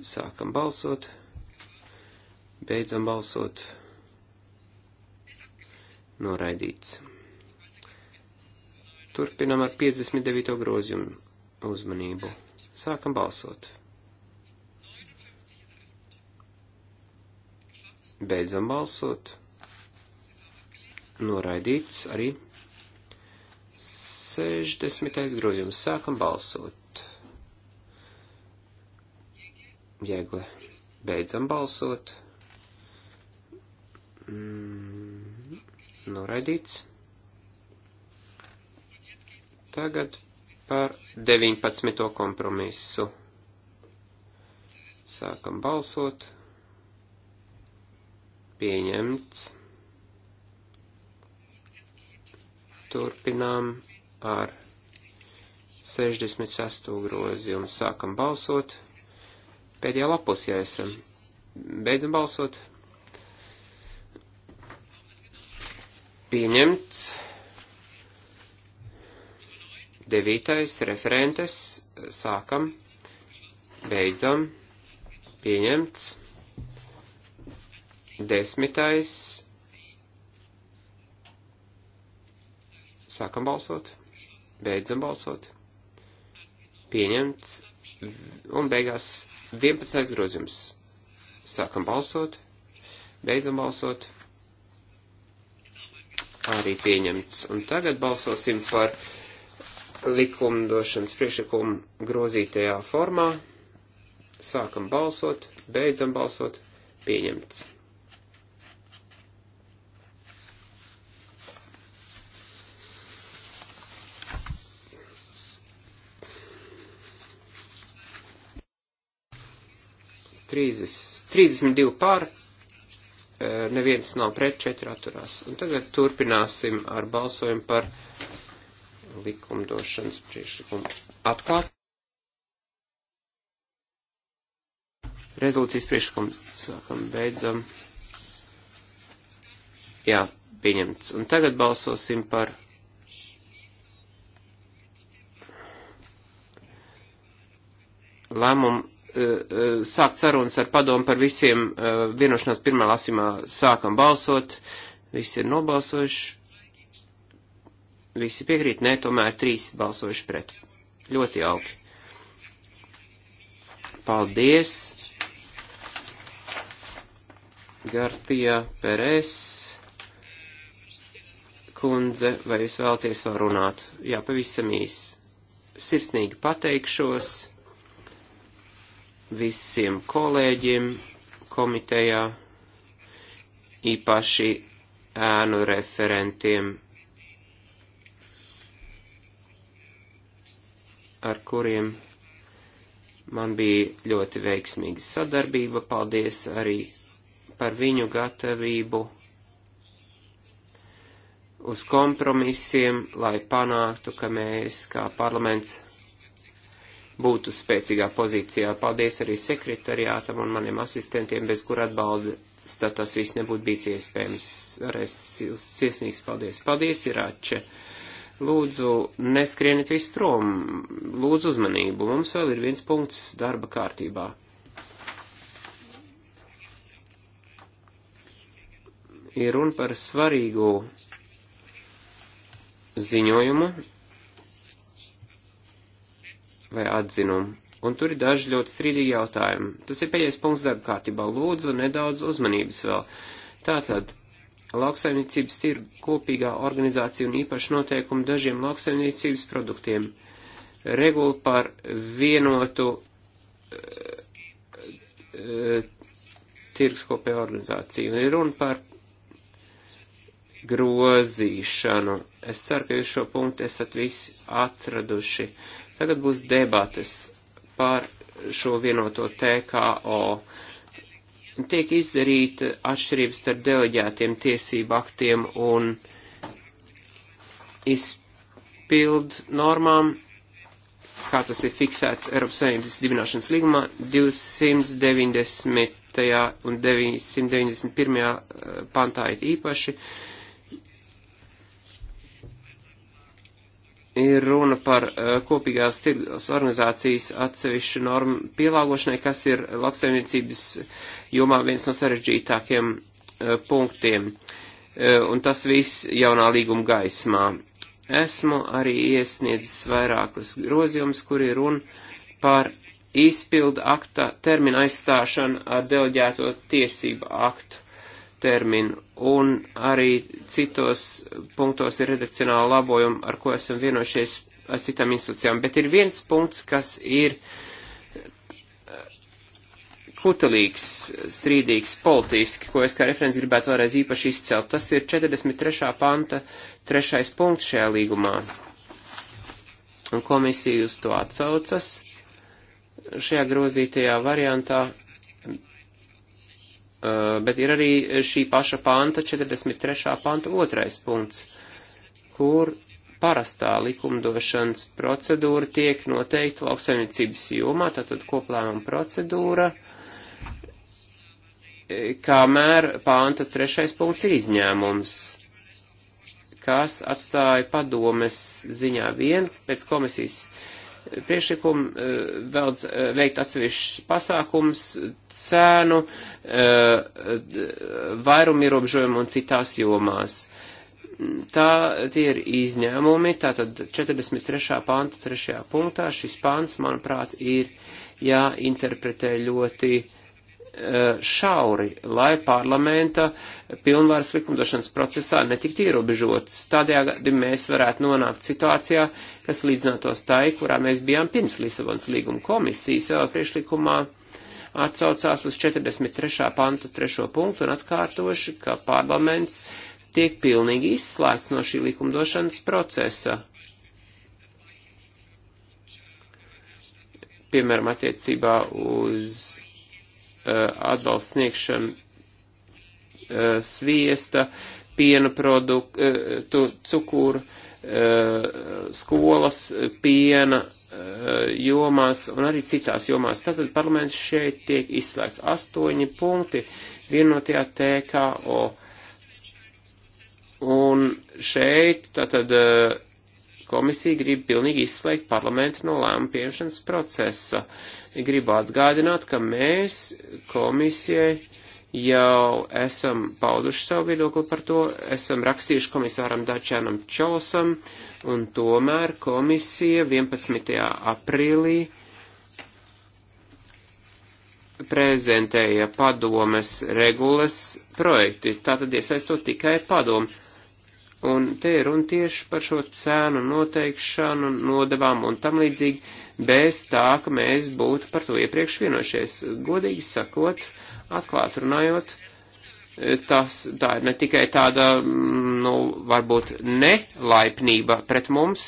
Speaker 2: Sākam balsot. Beidzam balsot. Noraidīts. Turpinam ar 59. grozījumu uzmanību. Sākam balsot. Beidzam balsot. Noraidīts arī 60. grozījums. Sākam balsot. Jēgle. Beidzam balsot. Mm, noraidīts. Tagad par 19. kompromisu. Sākam balsot. Pieņemts. Turpinām ar 68. grozījumu. Sākam balsot. Pēdējā lapus, ja esam. Beidzam balsot. Pieņemts. Devītais referentes. Sākam. Beidzam. Pieņemts. Desmitais. Sākam balsot. Beidzam balsot. Pieņemts Un beigās 11. grozījums. Sākam balsot, beidzam balsot. Arī pieņemts. Un tagad balsosim par likumdošanas priekšlikumu grozītajā formā. Sākam balsot, beidzam balsot, pieņemts. 30, 32 pār, e, neviens nav pret, 4 atturās. Un tagad turpināsim ar balsojumu par likumdošanas priekšlikumu atklāt. Rezolūcijas priekšlikumu sākam, beidzam. Jā, pieņemts. Un tagad balsosim par. Lēmumu Eh, eh, sākt sarunas ar padomu par visiem eh, vienošanās pirmā lasīmā sākam balsot. Visi ir nobalsojuši. Visi piekrīt, nē, tomēr trīs balsojuši pret. Ļoti jauki. Paldies. Garpija Peres kundze, vai jūs vēlaties vēl runāt? Jā, pavisam īsi. Sirsnīgi pateikšos visiem kolēģiem komitejā, īpaši ēnu referentiem, ar kuriem man bija ļoti veiksmīga sadarbība. Paldies arī par viņu gatavību uz kompromisiem, lai panāktu, ka mēs kā parlaments būtu spēcīgā pozīcijā. Paldies arī sekretariātam un maniem asistentiem, bez kur atbalsta tas viss nebūtu bijis iespējams. Varēs ciesnīgs paldies. Paldies, Irāče! Lūdzu, neskrieniet visprom, lūdzu uzmanību, mums vēl ir viens punkts darba kārtībā. Ir runa par svarīgu ziņojumu, vai atzinumu. Un tur ir daži ļoti strīdīgi jautājumi. Tas ir pēdējais punkts darba kārtībā. Lūdzu, nedaudz uzmanības vēl. Tātad, lauksaimniecības tirgu kopīgā organizācija un īpaši noteikumi dažiem lauksaimniecības produktiem. Regula par vienotu uh, uh, tirgus kopējo organizāciju. Ir runa par grozīšanu. Es ceru, ka jūs šo punktu esat visi atraduši. Uh, Tagad būs debates par šo vienoto TKO. Tiek izdarīta atšķirības starp deleģētiem tiesību aktiem un izpildu normām, kā tas ir fiksēts Eiropas Savienības dibināšanas līgumā 290. un 991. Eh, pantā ir īpaši. Uh, ir runa par eh, kopīgās tirgus organizācijas atsevišķu normu pielāgošanai, kas ir lauksaimniecības jomā viens no sarežģītākiem eh, punktiem. Eh, un tas viss jaunā līguma gaismā. Esmu arī iesniedzis vairākus grozījumus, kuri runa par izpildu akta termina aizstāšanu ar deleģēto tiesību aktu terminu, un arī citos punktos ir redakcionāla labojuma, ar ko esam vienojušies ar citām institūcijām. Bet ir viens punkts, kas ir eh, kutelīgs, strīdīgs politiski, ko es kā referents gribētu vēlreiz īpaši izcelt. Tas ir 43. panta trešais punkts šajā līgumā. Un komisija uz to atsaucas šajā grozītajā variantā Eh, bet ir arī šī paša panta, 43. panta otrais punkts, kur parastā likumdošanas procedūra tiek noteikta lauksaimniecības jomā, tātad koplēmuma procedūra, kamēr panta trešais punkts ir izņēmums kas atstāja padomes ziņā vien pēc komisijas uh, priešlikumu, daudz eh, eh, veikt atsevišķus pasākums, cēnu, eh, vairumu ierobežojumu un citās jomās. Tā tie ir izņēmumi, tātad 43. panta 3. punktā šis pants, manuprāt, ir jāinterpretē ļoti šauri, lai parlamenta uh, pilnvaras likumdošanas procesā netikt ierobežotas. Tādējādi mēs varētu nonākt situācijā, kas līdzinātos tai, kurā mēs bijām pirms Lisabonas līguma komisijas savā priekšlikumā atsaucās uz 43. pantu 3. punktu un atkārtoši, ka parlaments tiek pilnīgi izslēgts no šī likumdošanas procesa. Piemēram, attiecībā uz uh, atbalstu sniegšanu Eh, sviesta, piena produktu, eh, cukuru, eh, skolas, piena jomās un arī citās jomās. Tātad parlaments šeit tiek izslēgts. Astoņi punkti vienotajā TKO. Un šeit tātad komisija grib pilnīgi izslēgt parlamentu no lēmu pieņemšanas procesa. Gribu atgādināt, ka mēs komisijai uh, jau esam pauduši savu viedokli par to, esam rakstījuši komisāram Dačānam Čolosam, un tomēr komisija 11. aprīlī prezentēja padomes regulas projekti, tātad iesaistot tikai padomu. Un te ir runa tieši par šo cēnu noteikšanu, nodevām un tam līdzīgi bez tā, ka mēs būtu par to iepriekš vienojušies. Godīgi sakot, atklāt runājot, tas, tā ir ne tikai tāda, mm, nu, varbūt nelaipnība pret mums,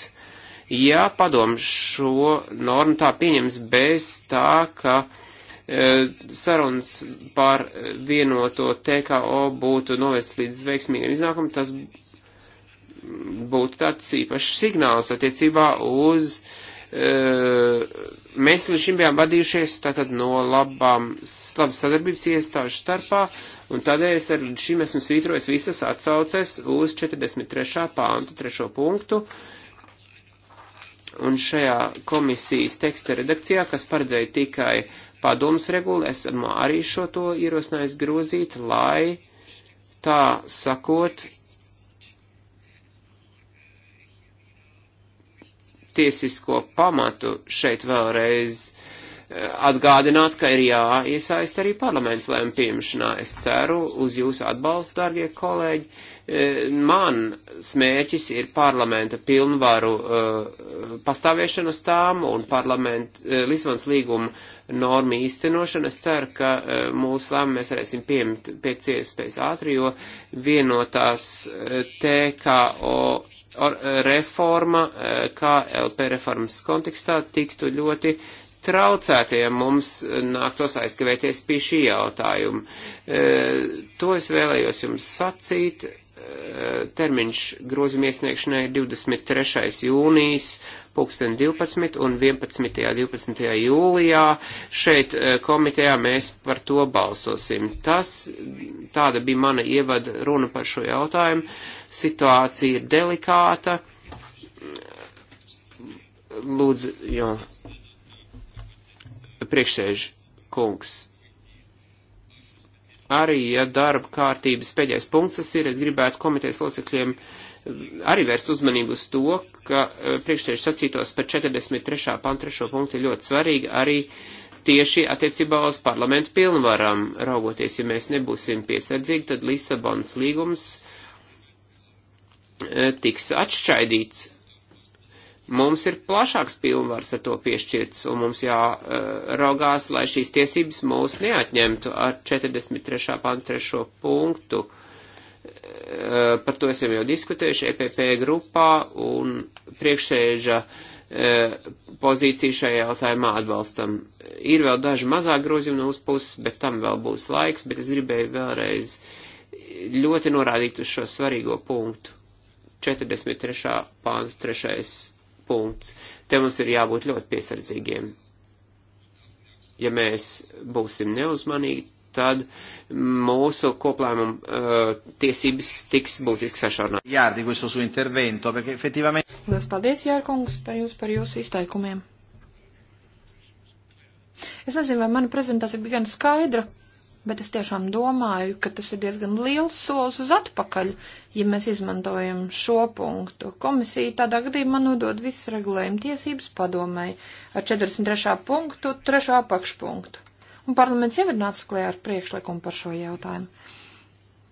Speaker 2: ja padom šo normu tā pieņems bez tā, ka e, sarunas par vienoto TKO būtu novest līdz veiksmīgam iznākumam, tas būtu tāds īpašs signāls attiecībā uz uh, Eh, mēs līdz šim bijām vadījušies tātad no labām, labas sadarbības iestāžu starpā, un tādēļ es ar līdz šim esmu svītrojis visas atsauces uz 43. pāntu, 3. punktu, un šajā komisijas teksta redakcijā, kas paredzēja tikai padomas regulu, esmu arī šo to ierosinājis grozīt, lai tā sakot, tiesisko pamatu šeit vēlreiz atgādināt, ka ir jāiesaist arī parlaments lēmu pieņemšanā. Es ceru uz jūsu atbalstu, dārgie kolēģi. E, man smēķis ir parlamenta pilnvaru uh, e, pastāviešanas tām un parlamenta uh, e, Lisvans līguma normu īstenošana. Es ceru, ka uh, mūsu lēmu mēs varēsim pieņemt pēc iespējas ātri, jo vienotās TKO reforma KLP reformas kontekstā tiktu ļoti traucētu, ja mums nāktos aizkavēties pie šī jautājuma. E, to es vēlējos jums sacīt. E, termiņš grozījuma iesniegšanai 23. jūnijas, 2012. un 11. 12. jūlijā šeit e, komitejā mēs par to balsosim. Tas, tāda bija mana ievada runa par šo jautājumu. Situācija ir delikāta lūdzu, jo priekšsēž kungs. Arī, ja darba kārtības pēdējais punkts tas ir, es gribētu komitejas locekļiem eh, arī vērst uzmanību uz to, ka eh, priekšsēž sacītos par 43. pantu 3. punktu ir ļoti svarīgi arī tieši attiecībā uz parlamentu pilnvaram raugoties. Ja mēs nebūsim piesardzīgi, tad Lisabonas līgums eh, tiks atšķaidīts Mums ir plašāks pilnvars ar to piešķirts, un mums jāraugās, lai šīs tiesības mūs neatņemtu ar 43. pantu 3. punktu. E, par to esam jau diskutējuši EPP grupā, un priekšsēža e, pozīciju šajā jautājumā atbalstam. Ir vēl daži mazāk grozījumi no mūsu puses, bet tam vēl būs laiks, bet es gribēju vēlreiz ļoti norādīt uz šo svarīgo punktu. 43. pāns, 3 punkts. Te mums ir jābūt ļoti piesardzīgiem. Ja mēs būsim neuzmanīgi, tad mūsu koplēmuma uh, tiesības tiks būtiski sašaurināts. Jārdi, questo suo intervento, perché effettivamente.
Speaker 1: Lielas paldies, Jārkungs, par jūs, par jūsu izteikumiem. Es nezinu, vai mana prezentācija bija gan skaidra bet es tiešām domāju, ka tas ir diezgan liels solis uz atpakaļ, ja mēs izmantojam šo punktu. Komisija tādā gadījumā nodod visas regulējuma tiesības padomai ar 43. punktu, 3. apakšpunktu. Un parlaments jau ir nācis klajā ar priekšlikumu par šo jautājumu.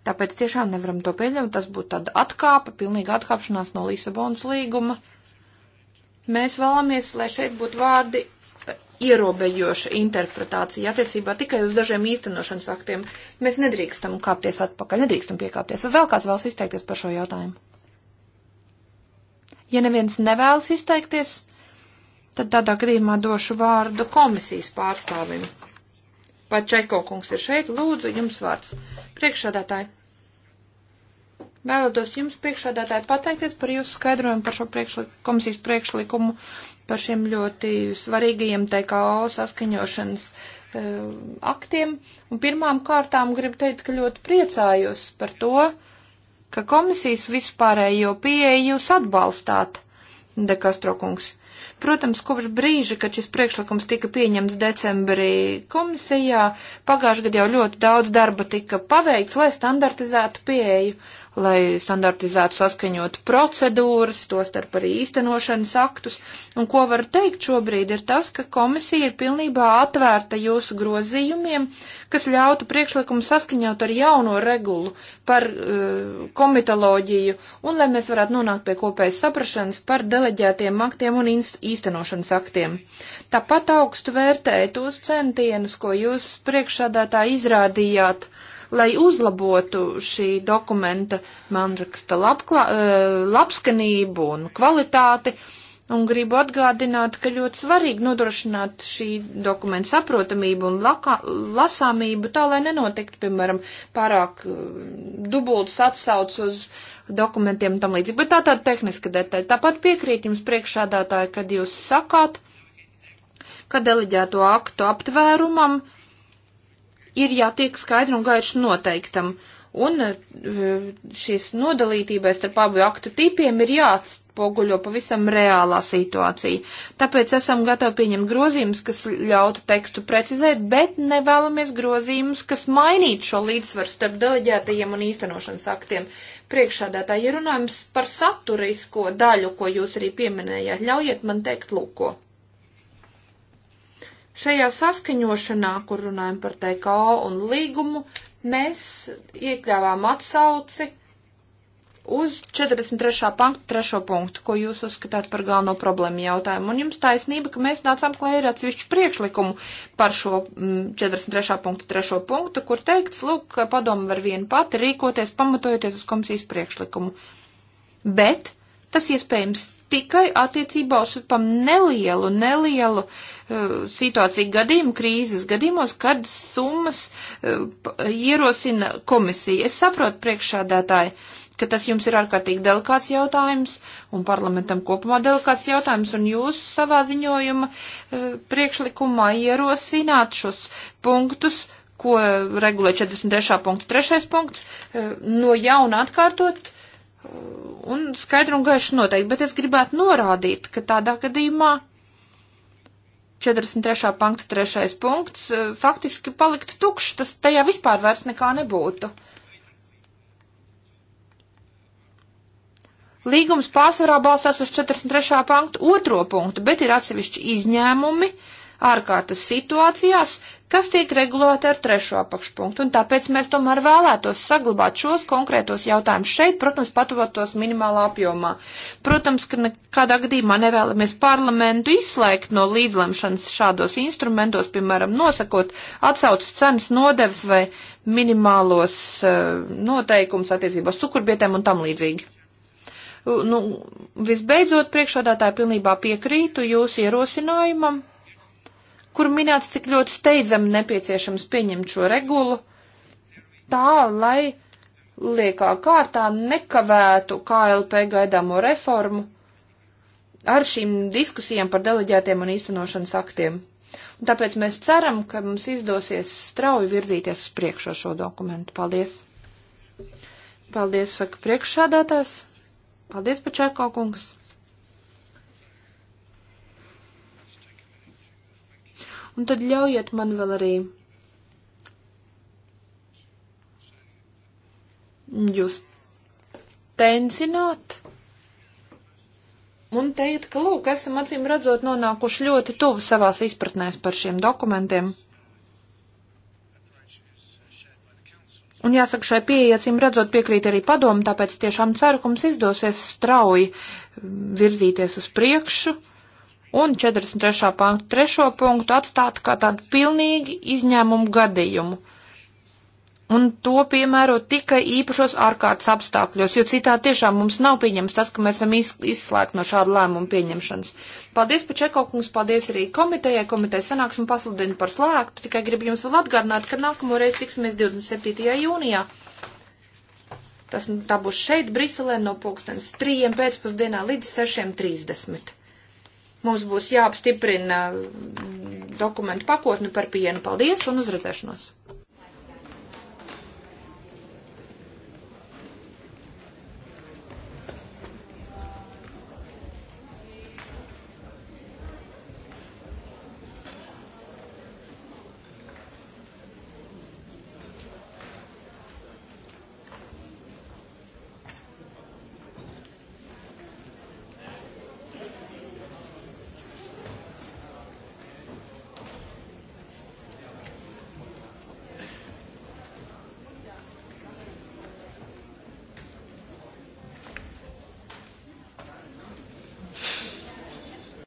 Speaker 1: Tāpēc tiešām nevaram to pieļaut, tas būtu tāda atkāpa, pilnīga atkāpšanās no Lisabonas līguma. Mēs vēlamies, lai šeit būtu vārdi ierobežoša interpretācija attiecībā tikai uz dažiem īstenošanas aktiem. Mēs nedrīkstam kāpties atpakaļ, nedrīkstam piekāpties. Vai vēl kāds vēlas izteikties par šo jautājumu? Ja neviens nevēlas izteikties, tad tādā gadījumā došu vārdu komisijas pārstāvim. Pačeko kungs ir šeit, lūdzu, jums vārds. Priekšādātāji. Vēlētos jums priekšādātāji pateikties par jūsu skaidrojumu par šo priekšlik komisijas priekšlikumu par šiem ļoti svarīgajiem TKO saskaņošanas e, aktiem. Un pirmām kārtām gribu teikt, ka ļoti priecājos par to, ka komisijas vispārējo pieeju jūs atbalstāt, Dekastrokungs. Protams, kopš brīža, kad šis priekšlikums tika pieņemts decembrī komisijā, pagājušajā gadā jau ļoti daudz darba tika paveikts, lai standartizētu pieeju lai standartizētu saskaņot procedūras, tostarp arī īstenošanas aktus. Un ko var teikt šobrīd ir tas, ka komisija ir pilnībā atvērta jūsu grozījumiem, kas ļautu priekšlikumu saskaņot ar jauno regulu par uh, komitoloģiju, un lai mēs varētu nonākt pie kopējas saprašanas par deleģētiem aktiem un īstenošanas aktiem. Tāpat augstu vērtēju tos centienus, ko jūs priekšādātā izrādījāt lai uzlabotu šī dokumenta mandraksta labklā, e, labskanību un kvalitāti. Un gribu atgādināt, ka ļoti svarīgi nodrošināt šī dokumenta saprotamību un laka, lasāmību tā, lai nenotiktu, piemēram, pārāk e, dubultas atsauc uz dokumentiem un tam līdzīgi. Bet tā tāda tehniska detaļa. Tāpat piekrīt jums priekšādātāji, kad jūs sakāt, ka deleģēto aktu aptvērumam uh, ir jātiek skaidri un gaiši noteiktam. Un eh, šīs nodalītībās starp abu aktu tipiem ir jāatspoguļo pavisam reālā situācija. Tāpēc esam gatavi pieņemt grozījumus, kas ļautu tekstu precizēt, bet nevēlamies grozījumus, kas mainītu šo līdzsvaru starp deleģētajiem un īstenošanas aktiem. Priekšādātāji, ja runājums par saturisko daļu, ko jūs arī pieminējāt, ļaujiet man teikt lūko. Šajā saskaņošanā, kur runājam par TKO un līgumu, mēs iekļāvām atsauci uz 43. Pantu, 3. punktu, ko jūs uzskatāt par galveno problēmu jautājumu. Un jums taisnība, ka mēs nācām klajā ar atsevišķu priekšlikumu par šo 43. Mm, punktu, 3. punktu, kur teikts, lūk, ka padoma var viena pati rīkoties, pamatojoties uz komisijas priekšlikumu. Bet tas iespējams tikai attiecībā uz pam nelielu, nelielu uh, situāciju gadījumu, krīzes gadījumos, kad summas uh, ierosina komisija. Es saprotu priekšādātāji, ka tas jums ir ārkārtīgi delikāts jautājums un parlamentam kopumā delikāts jautājums, un jūs savā ziņojuma uh, priekšlikumā ierosināt šos punktus, ko regulē 43. punktu 3. punkts, uh, no jauna atkārtot un skaidru un gaišu noteikti, bet es gribētu norādīt, ka tādā gadījumā 43. panta 3. punkts e, faktiski paliktu tukšs, tas tajā vispār vairs nekā nebūtu. Līgums pārsvarā balstās uz 43. pantu otro punktu, bet ir atsevišķi izņēmumi, uh, ārkārtas situācijās, kas tiek regulēta ar trešo apakšpunktu, un tāpēc mēs tomēr vēlētos saglabāt šos konkrētos jautājumus šeit, protams, patuvotos minimālā apjomā. Protams, ka nekādā gadījumā nevēlamies parlamentu izslēgt no līdzlemšanas šādos instrumentos, piemēram, nosakot atsaucas cenas nodevs vai minimālos uh, noteikums attiecībās cukurbietēm un tam līdzīgi. Nu, visbeidzot, priekšādātāji pilnībā piekrītu jūsu ierosinājumam kur minēts, cik ļoti steidzami nepieciešams pieņemt šo regulu, tā, lai liekā kārtā nekavētu KLP gaidāmo reformu ar šīm diskusijām par deleģētiem un īstenošanas aktiem. Un tāpēc mēs ceram, ka mums izdosies strauji virzīties uz priekšu ar šo dokumentu. Paldies! Paldies, saka priekšsādātājs. Paldies, Pačēko kungs! Un tad ļaujiet man vēl arī jūs tensināt un teikt, ka, lūk, esam acīm redzot nonākuši ļoti tuvu savās izpratnēs par šiem dokumentiem. Un jāsaka, šai pieejacīm redzot piekrīt arī padomu, tāpēc tiešām ceru, ka mums izdosies strauji mm, virzīties uz priekšu un 43. pantu trešo punktu atstāt kā tādu pilnīgi izņēmumu gadījumu. Un to piemēro tikai īpašos ārkārtas apstākļos, jo citā tiešām mums nav pieņems tas, ka mēs esam izslēgti no šāda lēmuma pieņemšanas. Paldies par čekokungs, paldies arī komitejai, komiteja sanāks un pasludina par slēgtu, tikai gribu jums vēl atgādināt, ka nākamo reizi tiksimies 27. jūnijā. Tas tā būs šeit, Briselē, no pulkstens 3. pēcpusdienā līdz 6.30. Mums būs jāapstiprina mm, dokumentu pakotni par pienu. Paldies un uzredzēšanos!